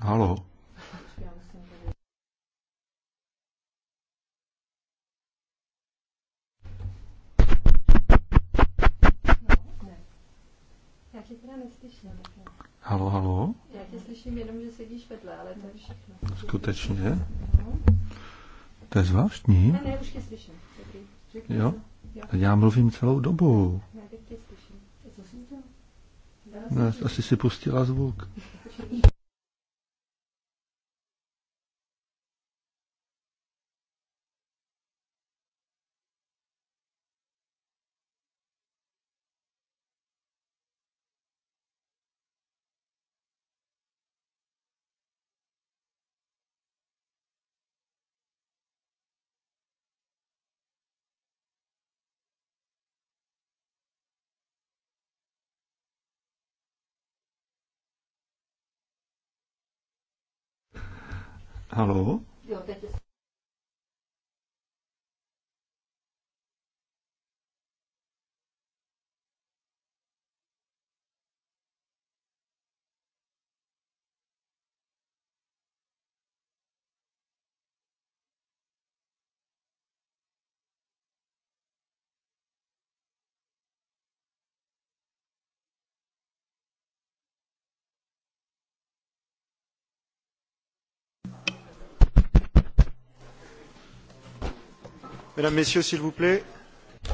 Halo. Já tě teda neslyším. Halo, halo? Já tě slyším jenom, že sedíš vedle, ale to je všechno. Skutečně? No. To je zvláštní. Ne, ne, už tě slyším. Dobrý. Řekni jo? To. Já mluvím celou dobu. Ne, asi si pustila zvuk. Halo? Jo, teď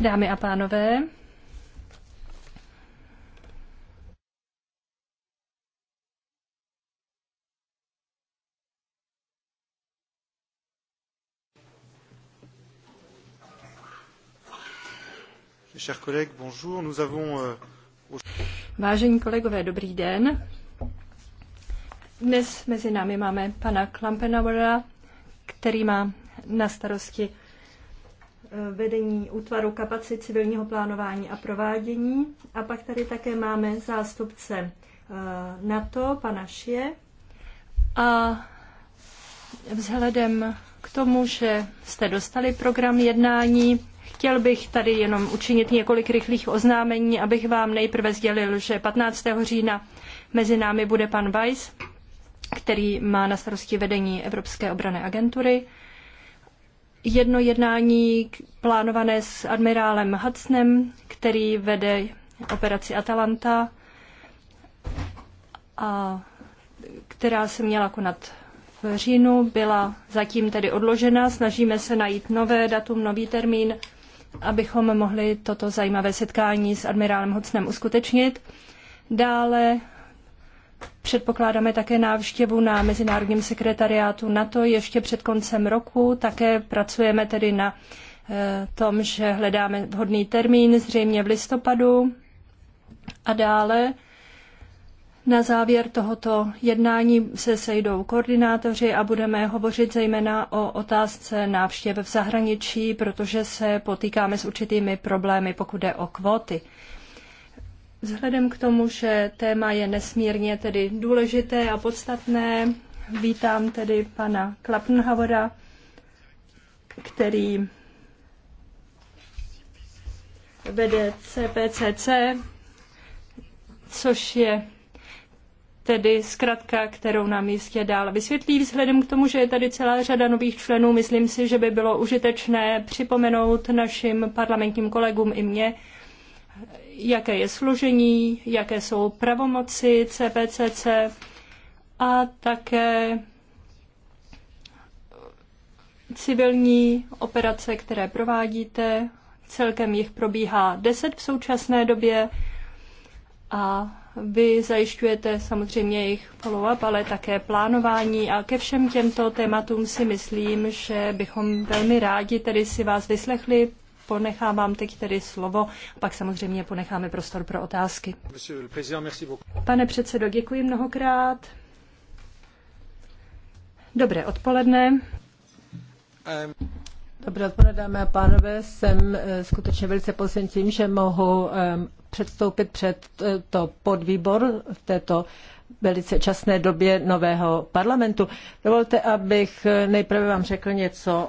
Dámy a pánové, euh, Vážení kolegové, dobrý den. Dnes mezi námi máme pana Klampenauera, který má na starosti Eh, vedení útvaru kapacit civilního plánování a provádění. A pak tady také máme zástupce eh, NATO, pana Šie. A vzhledem k tomu, že jste dostali program jednání, Chtěl bych tady jenom učinit několik rychlých oznámení, abych vám nejprve sdělil, že 15. října mezi námi bude pan Weiss, který má na starosti vedení Evropské obrané agentury jedno jednání plánované s admirálem Hudsonem, který vede operaci Atalanta, a která se měla konat v říjnu, byla zatím tedy odložena. Snažíme se najít nové datum, nový termín, abychom mohli toto zajímavé setkání s admirálem Hocnem uskutečnit. Dále Předpokládáme také návštěvu na Mezinárodním sekretariátu NATO ještě před koncem roku. Také pracujeme tedy na eh, tom, že hledáme vhodný termín, zřejmě v listopadu. A dále na závěr tohoto jednání se sejdou koordinátoři a budeme hovořit zejména o otázce návštěv v zahraničí, protože se potýkáme s určitými problémy, pokud jde o kvóty. Vzhledem k tomu, že téma je nesmírně tedy důležité a podstatné, vítám tedy pana Klappenhavera, který vede CPCC, což je tedy zkratka, kterou nám jistě dál vysvětlí. Vzhledem k tomu, že je tady celá řada nových členů, myslím si, že by bylo užitečné připomenout našim parlamentním kolegům i mně, jaké je složení, jaké jsou pravomoci CPCC a také civilní operace, které provádíte. Celkem jich probíhá 10 v současné době a vy zajišťujete samozřejmě jejich follow-up, ale také plánování a ke všem těmto tématům si myslím, že bychom velmi rádi tedy si vás vyslechli ponechávám teď tedy slovo, pak samozřejmě ponecháme prostor pro otázky. Pane předsedo, děkuji mnohokrát. Dobré odpoledne. Um, Dobré odpoledne, dámy a pánové. Jsem eh, skutečně velice posen tím, že mohu předstoupit před eh, to podvýbor v této velice časné době nového parlamentu. Dovolte, abych eh, nejprve vám řekl něco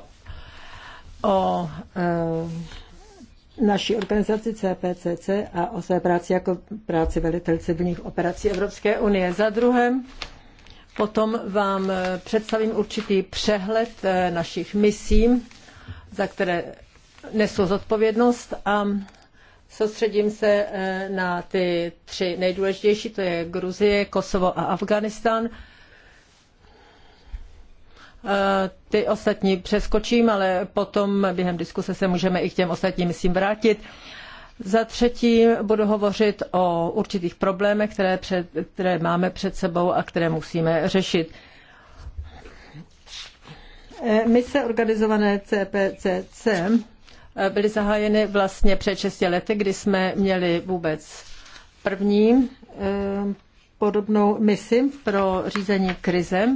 o eh, naší organizaci CPCC a o své práci jako práci velitel civilních operací Evropské unie. Za druhém potom vám eh, představím určitý přehled eh, našich misí, za které nesu zodpovědnost a soustředím se na ty tři nejdůležitější, to je Gruzie, Kosovo a Afganistán. Eh, ty ostatní přeskočím, ale potom během diskuse se můžeme i k těm ostatním, myslím, vrátit. Za třetí budu hovořit o určitých problémech, které, před, které máme před sebou a které musíme řešit. Eh, mise organizované CPCC eh, byly zahájeny vlastně před 6 lety, kdy jsme měli vůbec první podobnou misi pro řízení krize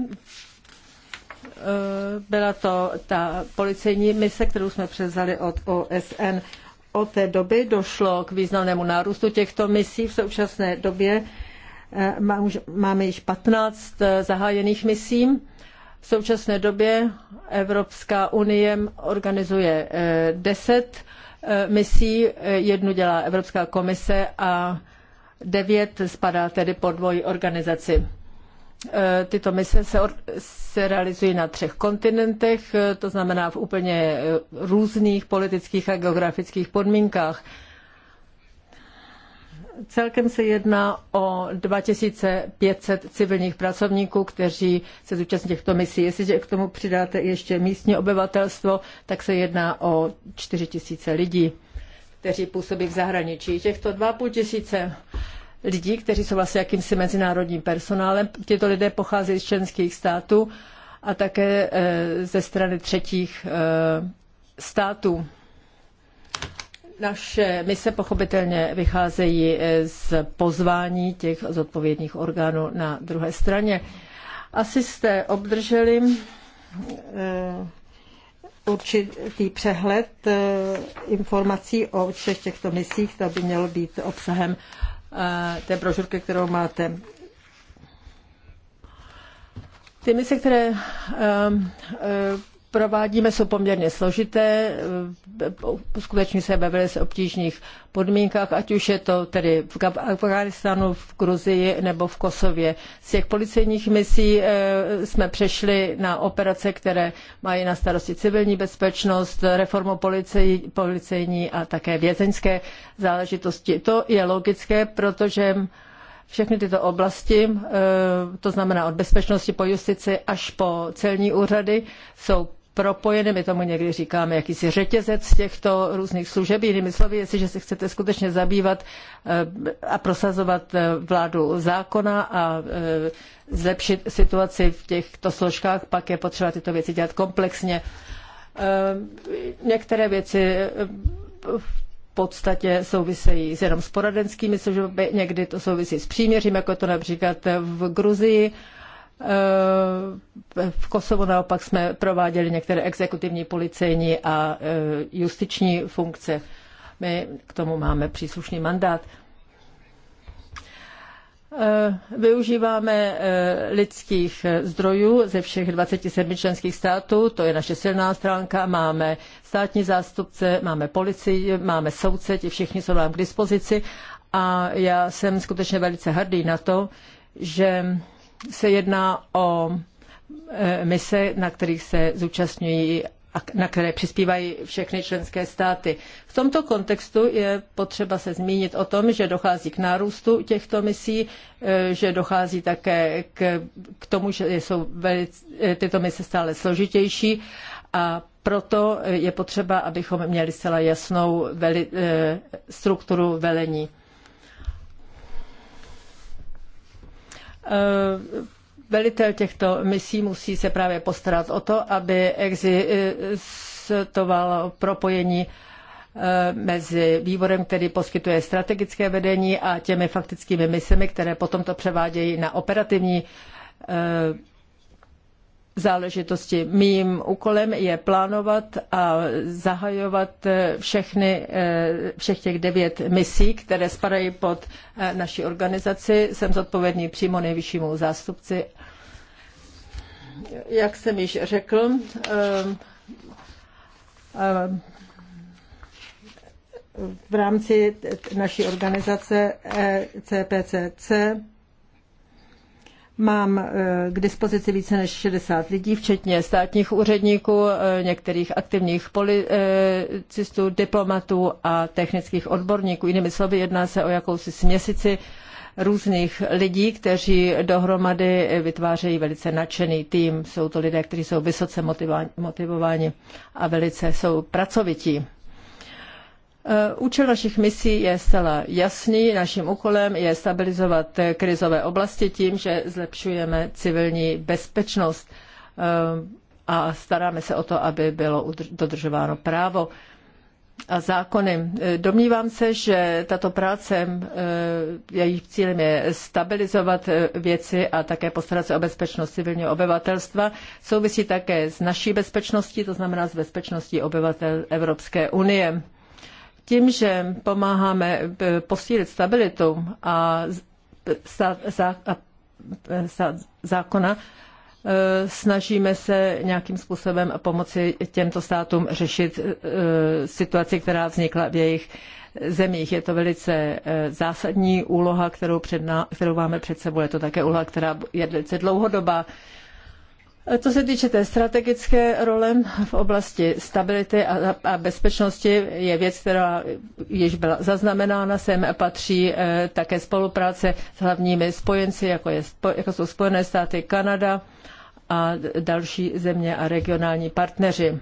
Eh, byla to ta policejní mise, kterou jsme převzali od OSN. Od té doby došlo k významnému nárůstu těchto misí. V současné době eh, máme již 15 eh, zahájených misí. V současné době Evropská unie organizuje 10 misí, jednu dělá Evropská komise a devět spadá tedy pod moji organizaci. Eh, tyto mise se, se realizují na třech kontinentech, eh, to znamená v úplně eh, různých politických a geografických podmínkách. Celkem se jedná o 2500 civilních pracovníků, kteří se zúčastní těchto misí. Jestliže k tomu přidáte ještě místní obyvatelstvo, tak se jedná o 4000 lidí, kteří působí v zahraničí. Těchto 2500 Lidi, kteří jsou vlastně jakýmsi mezinárodním personálem. Tito lidé pochází z členských států a také eh, ze strany třetích eh, států. Naše mise pochopitelně vycházejí eh, z pozvání těch zodpovědných orgánů na druhé straně. Asi jste obdrželi určitý přehled informací o všech těchto misích, to by mělo být obsahem té brožurky, kterou máte. Ty mise, které um, provádíme, jsou poměrně složité, eh, skutečně se ve velice obtížných podmínkách, ať už je to tedy v Afganistánu, v Gruzii nebo v Kosově. Z těch policejních misí eh, jsme přešli na operace, které mají na starosti civilní bezpečnost, reformu policej, policejní a také vězeňské záležitosti. To je logické, protože všechny tyto oblasti, eh, to znamená od bezpečnosti po justici až po celní úřady, jsou propojené, my tomu někdy říkáme jakýsi řetězec těchto různých služeb. Jinými slovy, jestliže se chcete skutečně zabývat eh, a prosazovat eh, vládu zákona a eh, zlepšit situaci v těchto složkách, pak je potřeba tyto věci dělat komplexně. Některé věci v podstatě souvisejí s jenom s poradenskými službami, někdy to souvisí s příměřím, jako to například v Gruzii. Eh, v Kosovu naopak jsme prováděli některé exekutivní, policejní a eh, justiční funkce. My k tomu máme příslušný mandát. Eh, využíváme lidských zdrojů ze všech 27 členských států, to je naše silná stránka, máme státní zástupce, máme policii, máme soudce, ti všichni jsou nám k dispozici a já jsem skutečně velice hrdý na to, že se jedná o e, mise, na kterých se zúčastňují a na které přispívají všechny členské státy. V tomto kontextu je potřeba se zmínit o tom, že dochází k nárůstu těchto misí, e, že dochází také k, k tomu, že jsou velice, tyto mise stále složitější a proto je potřeba, abychom měli zcela jasnou veli, e, strukturu velení. Eh, velitel těchto misí musí se právě postarat o to, aby existovalo propojení eh, mezi výborem, který poskytuje strategické vedení a těmi faktickými misemi, které potom to převádějí na operativní eh, záležitosti. Mým úkolem je plánovat a zahajovat eh, všechny, eh, všech těch devět misí, které spadají pod eh, naši organizaci. Jsem zodpovědný přímo nejvyššímu zástupci. Jak jsem již řekl, v rámci naší organizace CPCC e Mám eh, k dispozici více než 60 lidí, včetně státních úředníků, eh, některých aktivních policistů, diplomatů a technických odborníků. Jinými slovy, jedná se o jakousi směsici různých lidí, kteří dohromady vytvářejí velice nadšený tým. Jsou to lidé, kteří jsou vysoce motivováni a velice jsou pracovití. Eh, účel našich misí je zcela jasný. Naším úkolem je stabilizovat eh, krizové oblasti tím, že zlepšujeme civilní bezpečnost eh, a staráme se o to, aby bylo dodržováno právo a zákony. Domnívám se, že tato práce, jejich cílem je stabilizovat věci a také postarat se o bezpečnost civilního obyvatelstva. Souvisí také s naší bezpečností, to znamená s bezpečností obyvatel Evropské unie tím, že pomáháme eh, posílit stabilitu a, za, za, a eh, za, zákona, eh, snažíme se nějakým způsobem pomoci těmto státům řešit situaci, která vznikla v jejich zemích. Je to velice zásadní úloha, kterou, před, kterou máme před sebou. Je to také úloha, která je velice dlouhodobá. Eh, co se týče té strategické role v oblasti stability a, a bezpečnosti, je věc, která již byla zaznamenána. Sem patří eh, také spolupráce s hlavními spojenci, jako, je, jako jsou Spojené státy, Kanada a další země a regionální partneři.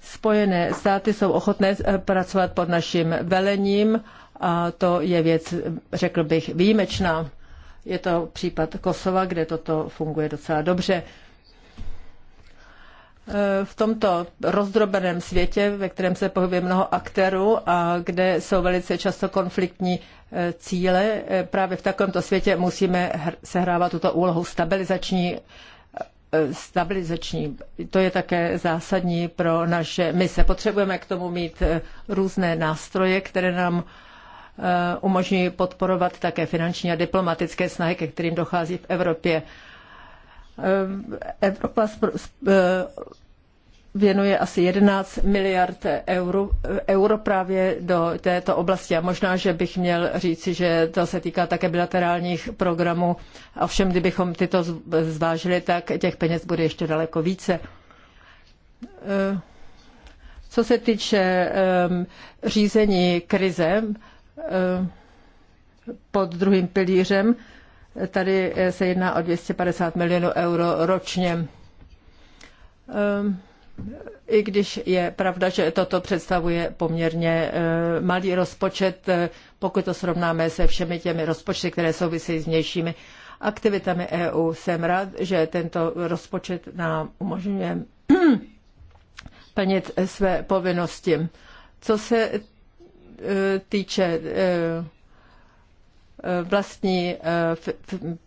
Spojené státy jsou ochotné eh, pracovat pod naším velením a to je věc, řekl bych, výjimečná. Je to případ Kosova, kde toto funguje docela dobře. E, v tomto rozdrobeném světě, ve kterém se pohybuje mnoho aktérů a kde jsou velice často konfliktní e, cíle, e, právě v takovémto světě musíme sehrávat tuto úlohu stabilizační stabilizační. To je také zásadní pro naše mise. Potřebujeme k tomu mít různé nástroje, které nám Eh, umožňují podporovat také finanční a diplomatické snahy, ke kterým dochází v Evropě. Eh, Evropa eh, věnuje asi 11 miliard euro, euro právě do této oblasti. A možná, že bych měl říci, že to se týká také bilaterálních programů. Ovšem, kdybychom tyto zvážili, tak těch peněz bude ještě daleko více. Co se týče řízení krize? Eh, pod druhým pilířem. Tady eh, se jedná o 250 milionů euro ročně. Eh, I když je pravda, že toto představuje poměrně malý rozpočet, pokud to srovnáme se všemi těmi rozpočty, které souvisí s vnějšími aktivitami EU, jsem rád, že tento rozpočet nám umožňuje plnit své povinnosti. Co se E, týče e, e, vlastní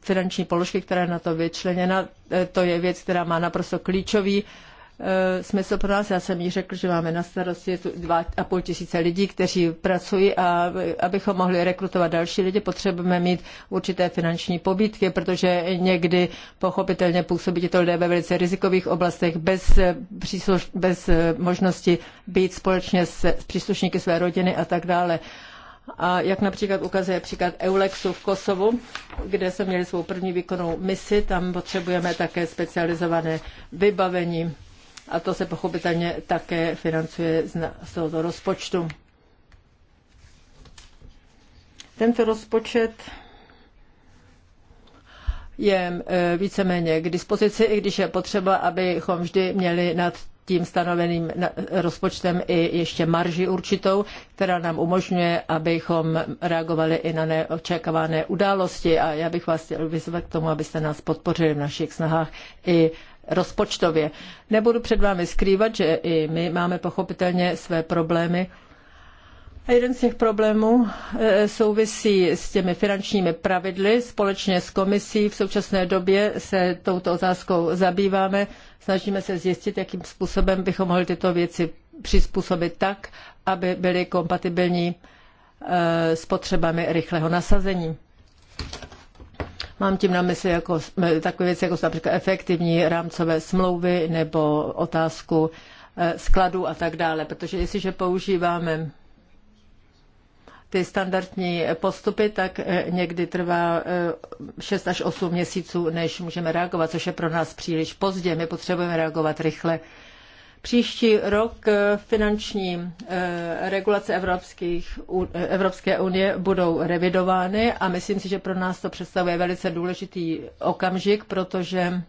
finanční položky, která je na to vyčleněna, to je věc, která má naprosto klíčový Eh, smysl pro nás. Já jsem jí řekl, že máme na starosti dva a půl tisíce lidí, kteří pracují a abychom mohli rekrutovat další lidi, potřebujeme mít určité finanční pobídky, protože někdy pochopitelně působí to lidé ve velice rizikových oblastech bez, eh, přísluš, bez eh, možnosti být společně s příslušníky své rodiny a tak dále. A jak například ukazuje příklad Eulexu v Kosovu, kde jsme měli svou první výkonnou misi, tam potřebujeme také specializované vybavení a to se pochopitelně také financuje z tohoto rozpočtu. Tento rozpočet je e, víceméně k dispozici, i když je potřeba, abychom vždy měli nad tím stanoveným rozpočtem i ještě marži určitou, která nám umožňuje, abychom reagovali i na neočekávané události. A já bych vás chtěl vyzvat k tomu, abyste nás podpořili v našich snahách i rozpočtově. Nebudu před vámi skrývat, že i my máme pochopitelně své problémy. A jeden z těch problémů e, souvisí s těmi finančními pravidly. Společně s komisí v současné době se touto otázkou zabýváme. Snažíme se zjistit, jakým způsobem bychom mohli tyto věci přizpůsobit tak, aby byly kompatibilní e, s potřebami rychlého nasazení. Mám tím na mysli jako, eh, takové věci, jako například efektivní rámcové smlouvy nebo otázku eh, skladu a tak dále, protože jestliže používáme ty standardní postupy, tak eh, někdy trvá 6 až 8 měsíců, než můžeme reagovat, což je pro nás příliš pozdě. My potřebujeme reagovat rychle. Příští rok eh, finanční eh, regulace Evropských, eh, Evropské unie budou revidovány a myslím si, že pro nás to představuje velice důležitý okamžik, protože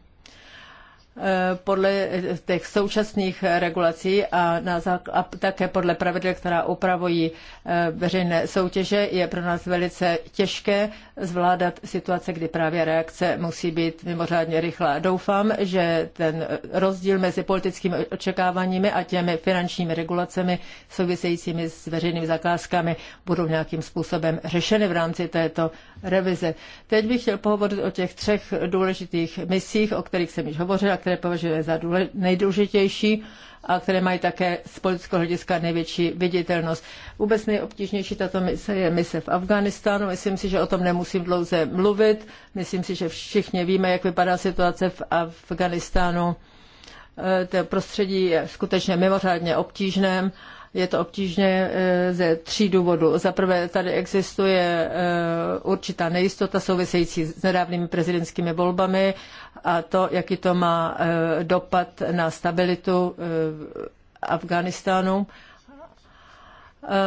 Eh, podle těch současných regulací a, na, a také podle pravidel, která upravují eh, veřejné soutěže, je pro nás velice těžké zvládat situace, kdy právě reakce musí být mimořádně rychlá. Doufám, že ten rozdíl mezi politickými očekáváními a těmi finančními regulacemi souvisejícími s veřejnými zakázkami budou nějakým způsobem řešeny v rámci této revize. Teď bych chtěl pohovořit o těch třech důležitých misích, o kterých jsem již hovořil a které které považuje za nejdůležitější a které mají také z politického hlediska největší viditelnost. Vůbec nejobtížnější tato mise je mise v Afganistánu. Myslím si, že o tom nemusím dlouze mluvit. Myslím si, že všichni víme, jak vypadá situace v Afganistánu. E, to prostředí je skutečně mimořádně obtížné je to obtížné eh, ze tří důvodů. Za prvé, tady existuje eh, určitá nejistota související s nedávnými prezidentskými volbami a to, jaký to má eh, dopad na stabilitu Afganistánu.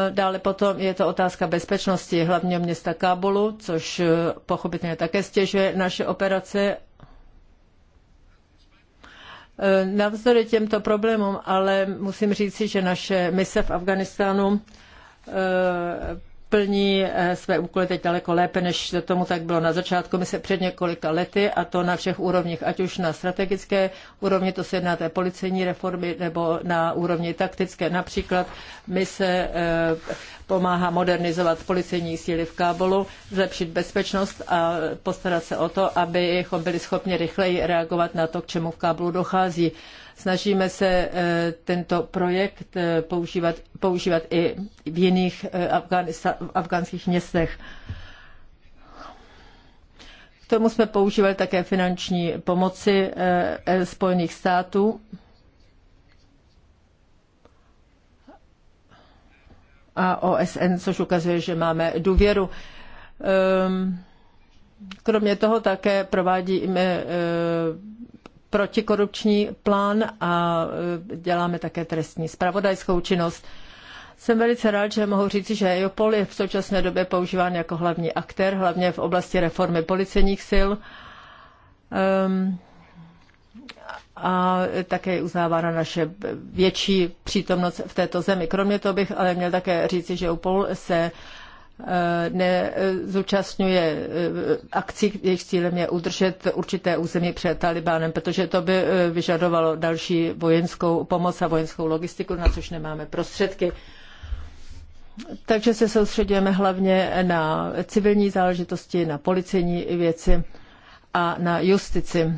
Dále potom je to otázka bezpečnosti hlavního města Kábulu, což pochopitelně také stěžuje naše operace Eh, navzdory těmto problémům, ale musím říci, že naše mise v Afganistánu eh, plní eh, své úkoly teď daleko lépe, než tomu tak bylo na začátku. My se před několika lety, a to na všech úrovních, ať už na strategické úrovni, to se jedná té policejní reformy, nebo na úrovni taktické. Například my se eh, pomáhá modernizovat policejní síly v Kábolu, zlepšit bezpečnost a postarat se o to, abychom byli schopni rychleji reagovat na to, k čemu v Kábulu dochází. Snažíme se eh, tento projekt eh, používat, používat i v jiných eh, afgánských městech. K tomu jsme používali také finanční pomoci Spojených států. a OSN, což ukazuje, že máme důvěru. Ehm, kromě toho také provádíme protikorupční plán a e, děláme také trestní spravodajskou činnost. Jsem velice rád, že mohu říci, že EOPOL je v současné době používán jako hlavní aktér, hlavně v oblasti reformy policejních sil. Um, a také uznávána naše větší přítomnost v této zemi. Kromě toho bych ale měl také říci, že UPOL se uh, nezúčastňuje eh, akcí, jejich cílem je udržet určité území před Talibánem, protože to by eh, vyžadovalo další vojenskou pomoc a vojenskou logistiku, na což nemáme prostředky. Takže se soustředujeme hlavně na civilní záležitosti, na policejní věci a na justici.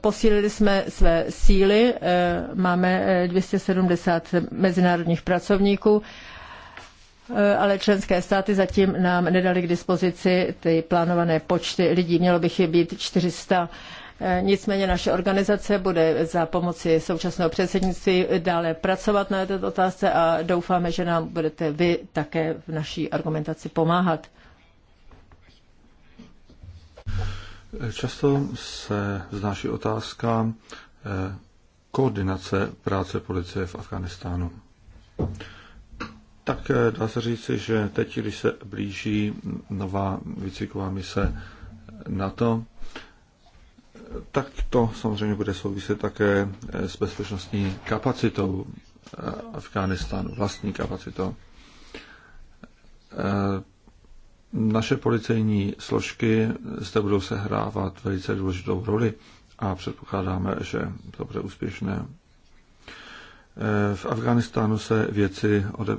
Posílili jsme své síly, eh, máme 270 mezinárodních pracovníků Eh, ale členské státy zatím nám nedali k dispozici ty plánované počty lidí. Mělo bych je být 400 Nicméně naše organizace bude za pomoci současného předsednictví dále pracovat na této otázce a doufáme, že nám budete vy také v naší argumentaci pomáhat. Eh, často se znáší otázka eh, koordinace práce policie v Afganistánu tak eh, dá se říci, že teď, když se blíží nová výcviková mise NATO, tak to samozřejmě bude souviset také eh, s bezpečnostní kapacitou eh, Afghánistánu, vlastní kapacitou. Naše policejní složky zde budou sehrávat velice důležitou roli a předpokládáme, že to bude úspěšné. V Afganistánu se věci ode,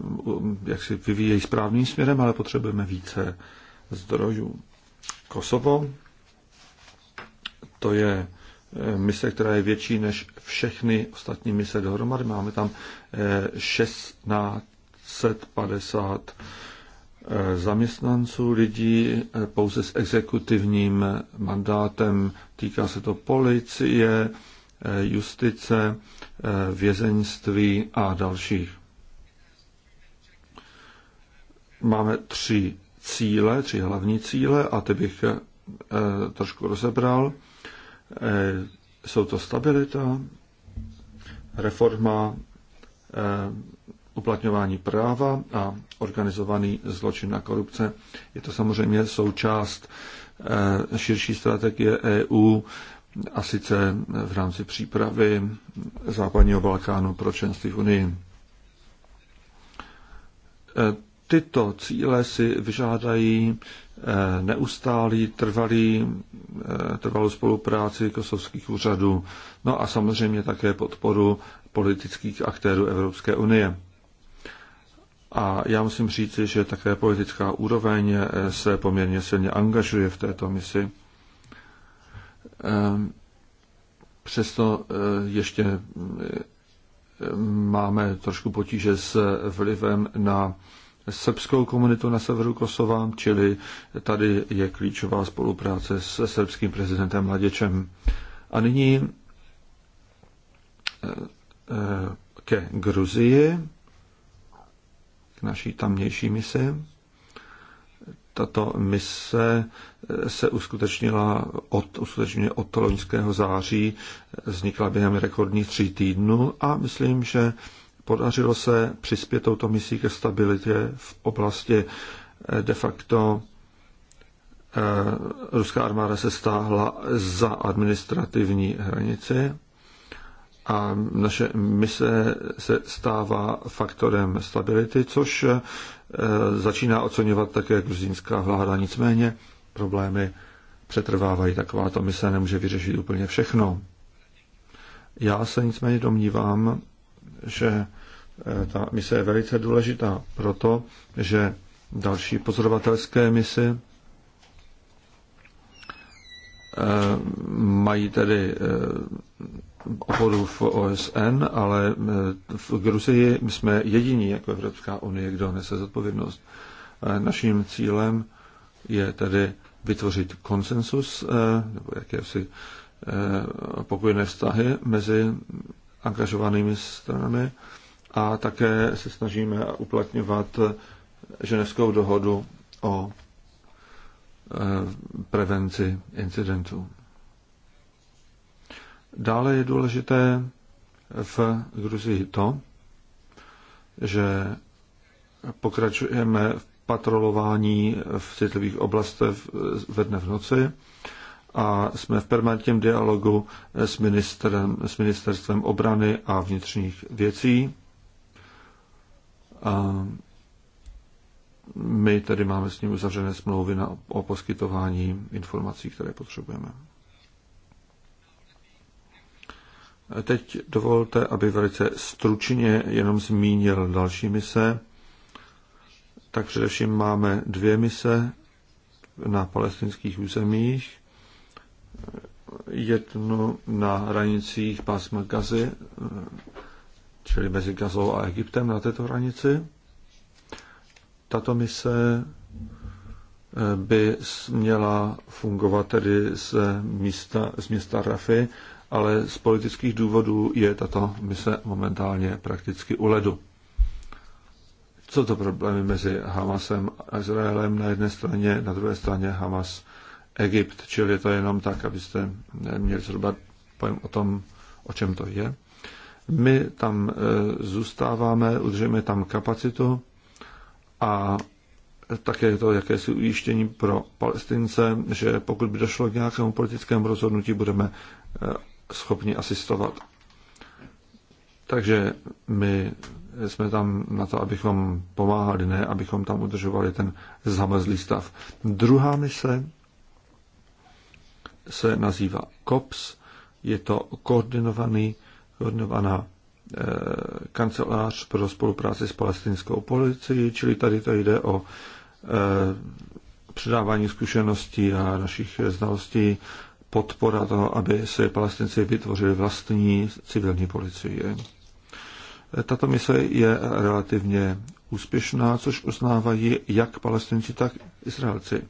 jak si vyvíjejí správným směrem, ale potřebujeme více zdrojů. Kosovo, to je eh, mise, která je větší než všechny ostatní mise dohromady. Máme tam 1650 eh, eh, zaměstnanců, lidí pouze s exekutivním mandátem. Týká se to policie, justice, Eh, vězeňství a dalších. Máme tři cíle, tři hlavní cíle a ty bych eh, trošku rozebral. Eh, jsou to stabilita, reforma uplatňování práva a organizovaný zločin a korupce. Je to samozřejmě součást širší strategie EU a sice v rámci přípravy západního Balkánu pro členství v Unii. E, tyto cíle si vyžádají e, neustálý, trvalý, e, trvalou spolupráci kosovských úřadů, no a samozřejmě také podporu politických aktérů Evropské unie. A já musím říci, že také politická úroveň se poměrně silně angažuje v této misi. Ehm, přesto eh, ještě eh, máme trošku potíže s vlivem na srbskou komunitu na severu Kosova, čili tady je klíčová spolupráce s srbským prezidentem Mladěčem. A nyní eh, ke Gruzii, k naší tamnější misi tato mise eh, se uskutečnila od, uskutečně od loňského září, eh, vznikla během rekordních tří týdnů a myslím, že podařilo se přispět touto misí ke stabilitě v oblasti eh, de facto ruská armáda se stáhla za administrativní hranici a naše mise se stává faktorem stability, což eh, začíná oceňovat také gruzínská vláda. Nicméně problémy přetrvávají. taková to mise nemůže vyřešit úplně všechno. Já se nicméně domnívám, že eh, ta mise je velice důležitá proto, že další pozorovatelské mise eh, mají tedy oboru v OSN, ale e, v Gruzii jsme jediní jako Evropská unie, kdo nese zodpovědnost. E, naším cílem je tedy vytvořit konsensus e, nebo jakési pokojné vztahy mezi angažovanými stranami a také se snažíme uplatňovat ženevskou dohodu o prevenci incidentů. Dále je důležité v Gruzii to, že pokračujeme v patrolování v citlivých oblastech ve dne v noci a jsme v permanentním dialogu s, ministrem, s ministerstvem obrany a vnitřních věcí. A my tedy máme s ním uzavřené smlouvy na, o poskytování informací, které potřebujeme. Teď dovolte, aby velice stručně jenom zmínil další mise. Tak především máme dvě mise na palestinských územích. Jednu na hranicích pásma Gazy, čili mezi Gazou a Egyptem na této hranici. Tato mise by měla fungovat tedy z místa, z města Rafy, ale z politických důvodů je tato mise momentálně prakticky u ledu. Co to problémy mezi Hamasem a Izraelem na jedné straně, na druhé straně Hamas Egypt, čili to je jenom tak, abyste měli zhruba pojem o tom, o čem to je. My tam e, zůstáváme, udržíme tam kapacitu a také je to jakési ujištění pro palestince, že pokud by došlo k nějakému politickému rozhodnutí, budeme eh, schopni asistovat. Takže my jsme tam na to, abychom pomáhali, ne abychom tam udržovali ten zamrzlý stav. Druhá mise se nazývá COPS. Je to koordinovaný, koordinovaná eh, kancelář pro spolupráci s palestinskou policií, čili tady to jde o Eh, předávání zkušeností a našich znalostí podpora toho, aby se palestinci vytvořili vlastní civilní policii. Eh, tato mise je relativně úspěšná, což uznávají jak palestinci, tak Izraelci.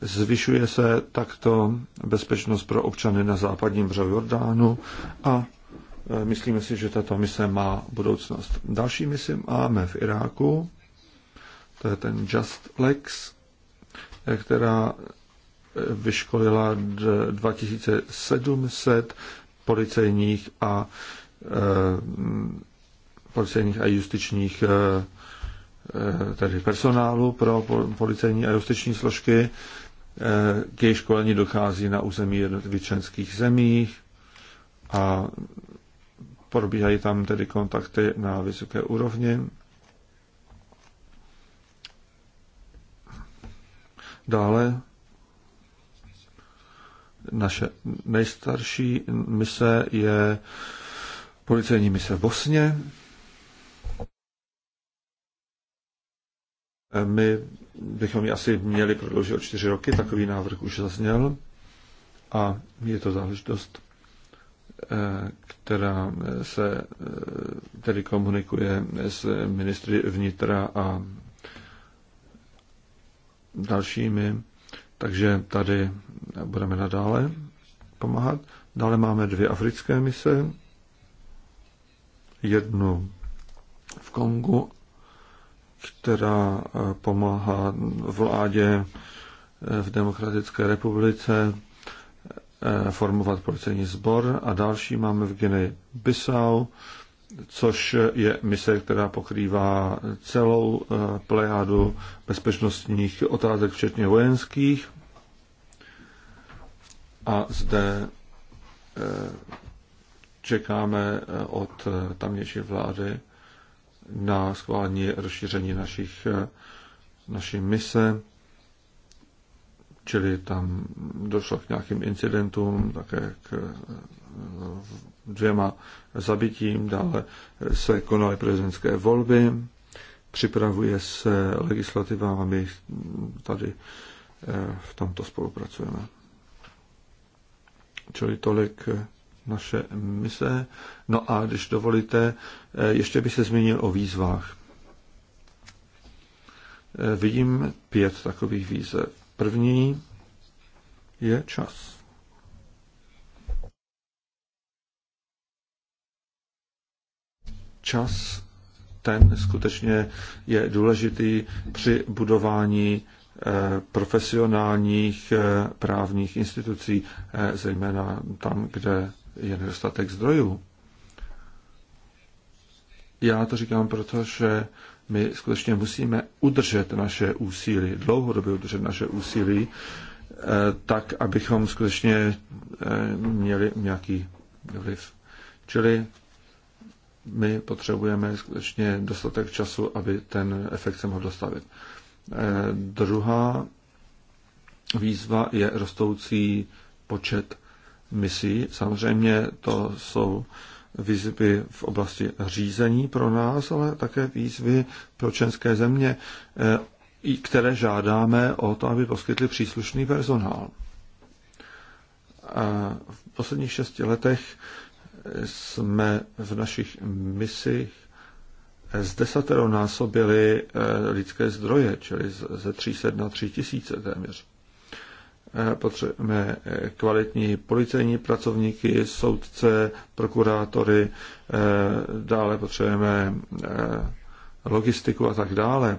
Zvyšuje se takto bezpečnost pro občany na západním břehu Jordánu a eh, myslíme si, že tato mise má budoucnost. Další misi máme v Iráku, to je ten Just Lex, která vyškolila 2700 policejních a eh, policejních a justičních eh, eh, tedy personálu pro policejní a justiční složky. K jejich školení dochází na území jednotlivých členských zemích a probíhají tam tedy kontakty na vysoké úrovni. Dále naše nejstarší mise je policejní mise v Bosně. My bychom ji asi měli prodloužit o čtyři roky, takový návrh už zazněl a je to záležitost, eh, která se eh, tedy komunikuje s ministry vnitra a dalšími. Takže tady budeme nadále pomáhat. Dále máme dvě africké mise. Jednu v Kongu, která pomáhá vládě v Demokratické republice eh, formovat policejní sbor a další máme v Guinea Bissau, což je mise, která pokrývá celou eh, plejádu bezpečnostních otázek, včetně vojenských. A zde eh, čekáme eh, od tamnější vlády na schválení rozšíření našich, naší mise, čili tam došlo k nějakým incidentům, také k dvěma zabitím, dále se konaly prezidentské volby, připravuje se legislativa a my tady eh, v tomto spolupracujeme. Čili tolik eh, naše mise. No a když dovolíte, eh, ještě bych se zmínil o výzvách. Vidím pět takových výzev. První je čas. čas ten skutečně je důležitý při budování eh, profesionálních eh, právních institucí, eh, zejména tam, kde je nedostatek zdrojů. Já to říkám, protože my skutečně musíme udržet naše úsilí, dlouhodobě udržet naše úsilí, tak, abychom skutečně měli nějaký vliv. Čili my potřebujeme skutečně dostatek času, aby ten efekt se mohl dostavit. E, druhá výzva je rostoucí počet misí. Samozřejmě to jsou výzvy v oblasti řízení pro nás, ale také výzvy pro české země, e, které žádáme o to, aby poskytli příslušný personál. A v posledních šesti letech jsme v našich misích z desatero násobili eh, lidské zdroje, čili ze 300 na 3000 téměř. Eh, potřebujeme eh, kvalitní policejní pracovníky, soudce, prokurátory, dále potřebujeme logistiku a tak dále.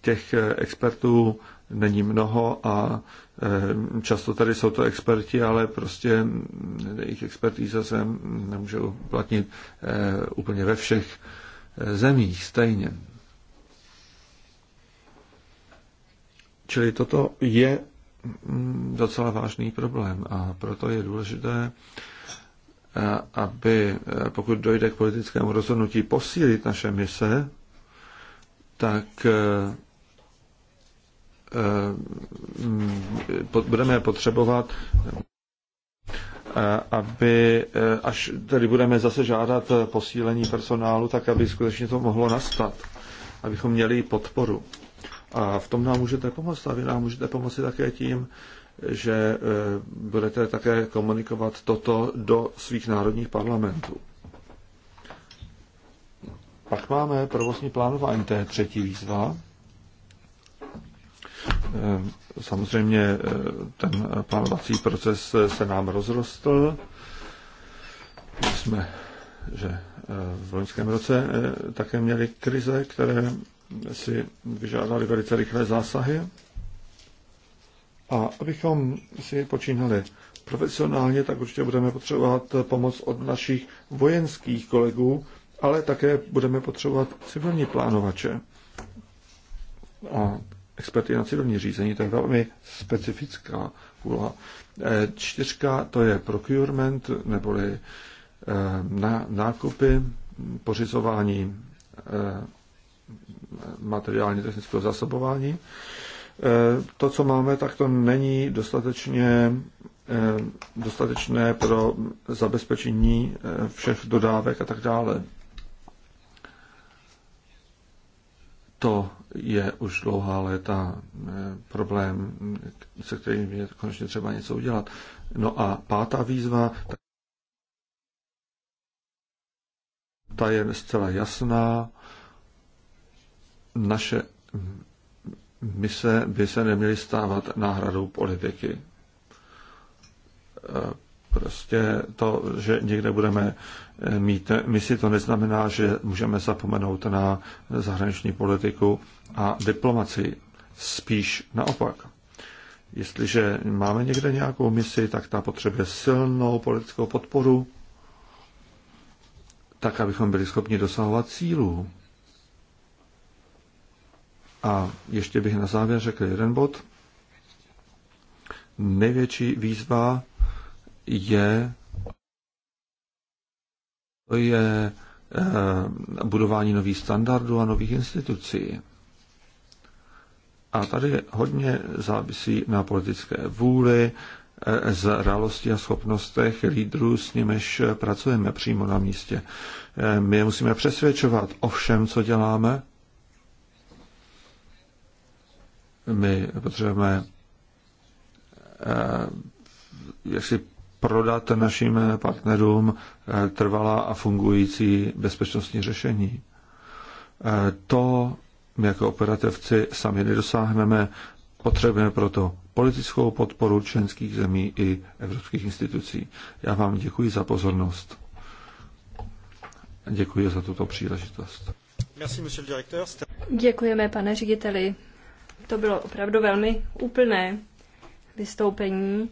Těch expertů není mnoho a eh, často tady jsou to experti, ale prostě jejich expertíza se nemůže uplatnit eh, úplně ve všech eh, zemích stejně. Čili toto je mm, docela vážný problém a proto je důležité, aby pokud dojde k politickému rozhodnutí posílit naše mise, tak Eh, budeme potřebovat, eh, aby, eh, až tedy budeme zase žádat posílení personálu, tak aby skutečně to mohlo nastat, abychom měli podporu. A v tom nám můžete pomoct a vy nám můžete pomoci také tím, že budete také komunikovat toto do svých národních parlamentů. Pak máme provozní plánování, to je třetí výzva. Eh, samozřejmě eh, ten plánovací proces eh, se nám rozrostl. My jsme, že v loňském roce také měli krize, které si vyžádali velice rychlé zásahy. A abychom si počínali profesionálně, tak určitě budeme potřebovat pomoc od našich vojenských kolegů, ale také budeme potřebovat civilní plánovače. A experty na civilní řízení, to je velmi specifická úloha. E čtyřka to je procurement, neboli e, nákupy, pořizování e, materiálně technického E, To, co máme, tak to není dostatečně dostatečné pro zabezpečení všech dodávek a tak dále. To je už dlouhá léta eh, problém, se kterým je konečně třeba něco udělat. No a pátá výzva, ta je zcela jasná. Naše mise by se neměly stávat náhradou politiky. Eh, prostě to, že někde budeme mít misi, to neznamená, že můžeme zapomenout na zahraniční politiku a diplomaci. Spíš naopak. Jestliže máme někde nějakou misi, tak ta potřebuje silnou politickou podporu, tak abychom byli schopni dosahovat cílů. A ještě bych na závěr řekl jeden bod. Největší výzva je to je eh, budování nových standardů a nových institucí. A tady hodně závisí na politické vůli, eh, zralosti a schopnostech lídrů, s nimiž pracujeme přímo na místě. Eh, my je musíme přesvědčovat o všem, co děláme. My potřebujeme jaksi prodat našim partnerům eh, trvalá a fungující bezpečnostní řešení. Eh, to jako operativci sami nedosáhneme, potřebujeme proto politickou podporu členských zemí i evropských institucí. Já vám děkuji za pozornost. Děkuji za tuto příležitost. Děkujeme, pane řediteli. To bylo opravdu velmi úplné vystoupení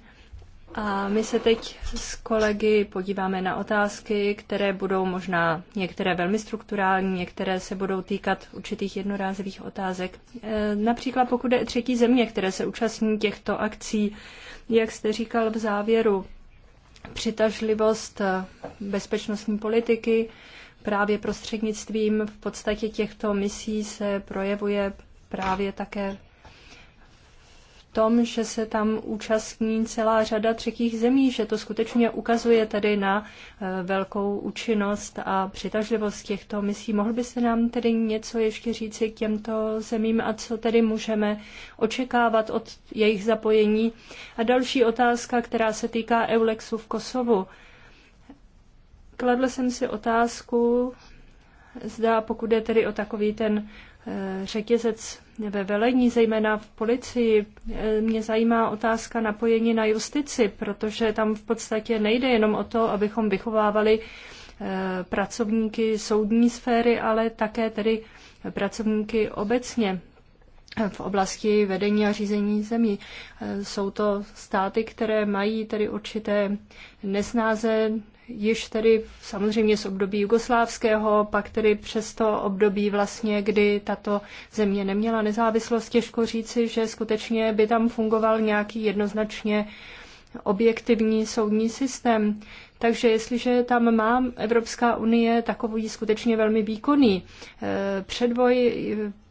a my se teď s kolegy podíváme na otázky, které budou možná některé velmi strukturální, některé se budou týkat určitých jednorázových otázek. E, například pokud je třetí země, které se účastní těchto akcí, jak jste říkal v závěru, přitažlivost e, bezpečnostní politiky právě prostřednictvím v podstatě těchto misí se projevuje právě také tom, že se tam účastní celá řada třetích zemí, že to skutečně ukazuje tedy na e, velkou účinnost a přitažlivost těchto misí. Mohl by se nám tedy něco ještě říci k těmto zemím a co tedy můžeme očekávat od jejich zapojení? A další otázka, která se týká Eulexu v Kosovu. Kladl jsem si otázku, zda pokud je tedy o takový ten e, řetězec ve velení, zejména v policii. Mě zajímá otázka napojení na justici, protože tam v podstatě nejde jenom o to, abychom vychovávali eh, pracovníky soudní sféry, ale také tedy pracovníky obecně v oblasti vedení a řízení zemí. Eh, jsou to státy, které mají tedy určité nesnáze, již tedy samozřejmě z období jugoslávského, pak tedy přes to období vlastně, kdy tato země neměla nezávislost, těžko říci, že skutečně by tam fungoval nějaký jednoznačně objektivní soudní systém. Takže jestliže tam má Evropská unie takový skutečně velmi výkonný eh, předvoj,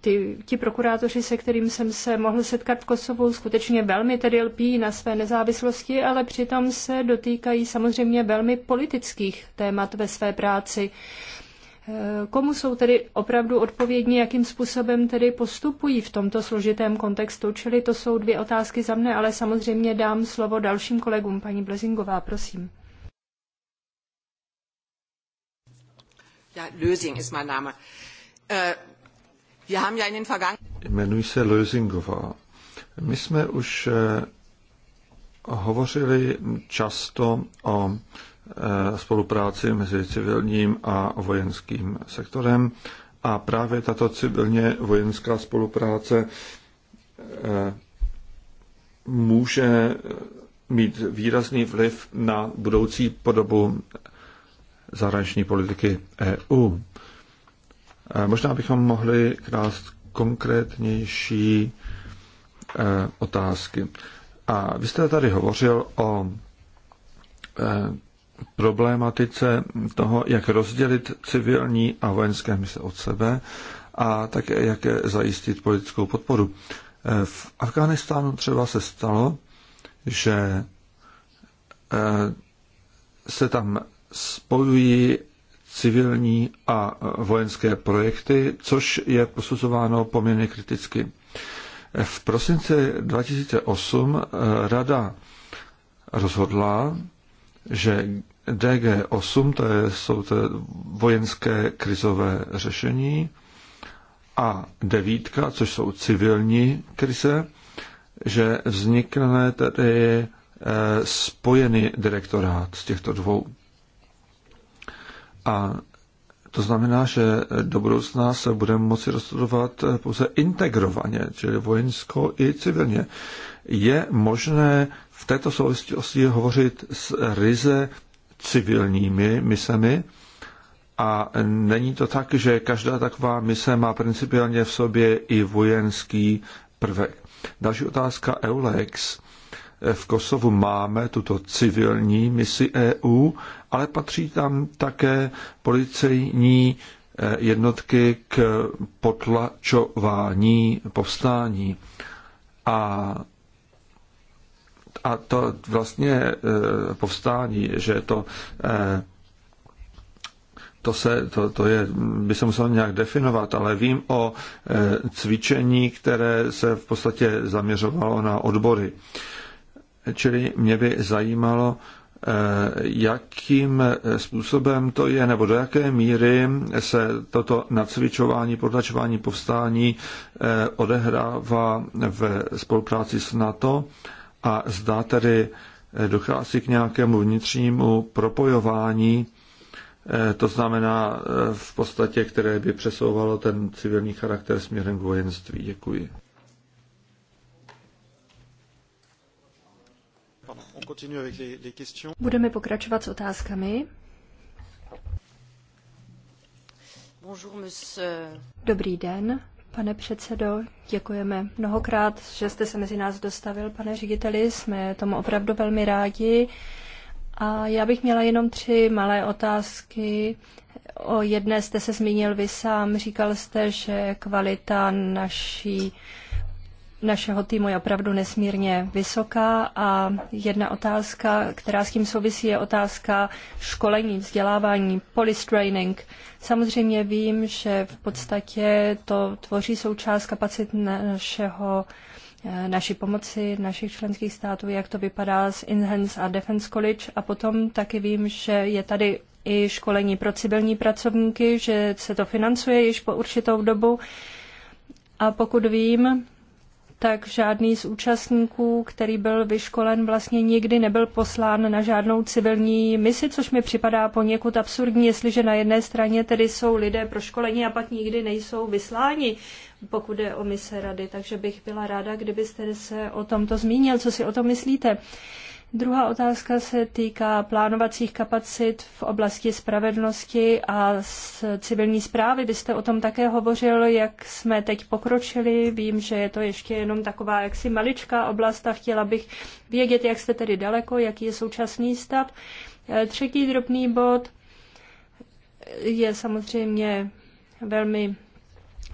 ty, ti prokurátoři, se kterým jsem se mohl setkat v Kosovu, skutečně velmi tedy lpí na své nezávislosti, ale přitom se dotýkají samozřejmě velmi politických témat ve své práci. Eh, komu jsou tedy opravdu odpovědní, jakým způsobem tedy postupují v tomto složitém kontextu? Čili to jsou dvě otázky za mne, ale samozřejmě dám slovo dalším kolegům. Paní Blezingová, prosím. Ja, Lösing ist mein Name. Äh, wir haben ja in den Jmenuji se Lösingová. My jsme už eh, hovořili často o eh, spolupráci mezi civilním a vojenským sektorem a právě tato civilně vojenská spolupráce eh, může mít výrazný vliv na budoucí podobu zahraniční politiky EU. E, možná bychom mohli klást konkrétnější e, otázky. A vy jste tady hovořil o e, problematice toho, jak rozdělit civilní a vojenské mise od sebe a také jak zajistit politickou podporu. V Afghánistánu třeba se stalo, že se tam spojují civilní a vojenské projekty, což je posuzováno poměrně kriticky. V prosinci 2008 eh, rada rozhodla, že DG8, to je, jsou to vojenské krizové řešení, a devítka, což jsou civilní krize, že vznikne tedy eh, spojený direktorát z těchto dvou a to znamená, že do budoucna se budeme moci rozhodovat pouze integrovaně, čili vojensko i civilně. Je možné v této souvislosti hovořit s ryze civilními misemi a není to tak, že každá taková mise má principiálně v sobě i vojenský prvek. Další otázka EULEX. V Kosovu máme tuto civilní misi EU, ale patří tam také policejní eh, jednotky k potlačování povstání. A a to vlastně e, povstání, že to, e, to, se, to, to je, by se muselo nějak definovat, ale vím o e, cvičení, které se v podstatě zaměřovalo na odbory. E, Čili mě by zajímalo, eh, jakým eh, způsobem to je, nebo do jaké míry se toto nacvičování, potlačování povstání eh, odehrává v spolupráci s NATO a zdá tedy dochází k nějakému vnitřnímu propojování, to znamená v podstatě, které by přesouvalo ten civilní charakter směrem k vojenství. Děkuji. Budeme pokračovat s otázkami. Dobrý den, pane předsedo. Děkujeme mnohokrát, že jste se mezi nás dostavil, pane řediteli. Jsme tomu opravdu velmi rádi. A já bych měla jenom tři malé otázky. O jedné jste se zmínil vy sám. Říkal jste, že kvalita naší našeho týmu je opravdu nesmírně vysoká a jedna otázka, která s tím souvisí, je otázka školení, vzdělávání, police training. Samozřejmě vím, že v podstatě to tvoří součást kapacit našeho eh, naší pomoci našich členských států, jak to vypadá z Enhance a Defense College. A potom taky vím, že je tady i školení pro civilní pracovníky, že se to financuje již po určitou dobu. A pokud vím, tak žádný z účastníků, který byl vyškolen, vlastně nikdy nebyl poslán na žádnou civilní misi, což mi připadá poněkud absurdní, jestliže na jedné straně tedy jsou lidé proškoleni a pak nikdy nejsou vysláni, pokud je o mise rady. Takže bych byla ráda, kdybyste se o tomto zmínil, co si o tom myslíte. Druhá otázka se týká plánovacích kapacit v oblasti spravedlnosti a civilní zprávy. Vy jste o tom také hovořil, jak jsme teď pokročili. Vím, že je to ještě jenom taková jaksi maličká oblast a chtěla bych vědět, jak jste tedy daleko, jaký je současný stav. E, třetí drobný bod je samozřejmě velmi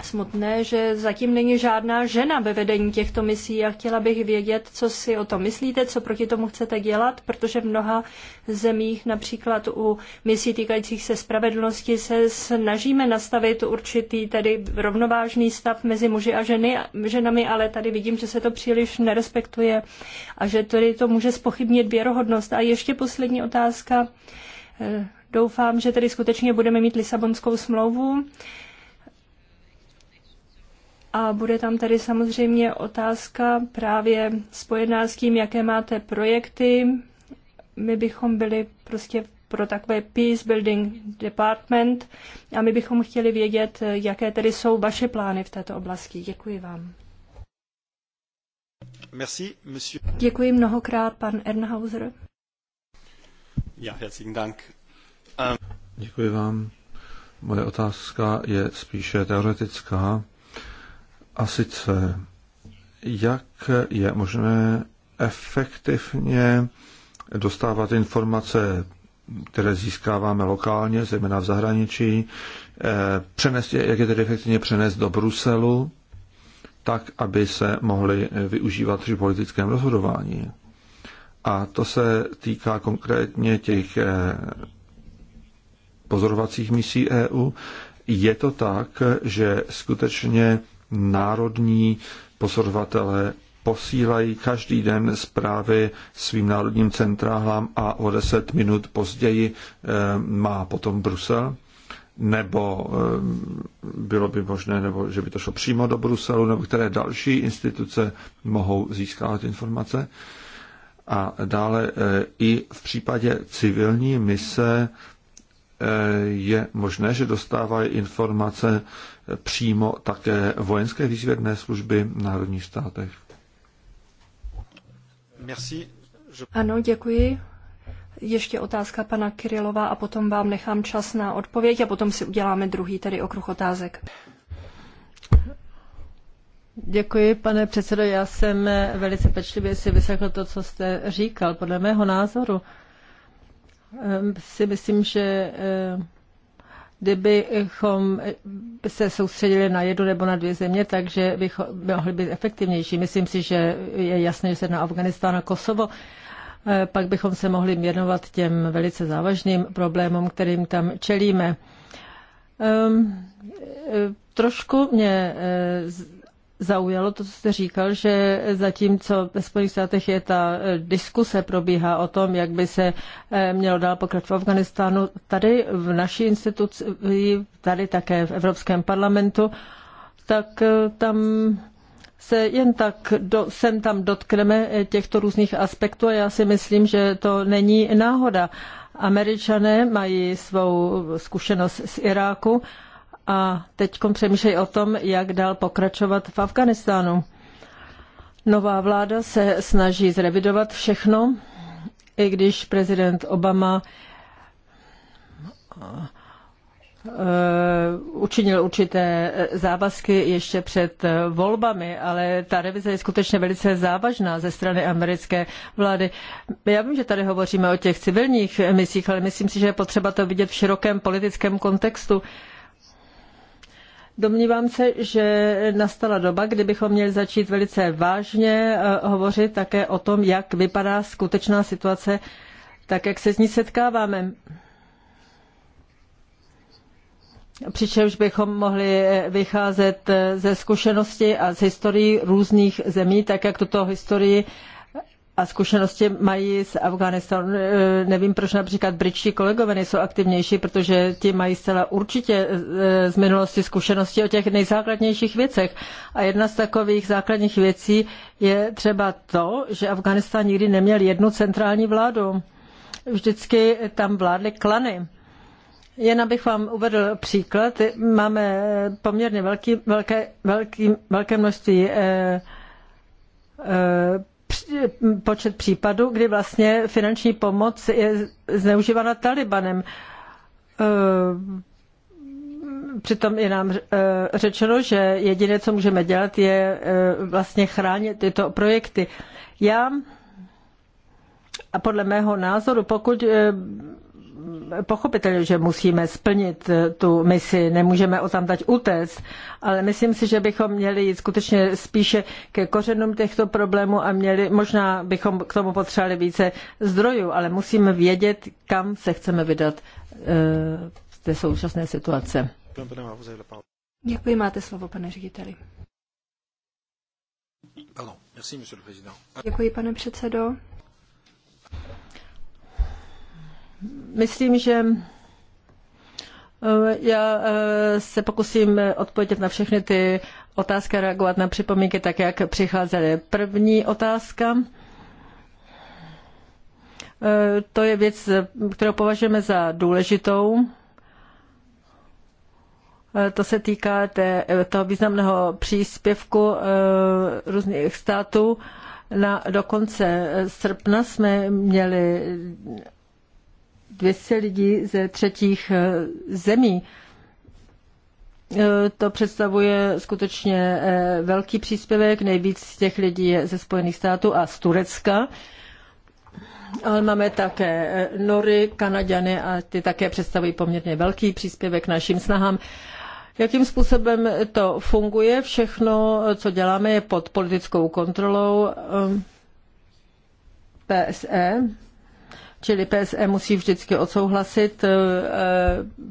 smutné, že zatím není žádná žena ve vedení těchto misí a chtěla bych vědět, co si o tom myslíte, co proti tomu chcete dělat, protože v mnoha zemích, například u misí týkajících se spravedlnosti, se snažíme nastavit určitý tedy rovnovážný stav mezi muži a ženy, ženami, ale tady vidím, že se to příliš nerespektuje a že tedy to může spochybnit věrohodnost. A ještě poslední otázka. Eh, doufám, že tedy skutečně budeme mít Lisabonskou smlouvu a bude tam tady samozřejmě otázka právě spojená s tím, jaké máte projekty. My bychom byli prostě pro takové Peace Building Department a my bychom chtěli vědět, jaké tedy jsou vaše plány v této oblasti. Děkuji vám. Merci, monsieur. Děkuji mnohokrát, pan Ernhauser. Ja, herzlichen Dank. Um... Děkuji vám. Moje otázka je spíše teoretická. A sice, jak je možné efektivně dostávat informace, které získáváme lokálně, zejména v zahraničí, eh, přenést, jak je tedy efektivně přenést do Bruselu, tak, aby se mohly využívat při politickém rozhodování. A to se týká konkrétně těch eh, pozorovacích misí EU. Je to tak, že skutečně národní pozorovatelé posílají každý den zprávy svým národním centrálám a o 10 minut později eh, má potom Brusel nebo eh, bylo by možné, nebo že by to šlo přímo do Bruselu, nebo které další instituce mohou získávat informace. A dále eh, i v případě civilní mise je možné, že dostávají informace přímo také vojenské výzvědné služby v národních státech. Merci. Ano, děkuji. Ještě otázka pana Kirilova a potom vám nechám čas na odpověď a potom si uděláme druhý, tedy okruh otázek. Děkuji, pane předsedo. Já jsem eh, velice pečlivě si vyslechl to, co jste říkal. Podle mého názoru eh, si myslím, že eh, kdybychom se soustředili na jednu nebo na dvě země, takže bychom mohli být efektivnější. Myslím si, že je jasné, že se na Afganistán a Kosovo eh, pak bychom se mohli měnovat těm velice závažným problémům, kterým tam čelíme. Um, trošku mě eh, zaujalo to, co jste říkal, že zatímco ve Spojených státech je ta eh, diskuse probíhá o tom, jak by se eh, mělo dál pokračovat v Afganistánu, tady v naší instituci, tady také v Evropském parlamentu, tak eh, tam se jen tak do, sem tam dotkneme těchto různých aspektů a já si myslím, že to není náhoda. Američané mají svou zkušenost z Iráku a teď přemýšlejí o tom, jak dál pokračovat v Afganistánu. Nová vláda se snaží zrevidovat všechno, i když prezident Obama eh, učinil určité závazky ještě před volbami, ale ta revize je skutečně velice závažná ze strany americké vlády. Já vím, že tady hovoříme o těch civilních misích, ale myslím si, že je potřeba to vidět v širokém politickém kontextu. Domnívám se, že nastala doba, kdy bychom měli začít velice vážně eh, hovořit také o tom, jak vypadá skutečná situace, tak jak se s ní setkáváme. Přičemž bychom mohli eh, vycházet eh, ze zkušenosti a z historií různých zemí, tak jak tuto historii a zkušenosti mají z Afganistánu. E, nevím, proč například britští kolegové nejsou aktivnější, protože ti mají zcela určitě e, z minulosti zkušenosti o těch nejzákladnějších věcech. A jedna z takových základních věcí je třeba to, že Afganistán nikdy neměl jednu centrální vládu. Vždycky tam vládly klany. Jen abych vám uvedl příklad, máme poměrně velký, velké, velký, velké množství eh, eh, počet případů, kdy vlastně finanční pomoc je zneužívána Talibanem. E, přitom je nám e, řečeno, že jediné, co můžeme dělat, je e, vlastně chránit tyto projekty. Já a podle mého názoru, pokud pochopitelně, že musíme splnit eh, tu misi, nemůžeme otamtať utéct, ale myslím si, že bychom měli jít skutečně spíše ke kořenům těchto problémů a měli, možná bychom k tomu potřebovali více zdrojů, ale musíme vědět, kam se chceme vydat eh, v té současné situace. Děkuji, máte slovo, pane řediteli. Děkuji, pane předsedo. Myslím, že eh, já eh, se pokusím odpovědět na všechny ty otázky, reagovat na připomínky, tak jak přicházely. První otázka. Eh, to je věc, kterou považujeme za důležitou. To se týká té, toho významného příspěvku různých států. Na, do konce srpna jsme měli 200 lidí ze třetích eh, zemí. Eh, to představuje skutečně eh, velký příspěvek. Nejvíc těch lidí je ze Spojených států a z Turecka. Ale máme také Nory, Kanaďany a ty také představují poměrně velký příspěvek našim snahám. Jakým způsobem to funguje? Všechno, co děláme, je pod politickou kontrolou PSE čili PSE musí vždycky odsouhlasit e,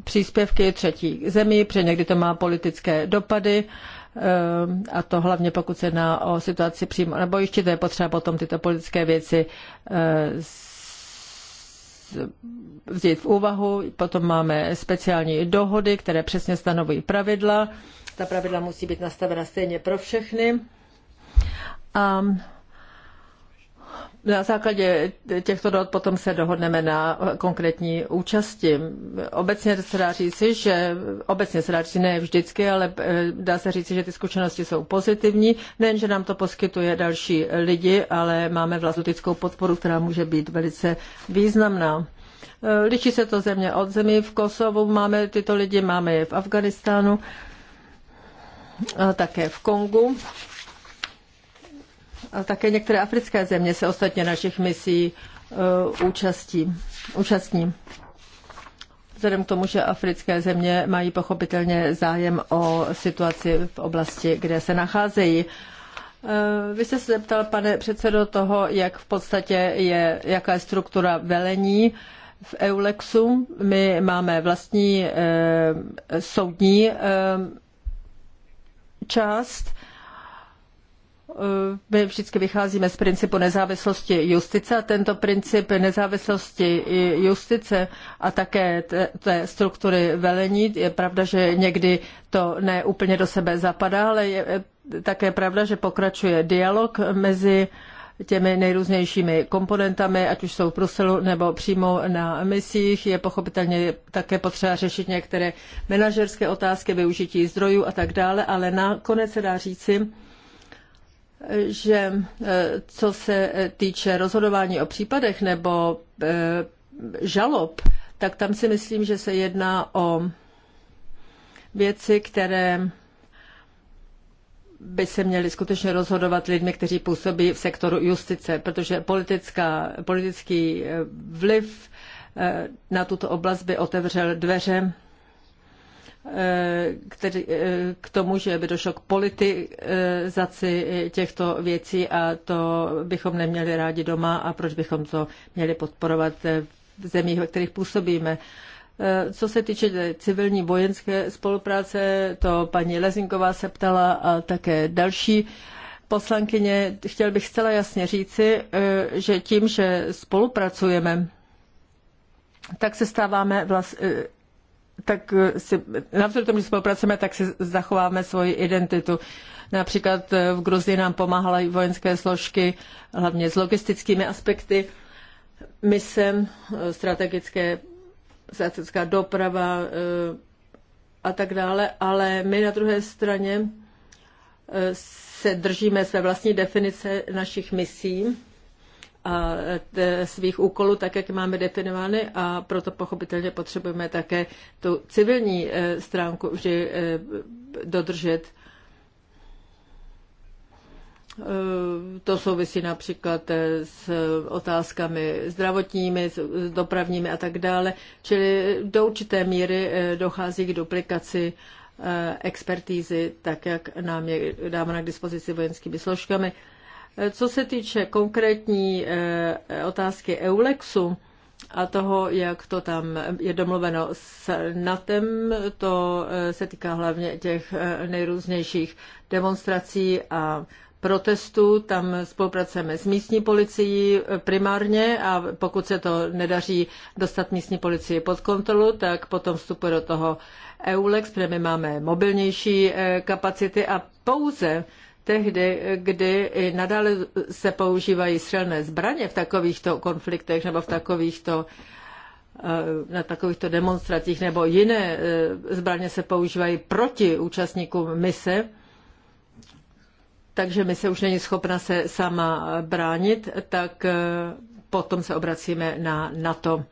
příspěvky třetí zemí, protože někdy to má politické dopady e, a to hlavně pokud se jedná o situaci přímo na bojišti, to je potřeba potom tyto politické věci e, vzít v úvahu. Potom máme speciální dohody, které přesně stanovují pravidla. Ta pravidla musí být nastavena stejně pro všechny. A na základě těchto dohod potom se dohodneme na konkrétní účasti. Obecně se dá říci, že obecně se dá říci ne vždycky, ale eh, dá se říci, že ty zkušenosti jsou pozitivní. Nejen, že nám to poskytuje další lidi, ale máme vlastnickou podporu, která může být velice významná. Eh, liší se to země od zemí. V Kosovu máme tyto lidi, máme je v Afganistánu, a také v Kongu. A také některé africké země se ostatně našich misí eh, účastí, účastní. Vzhledem k tomu, že africké země mají pochopitelně zájem o situaci v oblasti, kde se nacházejí. Eh, vy jste se zeptal, pane předsedo, toho, jak v podstatě je, jaká je struktura velení v Eulexu. My máme vlastní e, soudní e, část Eh, my vždycky vycházíme z principu nezávislosti justice a tento princip nezávislosti justice a také té struktury velení, je pravda, že někdy to ne úplně do sebe zapadá, ale je eh, také pravda, že pokračuje dialog mezi těmi nejrůznějšími komponentami, ať už jsou v Bruselu nebo přímo na misích. Je pochopitelně také potřeba řešit některé manažerské otázky, využití zdrojů a tak dále, ale nakonec se dá říci, že eh, co se eh, týče rozhodování o případech nebo eh, žalob, tak tam si myslím, že se jedná o věci, které by se měly skutečně rozhodovat lidmi, kteří působí v sektoru justice, protože politická, politický vliv na tuto oblast by otevřel dveře Eh, který, eh, k tomu, že by došlo k politizaci těchto věcí a to bychom neměli rádi doma a proč bychom to měli podporovat eh, v zemích, ve kterých působíme. Co se týče civilní vojenské spolupráce, to paní Lezinková se ptala a také další poslankyně. Chtěl bych zcela jasně říci, že tím, že spolupracujeme, tak se stáváme vlast, tak eh, si, navzdory tomu, že spolupracujeme, tak si zachováme svoji identitu. Například eh, v Gruzii nám pomáhaly vojenské složky, hlavně s logistickými aspekty, mise, eh, strategické, strategická doprava a tak dále, ale my na druhé straně se držíme své vlastní definice našich misí E, svých úkolů, tak jak máme definovány a proto pochopitelně potřebujeme také tu civilní e, stránku vždy e, dodržet. To souvisí například s otázkami zdravotními, s dopravními a tak dále. Čili do určité míry dochází k duplikaci expertízy, tak jak nám je dávána k dispozici vojenskými složkami. Co se týče konkrétní eh, otázky Eulexu a toho, jak to tam je domluveno s NATEM, to eh, se týká hlavně těch eh, nejrůznějších demonstrací a protestů, tam spolupracujeme s místní policií primárně a pokud se to nedaří dostat místní policii pod kontrolu, tak potom vstupuje do toho EULEX, kde my máme mobilnější kapacity a pouze tehdy, kdy i nadále se používají střelné zbraně v takovýchto konfliktech nebo v takovýchto eh, na takovýchto demonstracích nebo jiné eh, zbraně se používají proti účastníkům mise, takže mise už není schopna se sama bránit, tak eh, potom se obracíme na NATO.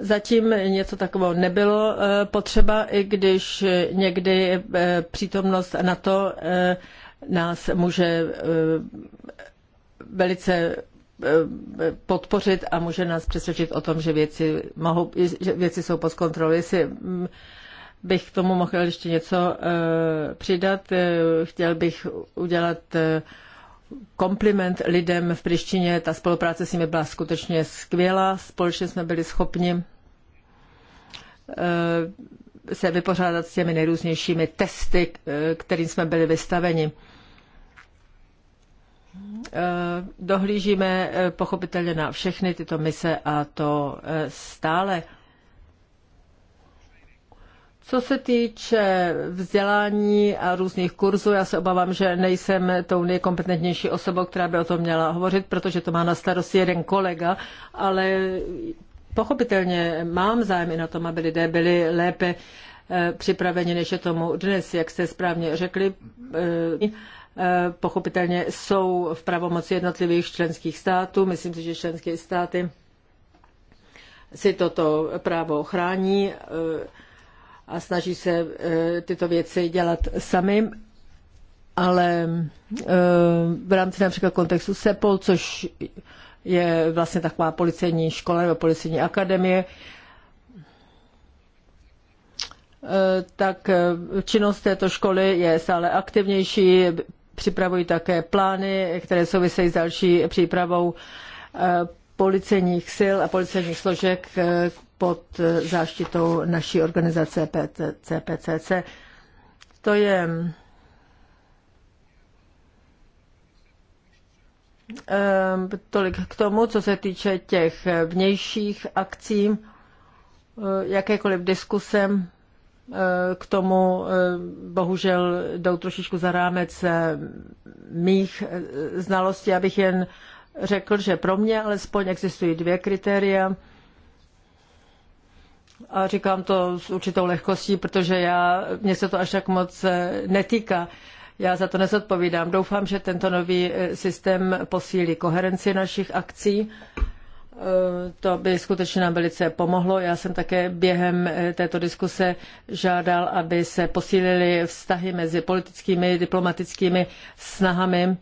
Zatím něco takového nebylo eh, potřeba, i když někdy eh, přítomnost NATO eh, nás může velice podpořit a může nás přesvědčit o tom, že věci, mohou, že věci jsou pod kontrolou. Jestli mm, bych k tomu mohl ještě něco přidat, chtěl bych udělat kompliment lidem v Prištině. Ta spolupráce s nimi byla skutečně skvělá. Společně jsme byli schopni eh, se vypořádat s těmi nejrůznějšími testy, eh, kterým jsme byli vystaveni. Eh, dohlížíme pochopitelně na všechny tyto mise a to stále. Co se týče vzdělání a různých kurzů, já se obávám, že nejsem tou nejkompetentnější osobou, která by o tom měla hovořit, protože to má na starosti jeden kolega, ale pochopitelně mám zájem i na tom, aby lidé byli lépe eh, připraveni, než je tomu dnes, jak jste správně řekli. Eh, eh, pochopitelně jsou v pravomoci jednotlivých členských států. Myslím si, že členské státy si toto právo chrání a snaží se eh, tyto věci dělat sami, ale eh, v rámci například kontextu SEPOL, což je vlastně taková policejní škola nebo policejní akademie, eh, tak činnost této školy je stále aktivnější, připravují také plány, které souvisejí s další přípravou policejních sil a policejních složek eh, pod eh, záštitou naší organizace CPCC. To je mm, eh, tolik k tomu, co se týče těch vnějších akcí, jakékoliv diskuse k tomu bohužel jdou trošičku za rámec mých znalostí, abych jen řekl, že pro mě alespoň existují dvě kritéria. A říkám to s určitou lehkostí, protože já, mě se to až tak moc eh, netýká. Já za to nezodpovídám. Doufám, že tento nový eh, systém posílí koherenci našich akcí. Eh, to by skutečně nám velice pomohlo. Já jsem také během této diskuse žádal, aby se posílily vztahy mezi politickými, diplomatickými snahami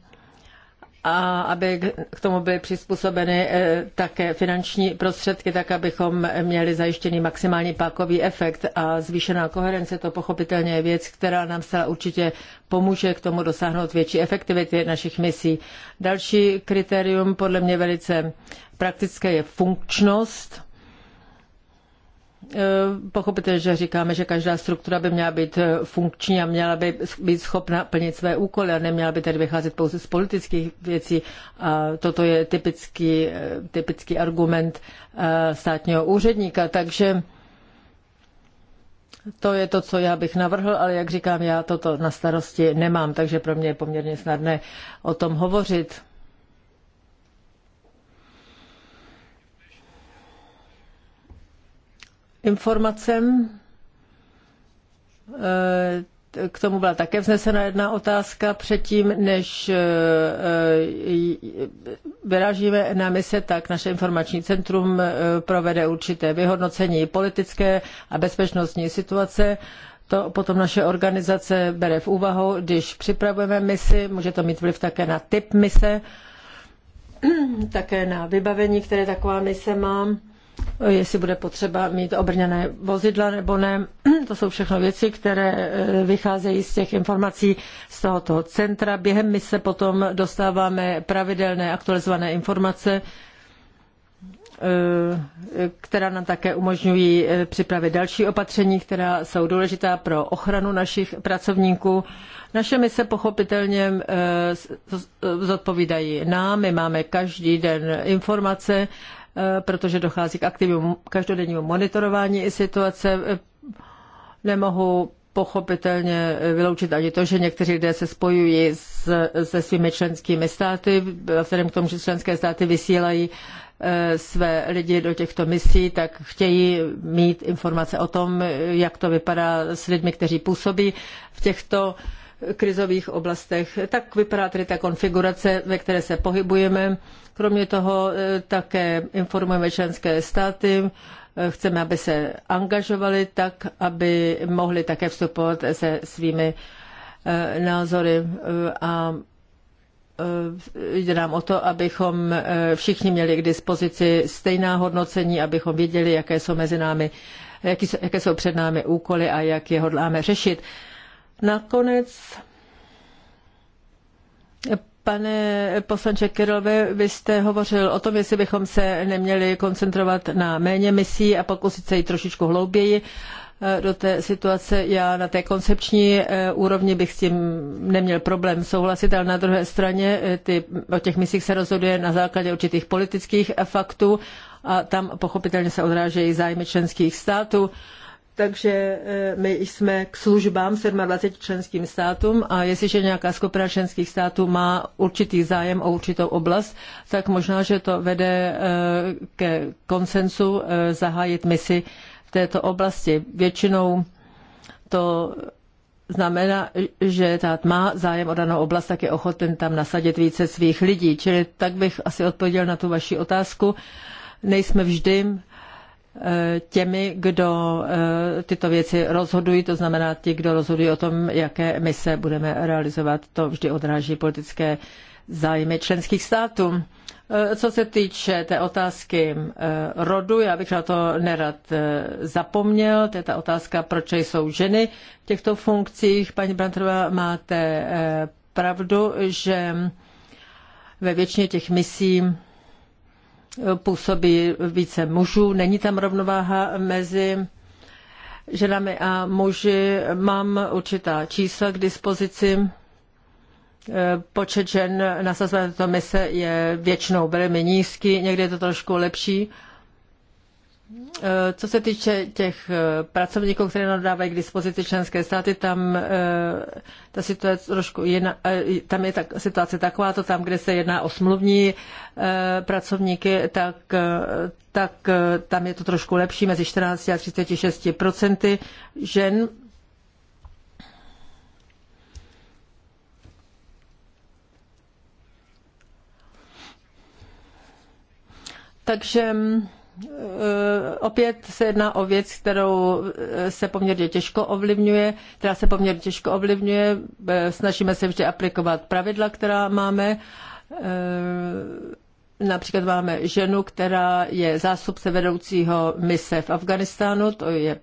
a aby k tomu byly přizpůsobeny eh, také finanční prostředky, tak abychom měli zajištěný maximální pákový efekt a zvýšená koherence, to pochopitelně je věc, která nám zcela určitě pomůže k tomu dosáhnout větší efektivity našich misí. Další kritérium, podle mě velice praktické, je funkčnost Eh, pochopitelně, že říkáme, že každá struktura by měla být eh, funkční a měla by být schopna plnit své úkoly a neměla by tedy vycházet pouze z politických věcí. A toto je typický, eh, typický argument státního úředníka, takže to je to, co já bych navrhl, ale jak říkám, já toto na starosti nemám, takže pro mě je poměrně snadné o tom hovořit. informacem. Eh, k tomu byla také vznesena jedna otázka předtím, než eh, vyrážíme na mise, tak naše informační centrum eh, provede určité vyhodnocení politické a bezpečnostní situace. To potom naše organizace bere v úvahu, když připravujeme misi, může to mít vliv také na typ mise, také na vybavení, které taková mise má jestli bude potřeba mít obrněné vozidla nebo ne. To jsou všechno věci, které e, vycházejí z těch informací z tohoto centra. Během mise potom dostáváme pravidelné aktualizované informace, e, která nám také umožňují e, připravit další opatření, která jsou důležitá pro ochranu našich pracovníků. Naše mise pochopitelně zodpovídají nám, my máme každý den informace Eh, protože dochází k aktivnímu každodennímu monitorování situace. Eh, nemohu pochopitelně vyloučit ani to, že někteří lidé se spojují s, se svými členskými státy, vzhledem k tomu, že členské státy vysílají eh, své lidi do těchto misí, tak chtějí mít informace o tom, jak to vypadá s lidmi, kteří působí v těchto krizových oblastech. Tak vypadá tedy ta konfigurace, ve které se pohybujeme. Kromě toho eh, také informujeme členské státy, eh, chceme, aby se angažovali tak, aby mohli také vstupovat se svými eh, názory a jde nám o to, abychom všichni měli k dispozici stejná hodnocení, abychom věděli, jaké jsou mezi námi, jaký, jaké jsou před námi úkoly a jak je hodláme řešit. Nakonec, pane poslanče Kirilové, vy jste hovořil o tom, jestli bychom se neměli koncentrovat na méně misí a pokusit se jít trošičku hlouběji eh, do té situace. Já na té koncepční eh, úrovni bych s tím neměl problém souhlasit, ale na druhé straně eh, ty, o těch misích se rozhoduje na základě určitých politických faktů a tam pochopitelně se odrážejí zájmy členských států. Takže e, my jsme k službám 27 členským státům a jestliže nějaká skupina členských států má určitý zájem o určitou oblast, tak možná, že to vede e, ke konsensu e, zahájit misi v této oblasti. Většinou to znamená, že tát má zájem o danou oblast, tak je ochoten tam nasadit více svých lidí. Čili tak bych asi odpověděl na tu vaši otázku. Nejsme vždy Eh, těmi, kdo eh, tyto věci rozhodují, to znamená ti, kdo rozhodují o tom, jaké mise budeme realizovat. To vždy odráží politické zájmy členských států. Eh, co se týče té otázky rodu, já bych na to nerad zapomněl, to je ta otázka, proč jsou ženy v těchto funkcích. Paní Brantrová, máte pravdu, že ve většině těch misí působí více mužů, není tam rovnováha mezi ženami a muži. Mám určitá čísla k dispozici. Eh, počet žen na této mise je většinou velmi nízký, někdy je to trošku lepší Eh, co se týče těch eh, pracovníků, které nám dávají k dispozici členské státy, tam eh, ta situace trošku jiná, tam je tak, situace taková, to tam, kde se jedná o smluvní pracovníky, tak, tak tam je to trošku lepší, mezi 14 a 36 procenty žen. Takže mm, Eh, opět se jedná o věc, kterou eh, se poměrně těžko ovlivňuje, která se poměrně těžko ovlivňuje. Eh, snažíme se vždy aplikovat pravidla, která máme. Například máme ženu, která je zástupce vedoucího mise v Afganistánu, to je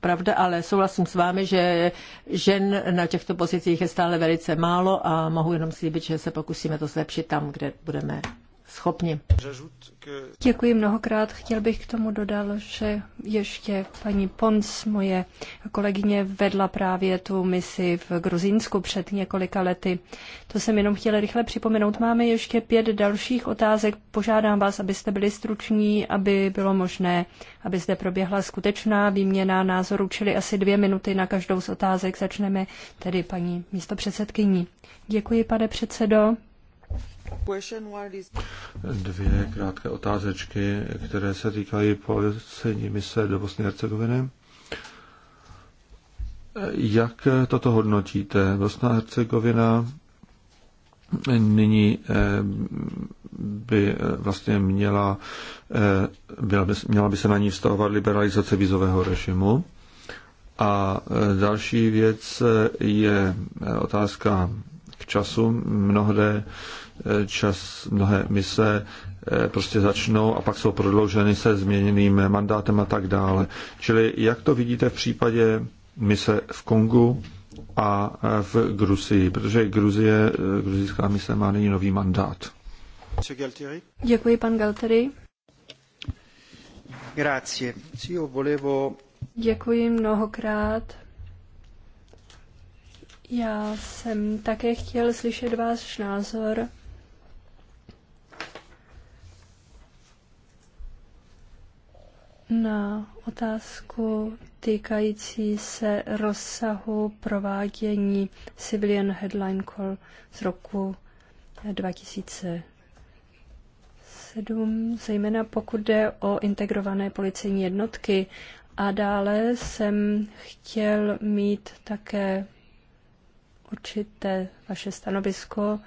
pravda, ale souhlasím s vámi, že žen na těchto pozicích je stále velice málo a mohu jenom slíbit, že se pokusíme to zlepšit tam, kde budeme schopni. Děkuji mnohokrát. Chtěl bych k tomu dodat, že ještě paní Pons, moje kolegyně, vedla právě tu misi v Gruzínsku před několika lety. To jsem jenom chtěla rychle připomenout. Máme ještě pět dalších otázek. Požádám vás, abyste byli struční, aby bylo možné, aby zde proběhla skutečná výměna názorů, čili asi dvě minuty na každou z otázek. Začneme tedy paní místopředsedkyní. Děkuji, pane předsedo. Dvě krátké otázečky, které se týkají policejní mise do Bosny a Hercegoviny. Jak toto hodnotíte? Bosna a Hercegovina nyní eh, by eh, vlastně měla, eh, byla by, měla by se na ní vztahovat liberalizace vízového režimu. A další věc je otázka k času. Mnohde čas mnohé mise eh, prostě začnou a pak jsou prodlouženy se změněným mandátem a tak dále. Čili jak to vidíte v případě mise v Kongu a eh, v Gruzii, protože Gruzie, eh, gruzijská mise má nyní nový mandát. Děkuji, pan Galteri. Grazie. Děkuji mnohokrát. Já jsem také chtěl slyšet váš názor na otázku týkající se rozsahu provádění Civilian Headline Call z roku 2007, zejména pokud jde o integrované policejní jednotky. A dále jsem chtěl mít také určité vaše stanovisko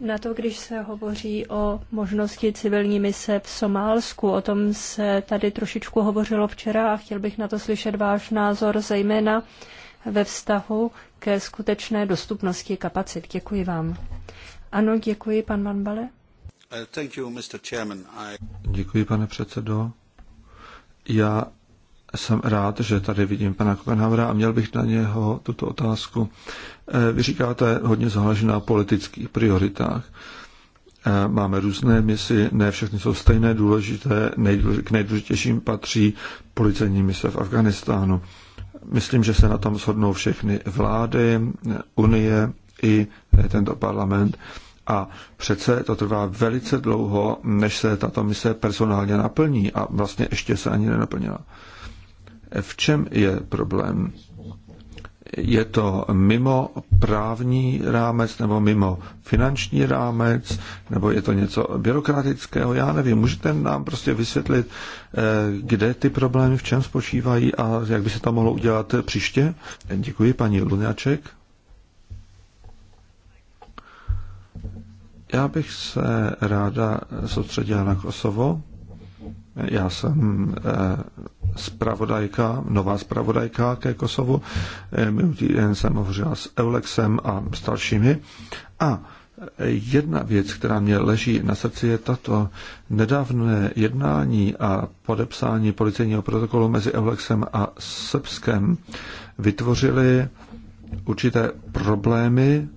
na to, když se hovoří o možnosti civilní mise v Somálsku. O tom se tady trošičku hovořilo včera a chtěl bych na to slyšet váš názor, zejména ve vztahu ke skutečné dostupnosti kapacit. Děkuji vám. Ano, děkuji, pan Manbale. Uh, děkuji, pane předsedo. Já jsem rád, že tady vidím pana Kopenhavera a měl bych na něho tuto otázku. Eh, vy říkáte, hodně záleží na politických prioritách. Eh, máme různé misi, ne všechny jsou stejné důležité. K nejdůležitějším patří policejní mise v Afganistánu. Myslím, že se na tom shodnou všechny vlády, Unie i eh, tento parlament. A přece to trvá velice dlouho, než se tato mise personálně naplní a vlastně ještě se ani nenaplnila. V čem je problém? Je to mimo právní rámec nebo mimo finanční rámec, nebo je to něco byrokratického, já nevím. Můžete nám prostě vysvětlit, eh, kde ty problémy, v čem spočívají a jak by se to mohlo udělat příště? Děkuji, paní Lunáček. Já bych se ráda soustředila na Kosovo. Já jsem spravodajka, eh, nová spravodajka ke Kosovu. Eh, minulý týden jsem hovořila s Eulexem a s dalšími. A eh, Jedna věc, která mě leží na srdci, je tato nedávné jednání a podepsání policejního protokolu mezi Eulexem a Srbskem vytvořili určité problémy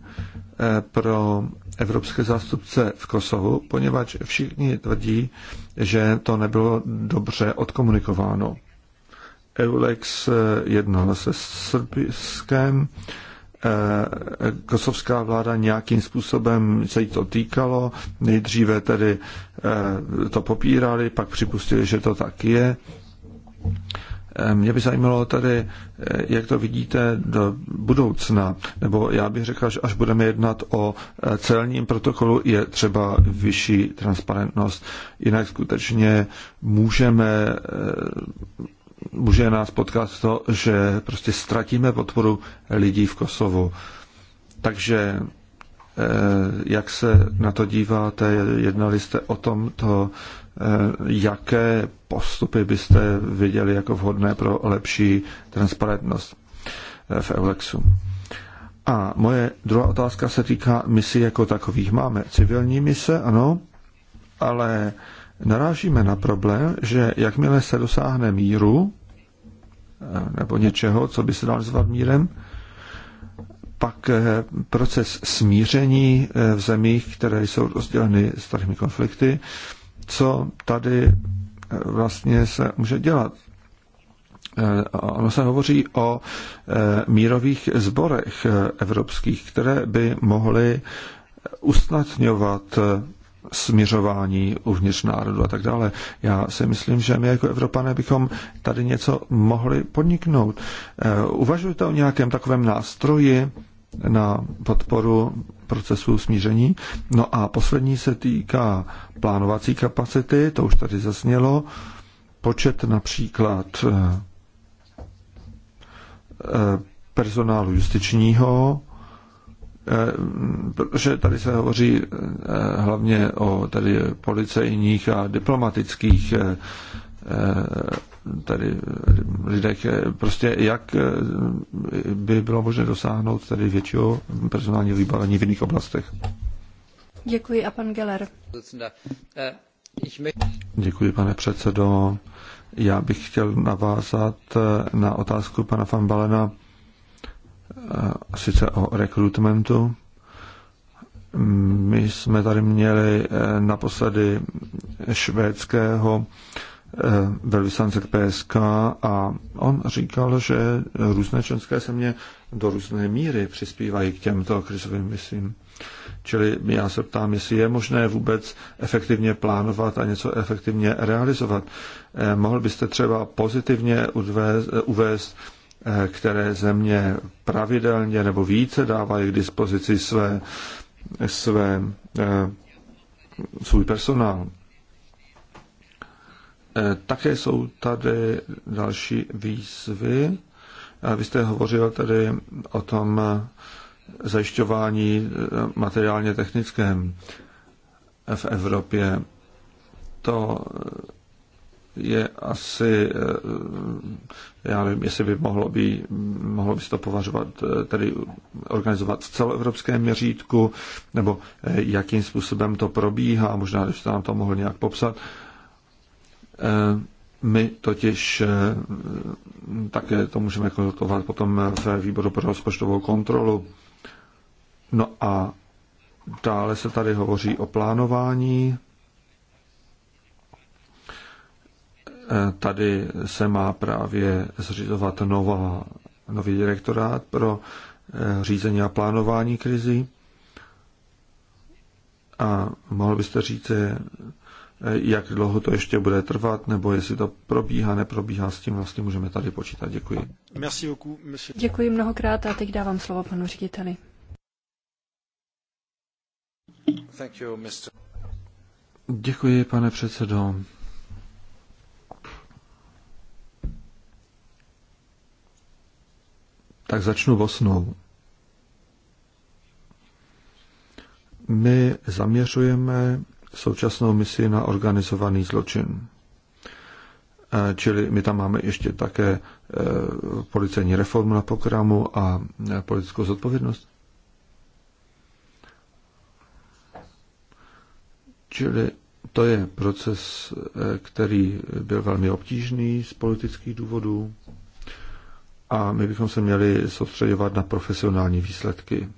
pro evropské zástupce v Kosovu, poněvadž všichni tvrdí, že to nebylo dobře odkomunikováno. Eulex eh, jednal se Srbiskem, eh, kosovská vláda nějakým způsobem se jí to týkalo. Nejdříve tedy eh, to popírali, pak připustili, že to tak je. Eh, mě by zajímalo tady, eh, jak to vidíte do budoucna, nebo já bych řekl, že až budeme jednat o eh, celním protokolu, je třeba vyšší transparentnost. Jinak skutečně můžeme, může nás potkat to, že prostě ztratíme podporu lidí v Kosovu. Takže jak se na to díváte, jednali jste o tomto, Eh, jaké postupy byste viděli jako vhodné pro lepší transparentnost eh, v Eulexu. A moje druhá otázka se týká misí jako takových. Máme civilní mise, ano, ale narážíme na problém, že jakmile se dosáhne míru, eh, nebo něčeho, co by se dal zvat mírem, pak proces smíření v zemích, které jsou rozděleny starými konflikty, co tady eh, vlastně se může dělat. Eh, ono se hovoří o eh, mírových zborech evropských, které by mohly usnadňovat směřování uvnitř národu a tak dále. Já si myslím, že my jako Evropané bychom tady něco mohli podniknout. Uvažujete o nějakém takovém nástroji, na podporu procesu smíření. No a poslední se týká plánovací kapacity, to už tady zasnělo. Počet například eh, eh, personálu justičního, eh, protože tady se hovoří hlavně o tady policejních a diplomatických tady lidé prostě jak eh, by bylo možné dosáhnout tady většího personálního vybavení v jiných oblastech. Děkuji a pan Geller. Děkuji, pane předsedo. Já bych chtěl navázat eh, na otázku pana Van Balena, eh, sice o rekrutmentu. My jsme tady měli naposledy švédského Eh, velvyslance k PSK a on říkal, že různé členské země do různé míry přispívají k těmto krizovým misím. Čili já se ptám, jestli je možné vůbec efektivně plánovat a něco efektivně realizovat. Eh, mohl byste třeba pozitivně eh, uvést, které země pravidelně nebo více dávají k dispozici své, své, svůj personál. Eh, také jsou tady další výzvy. Vy jste hovořil tady o tom eh, zajišťování eh, materiálně technickém v Evropě. To je asi, já nevím, jestli by mohlo, by mohlo by se to považovat, tedy organizovat v celoevropském měřítku, nebo jakým způsobem to probíhá, možná, když jste nám to mohl nějak popsat, Eh, my totiž eh, také to můžeme konzultovat potom ve výboru pro rozpočtovou kontrolu. No a dále se tady hovoří o plánování. Eh, tady se má právě zřizovat nová, nový direktorát pro řízení a plánování krizi. A mohl byste říct, Eh, jak dlouho to ještě bude trvat, nebo jestli to probíhá, neprobíhá, s tím vlastně můžeme tady počítat. Děkuji. Děkuji mnohokrát a teď dávám slovo panu řediteli. Děkuji, pane předsedo. Tak začnu Bosnou. My zaměřujeme současnou misi na organizovaný zločin. E, čili my tam máme ještě také e, policejní reformu na programu a e, politickou zodpovědnost. Čili to je proces, který byl velmi obtížný z politických důvodů a my bychom se měli soustředovat na profesionální výsledky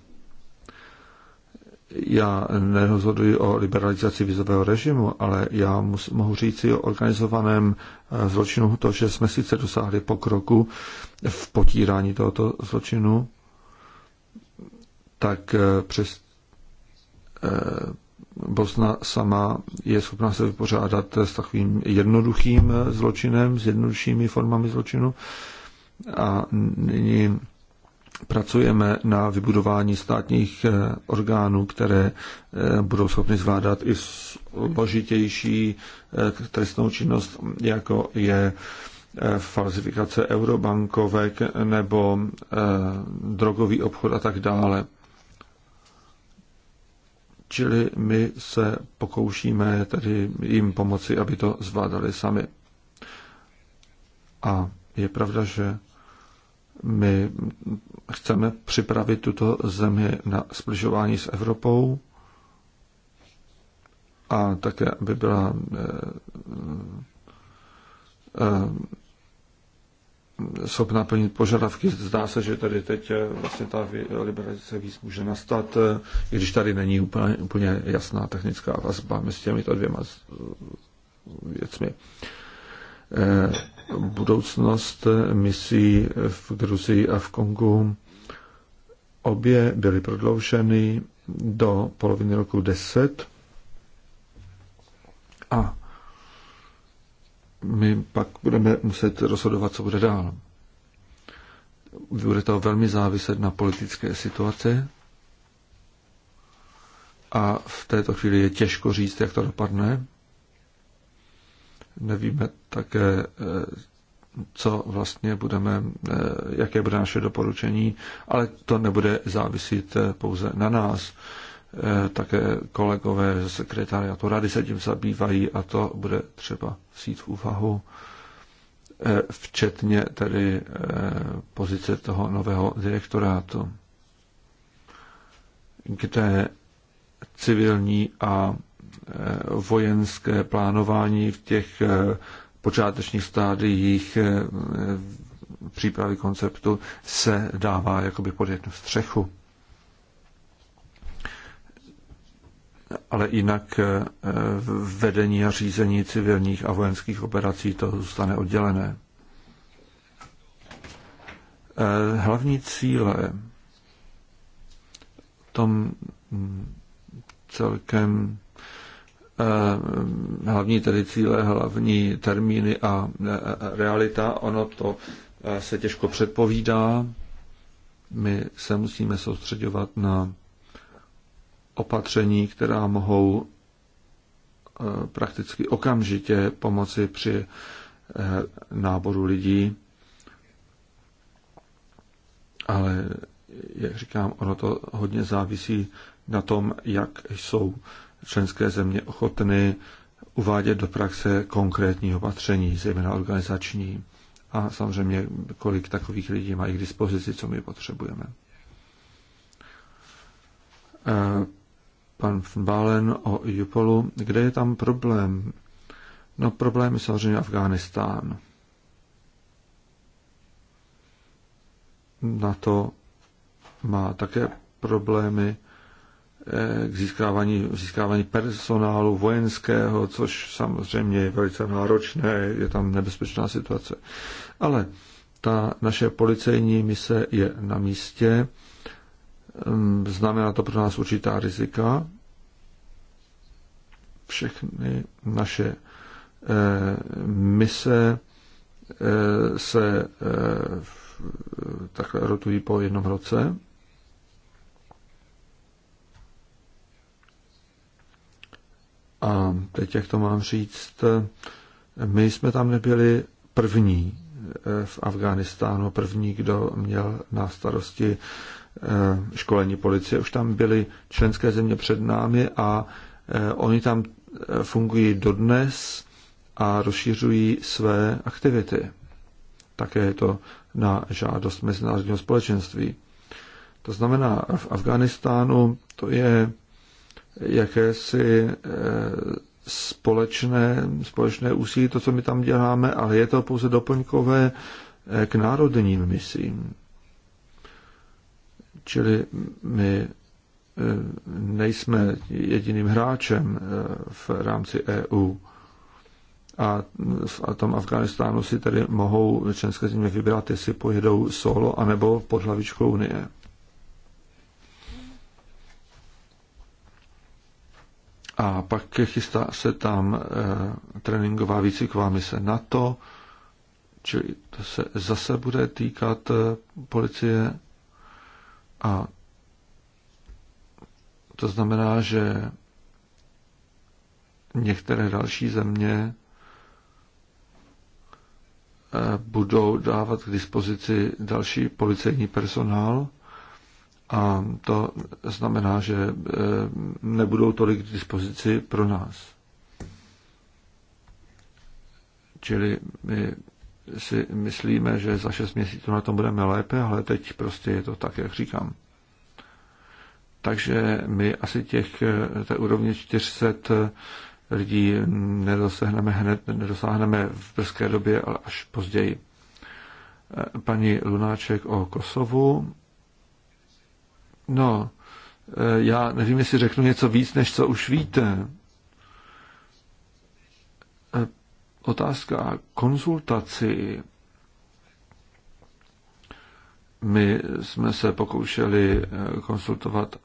já nerozhoduji o liberalizaci vizového režimu, ale já mus, mohu říci o organizovaném eh, zločinu to, že jsme sice dosáhli pokroku v potírání tohoto zločinu, tak eh, přes eh, Bosna sama je schopná se vypořádat s takovým jednoduchým zločinem, s jednoduššími formami zločinu. A nyní pracujeme na vybudování státních eh, orgánů, které eh, budou schopny zvládat i složitější eh, trestnou činnost, jako je falsifikace eurobankovek nebo drogový obchod a tak dále. Čili my se pokoušíme tedy jim pomoci, aby to zvládali sami. A je pravda, že my chceme připravit tuto zemi na spližování s Evropou a také, aby byla eh, eh, schopná plnit požadavky. Zdá se, že tady teď eh, vlastně ta liberalizace víc může nastat, i když tady není úplně, úplně jasná technická vazba mezi těmi dvěma věcmi. Eh, budoucnost misí v Gruzii a v Kongu. Obě byly prodlouženy do poloviny roku 10 a my pak budeme muset rozhodovat, co bude dál. Bude to velmi záviset na politické situaci a v této chvíli je těžko říct, jak to dopadne. Nevíme také, eh, co vlastně budeme, eh, jaké bude naše doporučení, ale to nebude závisit eh, pouze na nás. Také kolegové ze sekretariatu rady se tím zabývají a to bude třeba vzít v úvahu, včetně tedy pozice toho nového direktorátu, kde civilní a Eh, vojenské plánování v těch eh, počátečních stádiích eh, přípravy konceptu se dává jakoby pod jednu střechu. Ale jinak vedení a řízení civilních a vojenských operací to zůstane oddělené. Hlavní cíle tom mm, celkem Eh, hlavní tedy cíle, hlavní termíny a eh, eh, realita, ono to se těžko předpovídá. My se musíme soustředovat na opatření, která mohou prakticky okamžitě pomoci při náboru lidí. Ale, jak říkám, ono to hodně závisí na tom, jak jsou členské země ochotny uvádět do praxe konkrétní opatření, zejména organizační. A samozřejmě, kolik takových lidí mají k dispozici, co my potřebujeme. Eh, pan Van Balen o Jupolu. Kde je tam problém? No problém je samozřejmě Afghánistán. Na to má také problémy Eh, k získávání, získávání personálu vojenského, což samozřejmě je velice náročné, je tam nebezpečná situace. Ale ta naše policejní mise je na místě, mm, znamená to pro nás určitá rizika. Všechny naše eh, mise eh, se takhle rotují po jednom roce A teď, jak to mám říct, my jsme tam nebyli první eh, v Afghánistánu, první, kdo měl na starosti eh, školení policie. Už tam byly členské země před námi a eh, oni tam fungují dodnes a rozšířují své aktivity. Také je to na žádost mezinárodního společenství. To znamená, v Afghánistánu to je jakési eh, společné, společné úsilí, to, co my tam děláme, ale je to pouze doplňkové eh, k národním misím. Čili my eh, nejsme jediným hráčem v rámci EU. A v tom Afganistánu si tedy mohou členské země vybrat, jestli pojedou solo anebo pod hlavičkou Unie. A pak chystá se tam eh, tréninková výcviková mise NATO, čili to se zase bude týkat eh, policie a to znamená, že některé další země eh, budou dávat k dispozici další policejní personál a to znamená, že e, nebudou tolik k dispozici pro nás. Čili my si myslíme, že za 6 měsíců na tom budeme lépe, ale teď prostě je to tak, jak říkám. Takže my asi těch e, té úrovně 400 e, lidí nedosáhneme hned, nedosáhneme v brzké době, ale až později. Paní Lunáček o Kosovu No, eh, já nevím, jestli řeknu něco víc, než co už víte. Eh, otázka konzultaci. My jsme se pokoušeli eh, konsultovat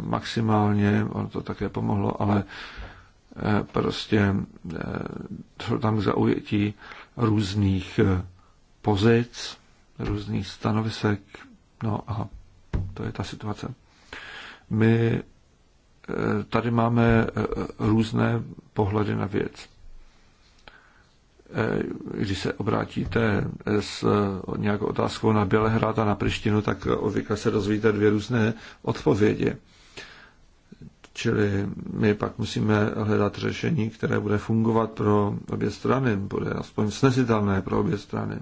maximálně, ono to také pomohlo, ale prostě došlo tam k zaujetí různých pozic, různých stanovisek, no a to je ta situace. My eh, tady máme eh, různé pohledy na věc. Eh, když se obrátíte s nějakou otázkou na Bělehrad a na Prištinu, tak obvykle se dozvíte dvě různé odpovědi. Čili my pak musíme hledat řešení, které bude fungovat pro obě strany, bude aspoň snesitelné pro obě strany.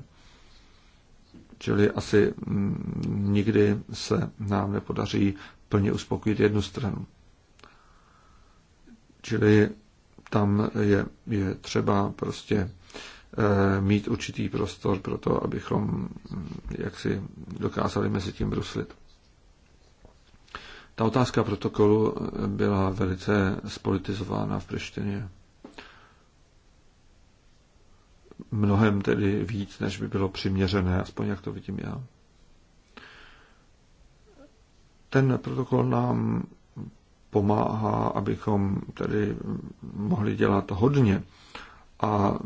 Čili asi mm, nikdy se nám nepodaří plně uspokojit jednu stranu. Čili tam je, je třeba prostě eh, mít určitý prostor pro to, abychom mm, jaksi dokázali mezi tím bruslit. Ta otázka protokolu byla velice spolitizována v Prištině mnohem tedy víc, než by bylo přiměřené, aspoň jak to vidím já. Ten protokol nám pomáhá, abychom tedy mohli dělat hodně. A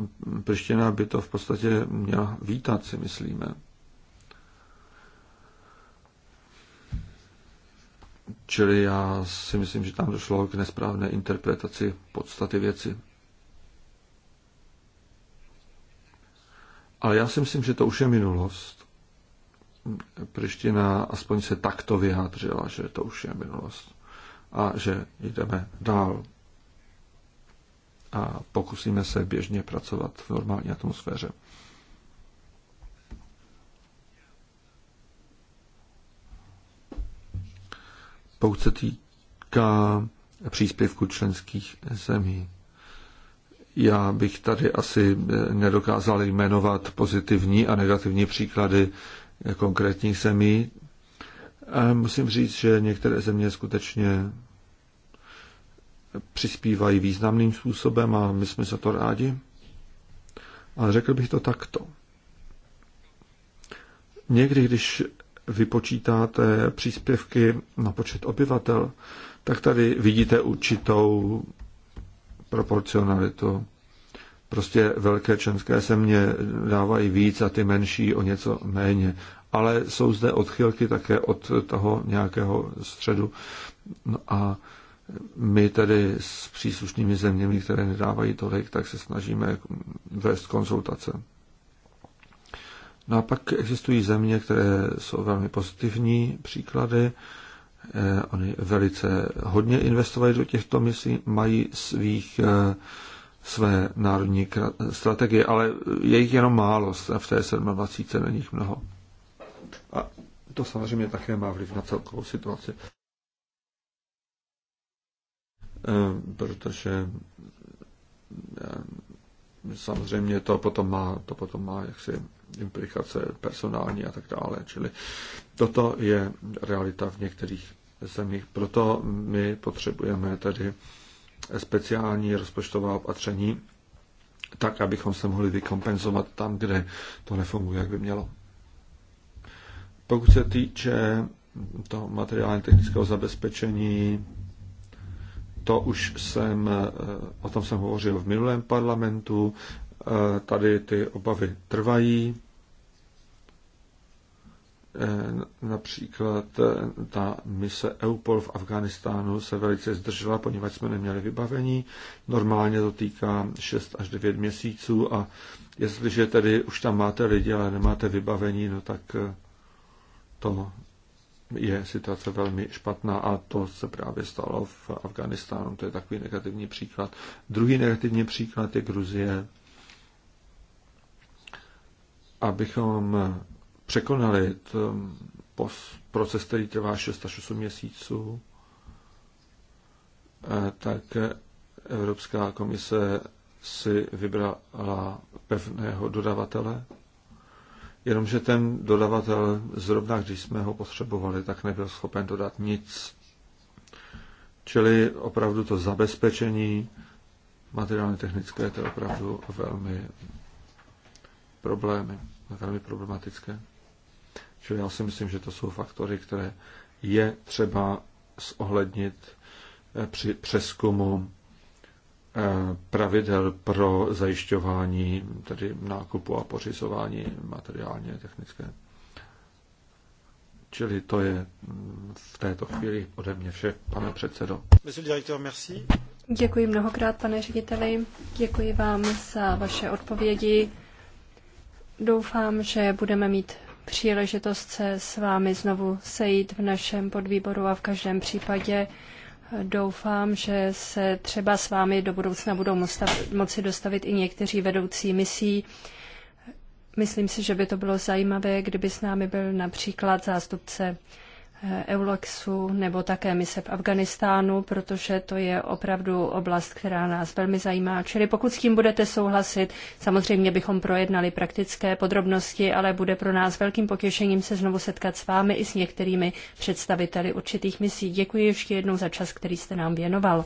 Priština by to v podstatě měla vítat, si myslíme. Čili já si myslím, že tam došlo k nesprávné interpretaci podstaty věci. Ale já si myslím, že to už je minulost. Priština aspoň se takto vyjádřila, že to už je minulost a že jdeme dál a pokusíme se běžně pracovat v normální atmosféře. Pokud se týká příspěvku členských zemí. Já bych tady asi eh, nedokázal jmenovat pozitivní a negativní příklady eh, konkrétních zemí. A musím říct, že některé země skutečně přispívají významným způsobem a my jsme za to rádi. Ale řekl bych to takto. Někdy, když vypočítáte příspěvky na počet obyvatel, tak tady vidíte určitou proporcionalitu. Prostě velké členské mě dávají víc a ty menší o něco méně. Ale jsou zde odchylky také od toho nějakého středu. No a my tedy s příslušnými zeměmi, které nedávají tolik, tak se snažíme vést konzultace. No a pak existují země, které jsou velmi pozitivní příklady. Eh, oni velice hodně investovali do těchto misí, mají svých, eh, své národní strategie, ale je jich jenom málo, v té 27 není jich mnoho. A to samozřejmě také má vliv na celkovou situaci. Eh, protože samozřejmě to potom má, to potom má jaksi implikace personální a tak dále. Čili toto je realita v některých zemích. Proto my potřebujeme tady speciální rozpočtová opatření, tak, abychom se mohli vykompenzovat tam, kde to nefunguje, jak by mělo. Pokud se týče toho materiálně technického zabezpečení, to už jsem, eh, o tom jsem hovořil v minulém parlamentu, eh, tady ty obavy trvají Eh, například eh, ta mise EUPOL v Afganistánu se velice zdržela, poněvadž jsme neměli vybavení. Normálně to týká 6 až 9 měsíců a jestliže tedy už tam máte lidi, ale nemáte vybavení, no tak eh, to je situace velmi špatná a to se právě stalo v Afganistánu. To je takový negativní příklad. Druhý negativní příklad je Gruzie. Abychom překonali to proces, který trvá 6 až 8 měsíců, eh, tak Evropská komise si vybrala pevného dodavatele, jenomže ten dodavatel zrovna, když jsme ho potřebovali, tak nebyl schopen dodat nic. Čili opravdu to zabezpečení materiálně technické to opravdu velmi problémy, velmi problematické. Čili já si myslím, že to jsou faktory, které je třeba zohlednit eh, při přeskumu eh, pravidel pro zajišťování tedy nákupu a pořizování materiálně technické. Čili to je mm, v této chvíli ode mě vše, pane předsedo. Děkuji mnohokrát, pane řediteli. Děkuji vám za vaše odpovědi. Doufám, že budeme mít příležitost se s vámi znovu sejít v našem podvýboru a v každém případě eh, doufám, že se třeba s vámi do budoucna budou moci dostavit i někteří vedoucí misí. Myslím si, že by to bylo zajímavé, kdyby s námi byl například zástupce Eh, Eulexu nebo také mise v Afganistánu, protože to je opravdu oblast, která nás velmi zajímá. Čili pokud s tím budete souhlasit, samozřejmě bychom projednali praktické podrobnosti, ale bude pro nás velkým potěšením se znovu setkat s vámi i s některými představiteli určitých misí. Děkuji ještě jednou za čas, který jste nám věnoval.